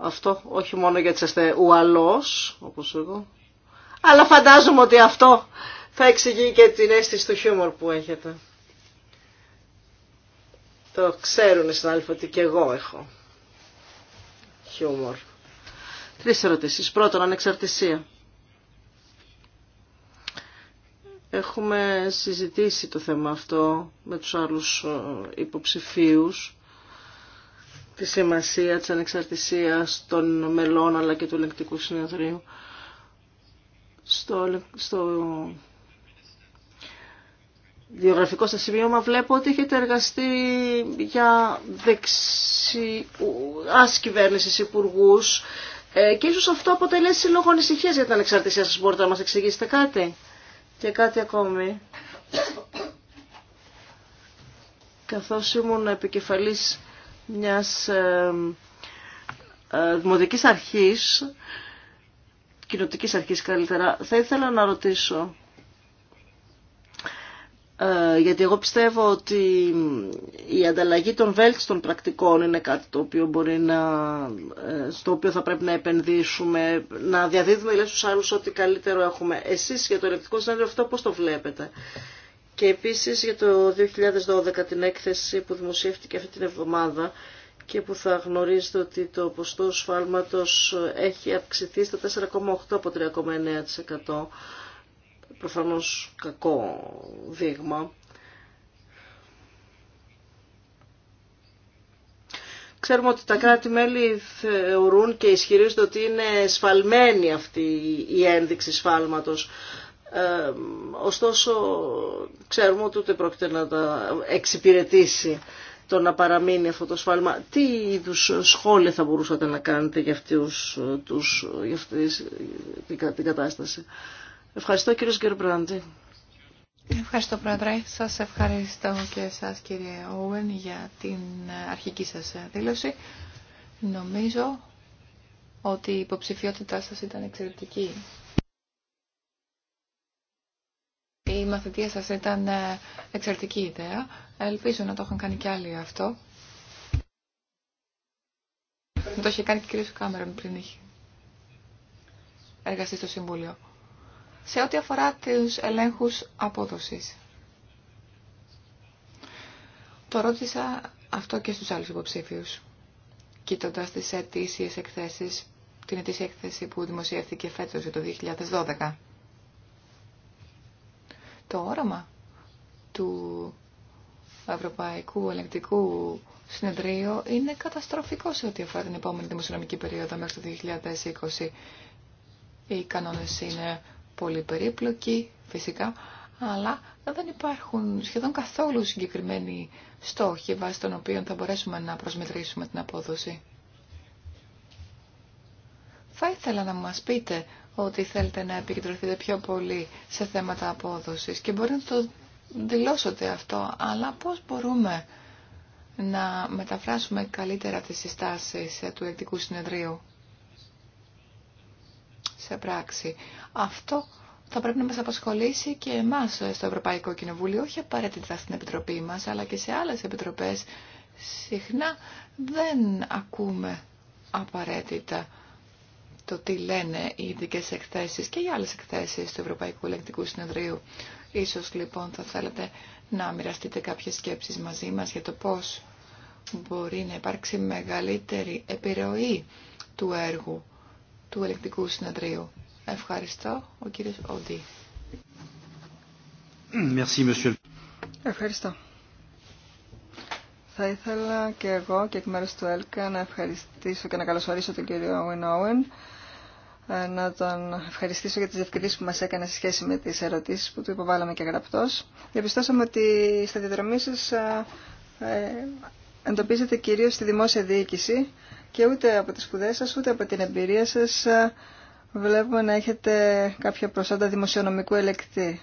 Speaker 4: αυτό, όχι μόνο γιατί είστε ουαλός, όπως εγώ, αλλά φαντάζομαι ότι αυτό θα εξηγεί και την αίσθηση του χιούμορ που έχετε. Το ξέρουν οι συνάδελφοι ότι και εγώ έχω χιούμορ. Τρεις ερωτήσεις. Πρώτον, ανεξαρτησία. Έχουμε συζητήσει το θέμα αυτό με τους άλλους ε, υποψηφίους τη σημασία της ανεξαρτησίας των μελών αλλά και του ελεγκτικού συνεδρίου στο, στο βιογραφικό σας σημείωμα βλέπω ότι έχετε εργαστεί για δεξιάς κυβέρνηση υπουργού. Ε, και ίσως αυτό αποτελέσει λόγο ανησυχίας για την ανεξαρτησία σας. Μπορείτε να μας εξηγήσετε κάτι. Και κάτι ακόμη. Καθώς ήμουν επικεφαλής μιας ε, ε, δημοτικής αρχής, κοινοτικής αρχής καλύτερα, θα ήθελα να ρωτήσω ε, γιατί εγώ πιστεύω ότι η ανταλλαγή των βέλτιστων πρακτικών είναι κάτι το οποίο μπορεί να, στο οποίο θα πρέπει να επενδύσουμε, να διαδίδουμε λέει στους άλλους ότι καλύτερο έχουμε. Εσείς για το ελεκτικό συνέδριο αυτό πώς το βλέπετε. Και επίσης για το 2012 την έκθεση που δημοσιεύτηκε αυτή την εβδομάδα και που θα γνωρίζετε ότι το ποστό σφάλματος έχει αυξηθεί στα 4,8 από 3,9%. Προφανώς κακό δείγμα. Ξέρουμε ότι τα κράτη-μέλη θεωρούν και ισχυρίζονται ότι είναι σφαλμένη αυτή η ένδειξη σφάλματος. Ε, ωστόσο, ξέρουμε ότι ούτε πρόκειται να τα εξυπηρετήσει το να παραμείνει αυτό το σφάλμα. Τι είδου σχόλια θα μπορούσατε να κάνετε για, αυτούς, τους, για αυτή την κατάσταση. Ευχαριστώ κύριος Γκερμπράντη.
Speaker 2: Ευχαριστώ Πρόεδρε. Σας ευχαριστώ και εσάς κύριε Όουεν για την αρχική σας δήλωση. Νομίζω ότι η υποψηφιότητά σας ήταν εξαιρετική Η μαθητεία σας ήταν ε, εξαιρετική ιδέα. Ελπίζω να το έχουν κάνει κι άλλοι αυτό. το είχε κάνει και η κυρία κάμερα πριν είχε εργαστεί στο Συμβούλιο. Σε ό,τι αφορά τους ελέγχους απόδοσης. Το ρώτησα αυτό και στους άλλους υποψήφιους. Κοιτώντας τις αιτήσιες εκθέσεις, την αιτήσια εκθέση που δημοσιεύθηκε φέτος για το 2012 το όραμα του Ευρωπαϊκού Ελεκτικού Συνεδρίου είναι καταστροφικό σε ό,τι αφορά την επόμενη δημοσιονομική περίοδο μέχρι το 2020. Οι κανόνε είναι πολύ περίπλοκοι φυσικά, αλλά δεν υπάρχουν σχεδόν καθόλου συγκεκριμένοι στόχοι βάσει των οποίων θα μπορέσουμε να προσμετρήσουμε την απόδοση. Θα ήθελα να μας πείτε ότι θέλετε να επικεντρωθείτε πιο πολύ σε θέματα απόδοσης και μπορεί να το δηλώσετε αυτό, αλλά πώς μπορούμε να μεταφράσουμε καλύτερα τις συστάσεις ε, του ελληνικού Συνεδρίου σε πράξη. Αυτό θα πρέπει να μας απασχολήσει και εμάς στο Ευρωπαϊκό Κοινοβούλιο, όχι απαραίτητα στην Επιτροπή μας, αλλά και σε άλλες επιτροπές. Συχνά δεν ακούμε απαραίτητα το τι λένε οι ειδικέ εκθέσεις και οι άλλες εκθέσεις του Ευρωπαϊκού Ελεκτικού Συνεδρίου. Ίσως λοιπόν θα θέλατε να μοιραστείτε κάποιες σκέψεις μαζί μας για το πώς μπορεί να υπάρξει μεγαλύτερη επιρροή του έργου του Ελεκτικού Συνεδρίου. Ευχαριστώ, ο κύριος Οντή. Ευχαριστώ. Θα ήθελα
Speaker 5: και εγώ και εκ μέρους του ΕΛΚΑ να ευχαριστήσω και να καλωσορίσω τον κύριο Owen ε, να τον ευχαριστήσω για τις διευκρινήσεις που μας έκανε σε σχέση με τις ερωτήσεις που του υποβάλαμε και γραπτός. Διαπιστώσαμε ότι στα διαδρομή σας ε, ε, εντοπίζετε κυρίως στη δημόσια διοίκηση και ούτε από τις σπουδές σας ούτε από την εμπειρία σας βλέπουμε να έχετε κάποια προσόντα δημοσιονομικού ελεκτή.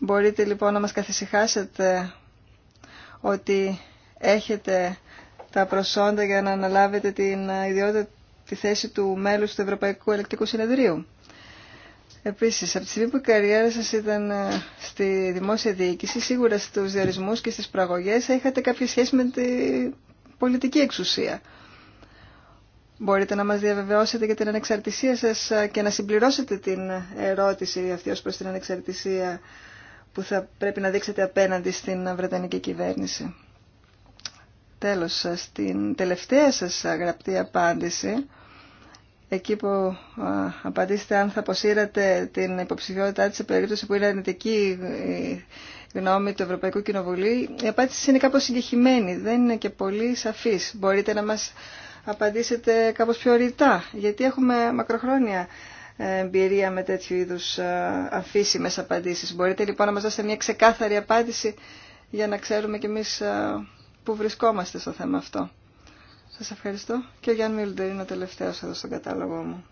Speaker 5: Μπορείτε λοιπόν να μας καθησυχάσετε ότι έχετε τα προσόντα για να αναλάβετε την ιδιότητα τη θέση του μέλους του Ευρωπαϊκού Ελεκτικού Συνεδρίου. Επίσης, από τη στιγμή που η καριέρα σας ήταν ε, στη δημόσια διοίκηση, σίγουρα στους διορισμούς και στις προαγωγές είχατε κάποια σχέση με την πολιτική εξουσία. Μπορείτε να μας διαβεβαιώσετε για την ανεξαρτησία σας ε, και να συμπληρώσετε την ερώτηση αυτή ως προς την ανεξαρτησία που θα πρέπει να δείξετε απέναντι στην Βρετανική κυβέρνηση. Τέλος, στην τελευταία σας γραπτή απάντηση, εκεί που απαντήσετε αν θα αποσύρατε την υποψηφιότητά της σε περίπτωση που είναι αρνητική γνώμη του Ευρωπαϊκού Κοινοβουλίου, η απάντηση είναι κάπως συγκεχημένη, δεν είναι και πολύ σαφής. Μπορείτε να μας απαντήσετε κάπως πιο ρητά, γιατί έχουμε μακροχρόνια ε, εμπειρία με τέτοιου είδους ε, αφήσιμες απαντήσεις. Μπορείτε λοιπόν να μας δώσετε μια ξεκάθαρη απάντηση για να ξέρουμε κι εμείς ε, που βρισκόμαστε στο θέμα αυτό. Σας ευχαριστώ και ο Γιάννη Μιλντερ είναι ο τελευταίος εδώ στον κατάλογο
Speaker 2: μου.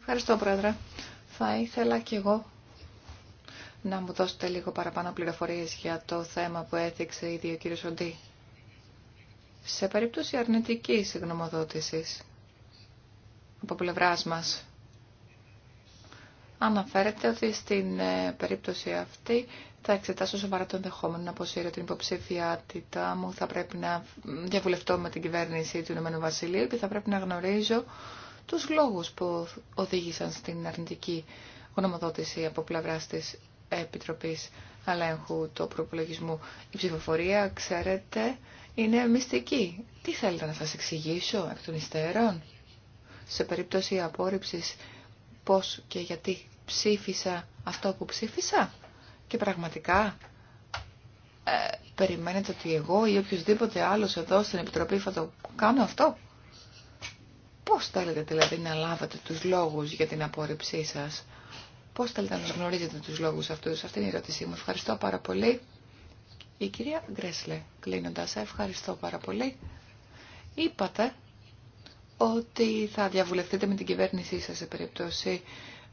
Speaker 2: Ευχαριστώ Πρόεδρε. Θα ήθελα κι εγώ να μου δώσετε λίγο παραπάνω πληροφορίες για το θέμα που έδειξε ήδη ο κύριος Οντή. Σε περίπτωση αρνητικής γνωμοδότησης από πλευρά μας, αναφέρεται ότι στην ε, περίπτωση αυτή θα εξετάσω σοβαρά το ενδεχόμενο να αποσύρω την υποψηφιότητά μου. Θα πρέπει να διαβουλευτώ με την κυβέρνηση του Ηνωμένου Βασιλείου και θα πρέπει να γνωρίζω τους λόγους που οδήγησαν στην αρνητική γνωμοδότηση από πλευρά τη Επιτροπής Αλέγχου του Προπολογισμού. Η ψηφοφορία, ξέρετε, είναι μυστική. Τι θέλετε να σας εξηγήσω εκ των υστέρων σε περίπτωση απόρριψης πώς και γιατί ψήφισα αυτό που ψήφισα. Και πραγματικά ε, περιμένετε ότι εγώ ή οποιοδήποτε άλλος εδώ στην Επιτροπή θα το κάνω αυτό. Πώς θέλετε δηλαδή να λάβετε τους λόγους για την απόρριψή σας. Πώς θέλετε να γνωρίζετε τους λόγους αυτούς. Αυτή είναι η ερώτησή μου. Ευχαριστώ πάρα πολύ. Η κυρία Γκρέσλε, κλείνοντας, ευχαριστώ πάρα πολύ. Είπατε ότι θα διαβουλευτείτε με την κυβέρνησή σας σε περίπτωση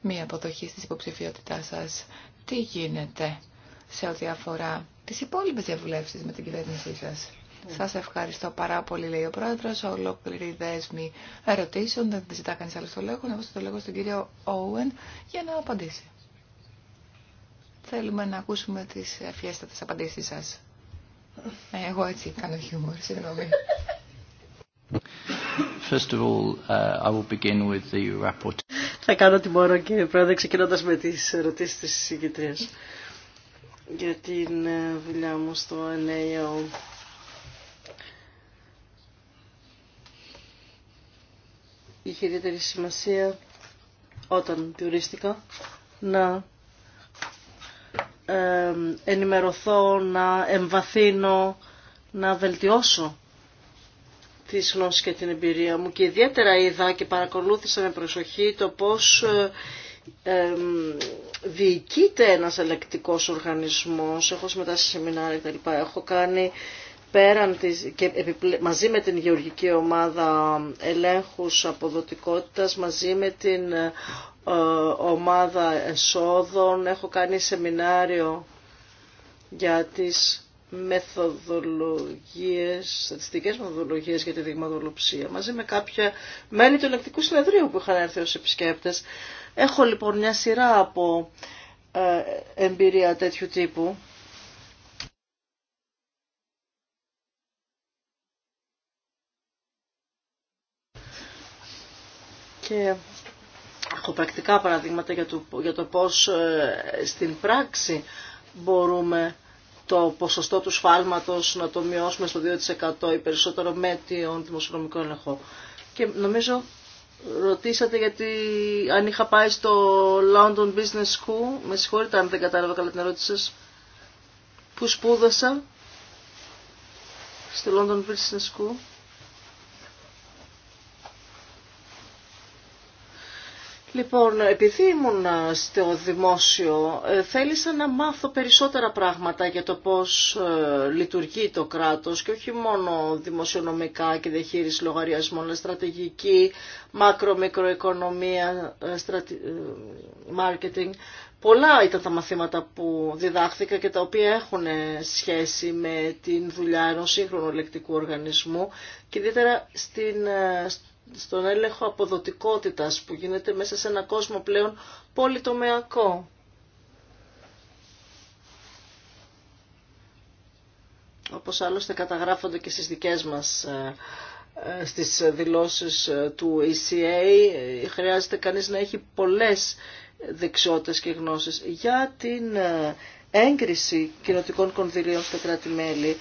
Speaker 2: μία αποδοχή στις υποψηφιότητά σας. Τι γίνεται σε ό,τι αφορά τις υπόλοιπες διαβουλεύσεις με την κυβέρνησή σας. Σα ευχαριστώ πάρα πολύ, λέει ο πρόεδρο, Ολόκληρη δέσμη ερωτήσεων. Δεν ζητά κανεί άλλο το λόγο. Να δώσω το λόγο στον κύριο Όουεν για να απαντήσει. Θέλουμε να ακούσουμε τις ευχέστατε απαντήσεις σας. Ε, εγώ
Speaker 4: έτσι κάνω χιούμορ, συγγνώμη.
Speaker 3: First of uh,
Speaker 4: I will begin with report. Θα κάνω ό,τι μπορώ κύριε Πρόεδρε ξεκινώντας με τις ερωτήσεις της συγκεκριτρίας για την ε, δουλειά μου στο NAO. Είχε ιδιαίτερη σημασία όταν διορίστηκα να ε, ενημερωθώ, να εμβαθύνω, να βελτιώσω τις γνώσεις και την εμπειρία μου και ιδιαίτερα είδα και παρακολούθησα με προσοχή το πώς ε, διοικείται ένας ελεκτικός οργανισμός, έχω συμμετάσχει σε σεμινάρια κτλ. Έχω κάνει πέραν της, και μαζί με την γεωργική ομάδα ελέγχους αποδοτικότητας, μαζί με την ε, ομάδα εσόδων, έχω κάνει σεμινάριο για τις μεθοδολογίες, στατιστικές μεθοδολογίες για τη δειγματοληψία μαζί με κάποια μέλη του ελεκτικού συνεδρίου που είχαν έρθει ως επισκέπτες. Έχω λοιπόν μια σειρά από ε, εμπειρία τέτοιου τύπου. Και έχω πρακτικά παραδείγματα για το, για το πώς ε, στην πράξη μπορούμε το ποσοστό του σφάλματος να το μειώσουμε στο 2% ή περισσότερο με τον δημοσιονομικό ελεγχό. Και νομίζω ρωτήσατε γιατί αν είχα πάει στο London Business School, με συγχωρείτε αν δεν κατάλαβα καλά την ερώτηση σας, που σπούδασα στο London Business School. Λοιπόν, επειδή ήμουν στο δημόσιο, ε, θέλησα να μάθω περισσότερα πράγματα για το πώς ε, λειτουργεί το κράτος και όχι μόνο δημοσιονομικά και διαχείριση λογαριασμών, αλλά στρατηγική, μακρο-μικροοικονομία, ε, marketing. Πολλά ήταν τα μαθήματα που διδάχθηκα και τα οποία έχουν σχέση με την δουλειά ενός σύγχρονου λεκτικού οργανισμού και ιδιαίτερα στην, στον έλεγχο αποδοτικότητας που γίνεται μέσα σε ένα κόσμο πλέον πολυτομεακό. Όπως άλλωστε καταγράφονται και στις δικές μας ε, ε, στις δηλώσεις ε, του ECA χρειάζεται κανείς να έχει πολλές δεξιότητες και γνώσεις για την έγκριση κοινοτικών κονδυλίων στα κράτη-μέλη.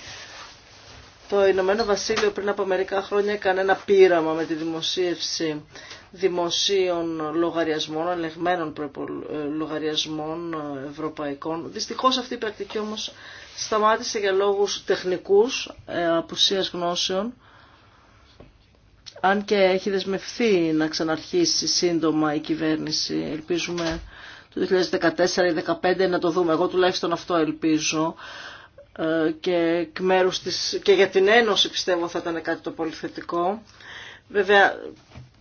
Speaker 4: Το Ηνωμένο Βασίλειο πριν από μερικά χρόνια έκανε ένα πείραμα με τη δημοσίευση δημοσίων λογαριασμών, ελεγμένων ε, λογαριασμών ε, ευρωπαϊκών. Δυστυχώς αυτή η πρακτική όμως σταμάτησε για λόγους τεχνικούς, ε, απουσίας γνώσεων. Αν και έχει δεσμευθεί να ξαναρχίσει σύντομα η κυβέρνηση, ελπίζουμε το 2014 ή 2015 να το δούμε. Εγώ τουλάχιστον αυτό ελπίζω. Ε, και, εκ της, και για την Ένωση πιστεύω θα ήταν κάτι το πολύ θετικό. Βέβαια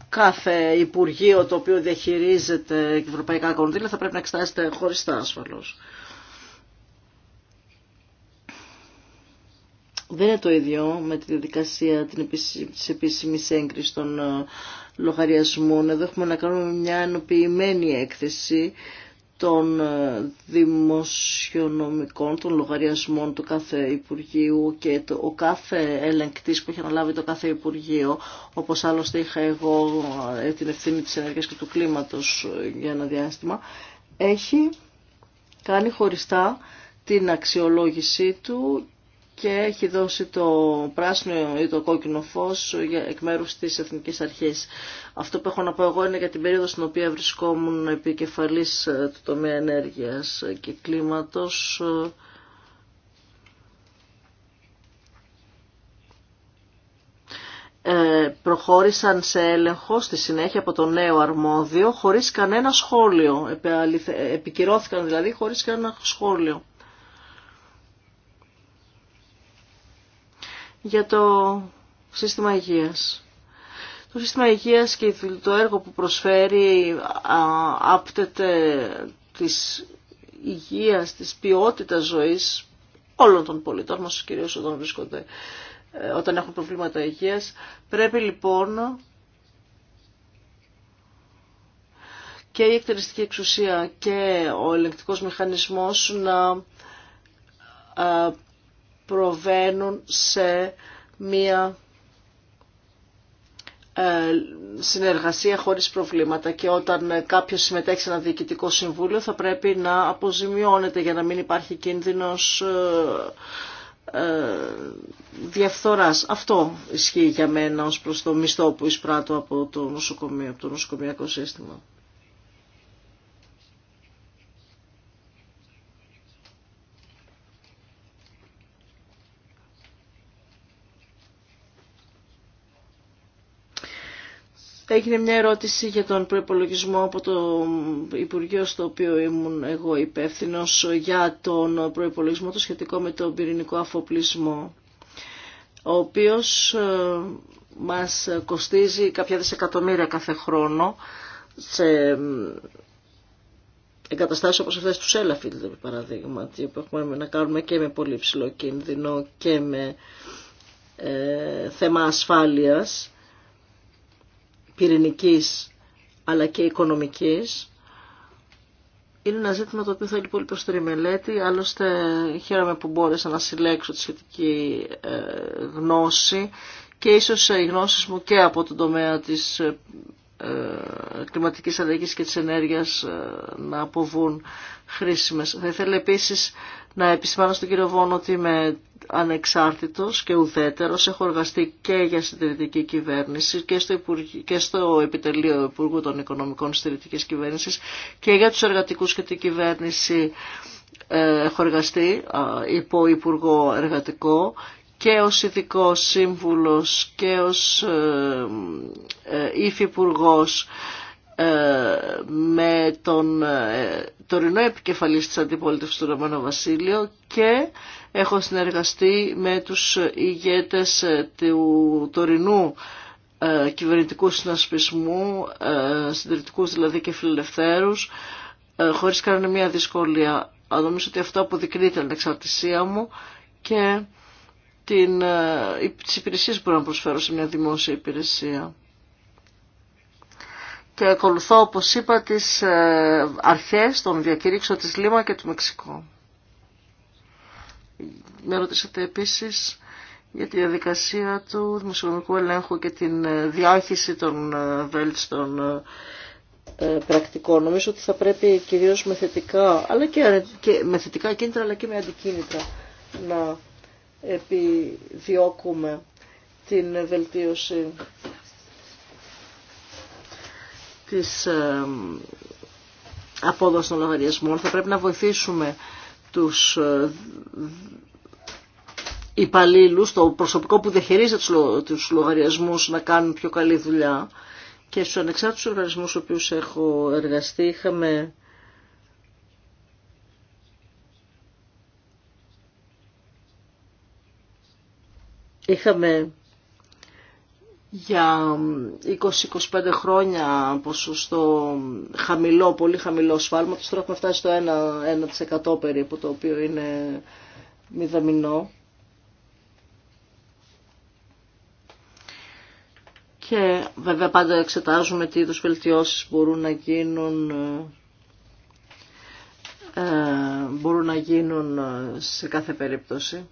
Speaker 4: κάθε Υπουργείο το οποίο διαχειρίζεται ευρωπαϊκά κονδύλια θα πρέπει να εξετάζεται χωριστά ασφαλώς. Δεν είναι το ίδιο με τη διαδικασία της επίσημης έγκρισης των ε, λογαριασμών. Εδώ έχουμε να κάνουμε μια ενοποιημένη έκθεση των ε, δημοσιονομικών, των λογαριασμών του κάθε Υπουργείου και το, ο κάθε ελεγκτής που έχει αναλάβει το κάθε Υπουργείο, όπως άλλωστε είχα εγώ ε, την ευθύνη της ενέργειας και του κλίματος ε, για ένα διάστημα, έχει κάνει χωριστά την αξιολόγησή του και έχει δώσει το πράσινο ή το κόκκινο φως εκ μέρους της Εθνικής Αρχής. Αυτό που έχω να πω εγώ είναι για την περίοδο στην οποία βρισκόμουν επικεφαλής ε, του τομέα ενέργειας και κλίματος. Ε, ε, προχώρησαν σε έλεγχο στη συνέχεια από το νέο αρμόδιο χωρίς κανένα σχόλιο. Επικυρώθηκαν δηλαδή χωρίς κανένα σχόλιο. για το σύστημα υγείας. Το σύστημα υγείας και το έργο που προσφέρει άπτεται της υγείας, της ποιότητας ζωής όλων των πολιτών μας, κυρίως όταν βρίσκονται, ε, όταν έχουν προβλήματα υγείας. Πρέπει λοιπόν και η εκτελεστική εξουσία και ο ελεγκτικός μηχανισμός να ε, προβαίνουν σε μία ε, συνεργασία χωρίς προβλήματα και όταν κάποιος συμμετέχει σε ένα διοικητικό συμβούλιο θα πρέπει να αποζημιώνεται για να μην υπάρχει κίνδυνος ε, ε, διαφθοράς. Αυτό ισχύει για μένα ως προς το μισθό που εισπράττω από το νοσοκομείο, από το νοσοκομιακό σύστημα. Έγινε μια ερώτηση για τον προπολογισμό από το Υπουργείο στο οποίο ήμουν εγώ υπεύθυνο για τον προπολογισμό το σχετικό με τον πυρηνικό αφοπλισμό ο οποίος ε, μας κοστίζει κάποια δισεκατομμύρια κάθε χρόνο σε εγκαταστάσεις όπως αυτές του Σέλαφιλ, παράδειγμα, που έχουμε να κάνουμε και με πολύ ψηλό κίνδυνο και με ε, θέμα ασφάλειας πυρηνικής αλλά και οικονομικής, είναι ένα ζήτημα το οποίο θέλει πολύ προσθερή μελέτη. Άλλωστε χαίρομαι που μπόρεσα να συλλέξω τη σχετική ε, γνώση και ίσως οι γνώσεις μου και από τον τομέα της ε, κλιματικής αλλαγής και της ενέργειας ε, να αποβούν χρήσιμες. Θα ήθελα επίσης να επισημάνω στον κύριο Βόνο ότι είμαι ανεξάρτητος και ουδέτερος. Έχω εργαστεί και για συντηρητική κυβέρνηση και στο, Επιτελείο Υπουργού των Οικονομικών Συντηρητικής Κυβέρνησης και για τους εργατικούς και την κυβέρνηση ε, έχω εργαστεί υπό Υπουργό Εργατικό και ως ειδικό σύμβουλος και ως ε, ε υφυπουργός ε, με τον ε, τωρινό επικεφαλής της αντιπολίτευσης του Ρωμανού Βασίλειο και έχω συνεργαστεί με τους ηγέτες ε, του τωρινού κυβερνητικού συνασπισμού, συντηρητικούς δηλαδή και φιλελευθέρους, χωρίς κανένα μια δυσκολία. Νομίζω ότι αυτό αποδεικνύει την εξαρτησία μου και την, τις υπηρεσίες που μπορώ να προσφέρω σε μια δημόσια υπηρεσία και ακολουθώ, όπως είπα, τις ε, αρχές των διακηρύξεων της Λίμα και του Μεξικού. Με ρωτήσατε επίσης για τη διαδικασία του δημοσιονομικού ελέγχου και την ε, διάχυση των ε, βέλτιστων πρακτικών. Νομίζω ότι θα πρέπει κυρίως με θετικά, αλλά και, και με θετικά κίνητρα, αλλά και με αντικίνητρα να επιδιώκουμε την βελτίωση της ε, απόδοση των λογαριασμών. Θα πρέπει να βοηθήσουμε τους ε, υπαλλήλους, το προσωπικό που διαχειρίζεται τους λογαριασμούς να κάνουν πιο καλή δουλειά. Και στους ανεξάρτητους οργανισμούς στους οποίους έχω εργαστεί είχαμε είχαμε για 20-25 χρόνια ποσοστό χαμηλό, πολύ χαμηλό σφάλματος. Τώρα έχουμε φτάσει στο 1%, 1 περίπου, το οποίο είναι μηδαμινό. Και βέβαια πάντα εξετάζουμε τι είδους βελτιώσεις μπορούν να γίνουν ε, μπορούν να γίνουν σε κάθε περίπτωση.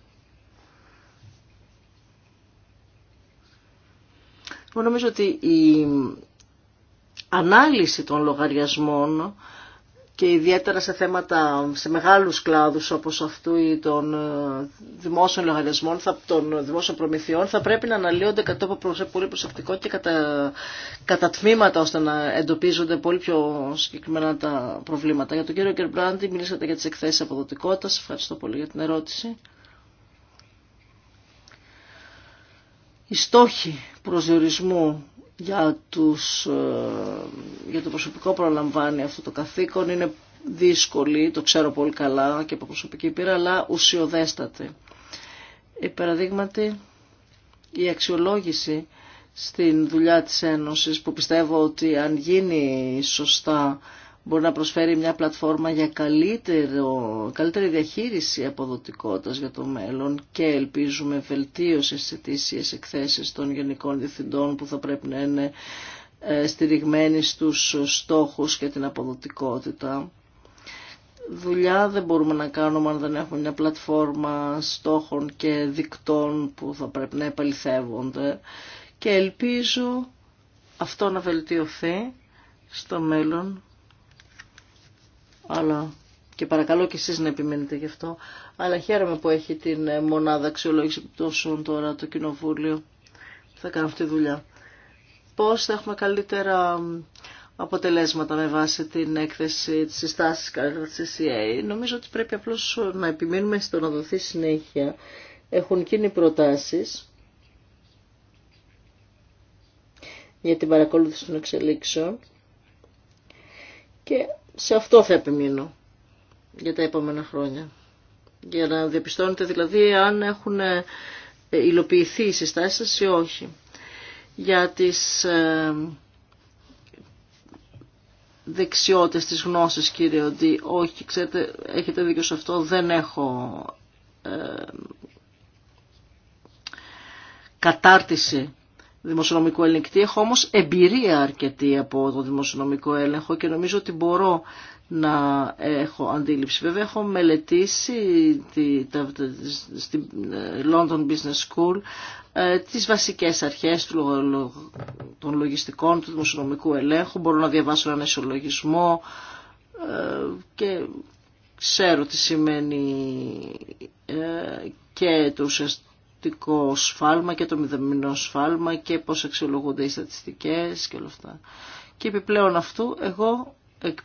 Speaker 4: Εγώ νομίζω ότι η ανάλυση των λογαριασμών και ιδιαίτερα σε θέματα, σε μεγάλους κλάδους όπως αυτού ή των ε, δημόσιων λογαριασμών, των δημόσιων προμηθειών, θα πρέπει να αναλύονται κατά από πολύ προσεκτικό και κατά, κατά τμήματα ώστε να εντοπίζονται πολύ πιο συγκεκριμένα τα προβλήματα. Για τον κύριο Κερμπράντη μιλήσατε για τις εκθέσεις αποδοτικότητας. Ευχαριστώ πολύ για την ερώτηση. οι στόχοι προσδιορισμού για, τους, ε, για το προσωπικό προλαμβάνει αυτό το καθήκον είναι δύσκολη, το ξέρω πολύ καλά και από προσωπική πείρα, αλλά ουσιοδέστατοι. Η παραδείγματι, η αξιολόγηση στην δουλειά της Ένωσης, που πιστεύω ότι αν γίνει σωστά μπορεί να προσφέρει μια πλατφόρμα για καλύτερο, καλύτερη διαχείριση αποδοτικότητας για το μέλλον και ελπίζουμε βελτίωση στις αιτήσιες εκθέσεις των γενικών διευθυντών που θα πρέπει να είναι ε, στηριγμένοι στους στόχους και την αποδοτικότητα. Δουλειά δεν μπορούμε να κάνουμε αν δεν έχουμε μια πλατφόρμα στόχων και δικτών που θα πρέπει να επαληθεύονται και ελπίζω αυτό να βελτιωθεί στο μέλλον αλλά και παρακαλώ και εσείς να επιμένετε γι' αυτό, αλλά χαίρομαι που έχει την μονάδα αξιολόγηση επιπτώσεων τώρα το Κοινοβούλιο που θα κάνει αυτή τη δουλειά. Πώς θα έχουμε καλύτερα αποτελέσματα με βάση την έκθεση της συστάσης κατά της CCA. Νομίζω ότι πρέπει απλώς να επιμείνουμε στο να δοθεί συνέχεια. Έχουν κίνη προτάσεις για την παρακολούθηση των εξελίξεων και σε αυτό θα επιμείνω για τα επόμενα χρόνια. Για να διαπιστώνετε δηλαδή αν έχουν ε, υλοποιηθεί οι συστάσεις ή όχι. Για τις ε, δεξιότητες, της γνώσης κύριε ότι όχι, ξέρετε, έχετε δίκιο σε αυτό, δεν έχω ε, κατάρτιση δημοσιονομικού ελεγκτή. Έχω όμως εμπειρία αρκετή από το δημοσιονομικό έλεγχο και νομίζω ότι μπορώ να έχω αντίληψη. Βέβαια έχω μελετήσει τη, στη ε, London Business School τι ε, τις βασικές αρχές του, των λογιστικών, του δημοσιονομικού ελέγχου. Μπορώ να διαβάσω έναν ισολογισμό ε, και ξέρω τι σημαίνει και το ουσιαστικό στατιστικό σφάλμα και το μηδαμινό σφάλμα και πώς αξιολογούνται οι στατιστικές και όλα αυτά. Και επιπλέον αυτού εγώ εκ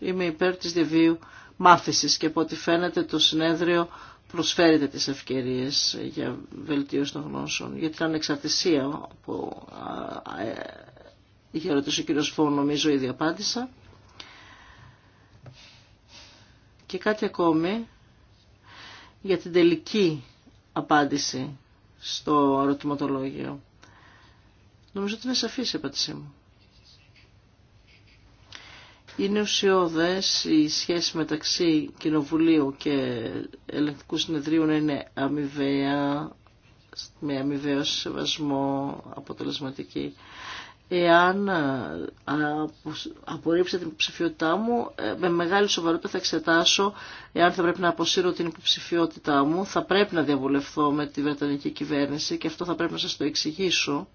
Speaker 4: είμαι υπέρ της διαβίου μάθησης και από ό,τι φαίνεται το συνέδριο προσφέρεται τις ευκαιρίες για βελτίωση των γνώσεων. Για ήταν εξαρτησία που ε, είχε ρωτήσει ο κύριος Φόν νομίζω ήδη απάντησα. Και κάτι ακόμη για την τελική απάντηση στο ερωτηματολόγιο. Νομίζω ότι είναι σαφής η απάντησή μου. Είναι ουσιώδες η σχέση μεταξύ Κοινοβουλίου και Ελεκτικού Συνεδρίου να είναι αμοιβαία, με αμοιβαίο σεβασμό, αποτελεσματική εάν ε, απορρίψετε την υποψηφιότητά μου, ε, με μεγάλη σοβαρότητα θα εξετάσω εάν θα πρέπει να αποσύρω την υποψηφιότητά μου. Θα πρέπει να διαβουλευθώ με τη Βρετανική κυβέρνηση και αυτό θα πρέπει να σας το εξηγήσω.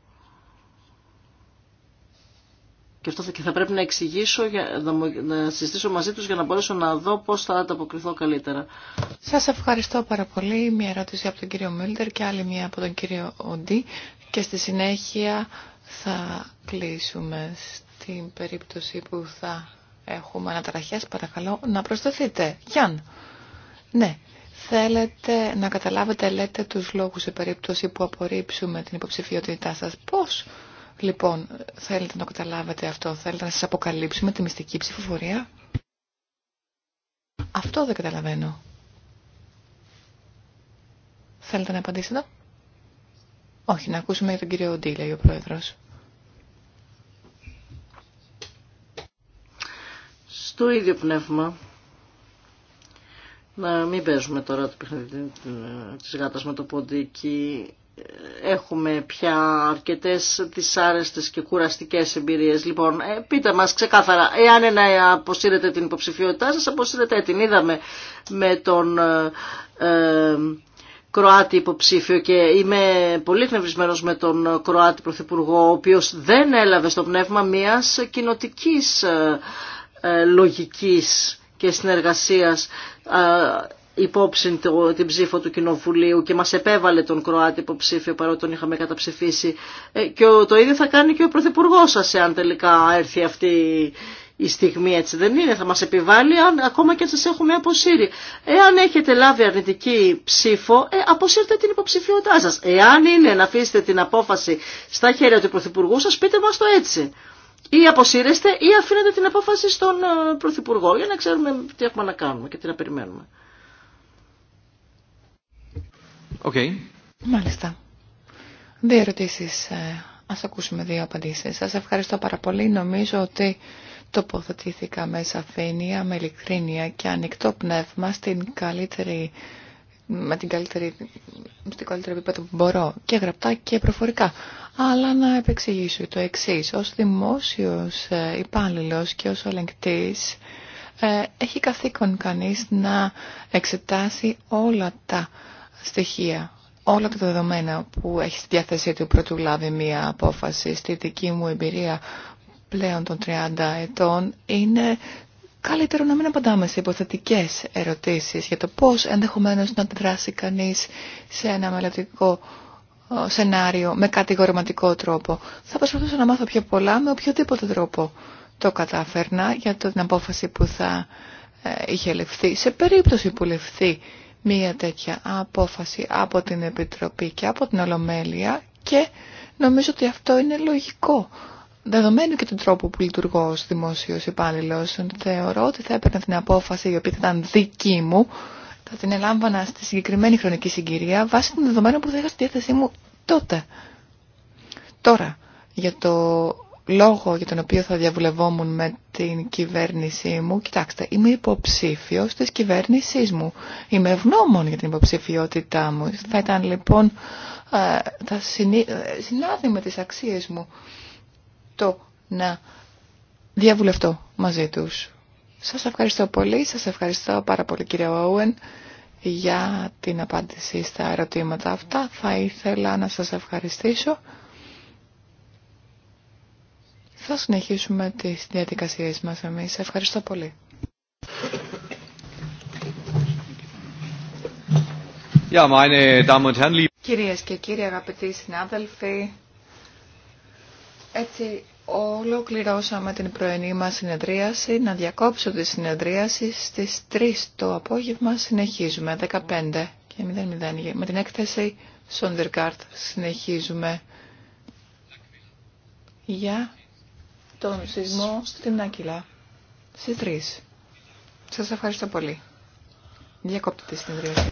Speaker 4: Και αυτό θα πρέπει να εξηγήσω, να συζητήσω μαζί τους για να μπορέσω να δω πώς θα ανταποκριθώ καλύτερα.
Speaker 2: Σας ευχαριστώ πάρα πολύ. Μια ερώτηση από τον κύριο Μίλτερ και άλλη μια από τον κύριο Οντί. Και στη συνέχεια θα κλείσουμε στην περίπτωση που θα έχουμε αναταραχές. Παρακαλώ να προσταθείτε. Γιάν. Ναι. Θέλετε να καταλάβετε, λέτε, τους λόγους σε περίπτωση που απορρίψουμε την υποψηφιότητά σας. Πώς, λοιπόν, θέλετε να καταλάβετε αυτό. Θέλετε να σας αποκαλύψουμε τη μυστική ψηφοφορία. Αυτό δεν καταλαβαίνω. Θέλετε να απαντήσετε. Όχι, να ακούσουμε για τον κύριο Οντή, λέει ο Πρόεδρος.
Speaker 4: Στο ίδιο πνεύμα, να μην παίζουμε τώρα το παιχνίδι της γάτας με το ποντίκι, έχουμε πια αρκετές δυσάρεστες και κουραστικές εμπειρίες. Λοιπόν, ε, πείτε μας ξεκάθαρα, εάν ένα αποσύρετε την υποψηφιότητά σας, αποσύρετε την. Είδαμε με τον... Ε, ε, Κροάτι υποψήφιο και είμαι πολύ χνευρισμένος με τον Κροάτι Πρωθυπουργό, ο οποίος δεν έλαβε στο πνεύμα μιας κοινοτική ε, ε, λογικής και συνεργασίας ε, υπόψη την ψήφο του Κοινοβουλίου και μας επέβαλε τον Κροάτι υποψήφιο παρότι τον είχαμε καταψηφίσει. Και το ίδιο θα κάνει και ο Πρωθυπουργό σας εάν τελικά έρθει αυτή η στιγμή έτσι δεν είναι, θα μας επιβάλλει αν, ακόμα και αν σας έχουμε αποσύρει. Εάν έχετε λάβει αρνητική ψήφο, ε, αποσύρτε την υποψηφιότητά σας. Εάν είναι να αφήσετε την απόφαση στα χέρια του Πρωθυπουργού σας, πείτε μας το έτσι. Ή αποσύρεστε ή αφήνετε την απόφαση στον ε, Πρωθυπουργό για να ξέρουμε τι έχουμε να κάνουμε και τι να περιμένουμε. Okay.
Speaker 2: Μάλιστα. Δύο ερωτήσεις. Ε, ας ακούσουμε δύο απαντήσεις. Σας ευχαριστώ πάρα πολύ. Νομίζω ότι τοποθετήθηκα με σαφήνεια, με ειλικρίνεια και ανοιχτό πνεύμα στην καλύτερη, με την καλύτερη, στην καλύτερη επίπεδο που μπορώ και γραπτά και προφορικά. Αλλά να επεξηγήσω το εξή. Ω δημόσιο ε, υπάλληλο και ω ολεκτής ε, έχει καθήκον κανείς να εξετάσει όλα τα στοιχεία όλα τα δεδομένα που έχει στη διάθεσή του πρωτού λάβει μία απόφαση στη δική μου εμπειρία πλέον των 30 ετών είναι καλύτερο να μην απαντάμε σε υποθετικές ερωτήσεις για το πώς ενδεχομένως να αντιδράσει κανείς σε ένα μελλοντικό ε, σενάριο με κατηγορηματικό τρόπο. Θα προσπαθούσα να μάθω πιο πολλά με οποιοδήποτε τρόπο το κατάφερνα για την απόφαση που θα ε, είχε ληφθεί. Σε περίπτωση που ληφθεί μία τέτοια απόφαση από την Επιτροπή και από την Ολομέλεια και νομίζω ότι αυτό είναι λογικό Δεδομένου και τον τρόπο που λειτουργώ ως δημόσιος υπάλληλος, θεωρώ ότι θα έπαιρνα την απόφαση η οποία θα ήταν δική μου, θα την ελάμβανα στη συγκεκριμένη χρονική συγκυρία βάσει των δεδομένων που θα είχα στη διάθεσή μου τότε. Τώρα, για το λόγο για τον οποίο θα διαβουλευόμουν με την κυβέρνησή μου, κοιτάξτε, είμαι υποψήφιο τη κυβέρνησή μου. Είμαι ευγνώμων για την υποψηφιότητά μου. Θα ήταν λοιπόν, ε, θα ε, συνάδει με τις αξίες μου το να διαβουλευτώ μαζί τους. Σας ευχαριστώ πολύ, σας ευχαριστώ πάρα πολύ κύριε Όουεν για την απάντηση στα ερωτήματα αυτά. Θα ήθελα να σας ευχαριστήσω. Θα συνεχίσουμε τις διαδικασίες μας εμείς. Ευχαριστώ πολύ. Κυρίες και κύριοι αγαπητοί συνάδελφοι, έτσι ολοκληρώσαμε την πρωινή μας συνεδρίαση. Να διακόψω τη συνεδρίαση στις 3 το απόγευμα. Συνεχίζουμε 15 και 00. Με την έκθεση Sondergaard συνεχίζουμε για τον σεισμό στην Άκυλα στις 3. Σας ευχαριστώ πολύ. Διακόπτω τη συνεδρίαση.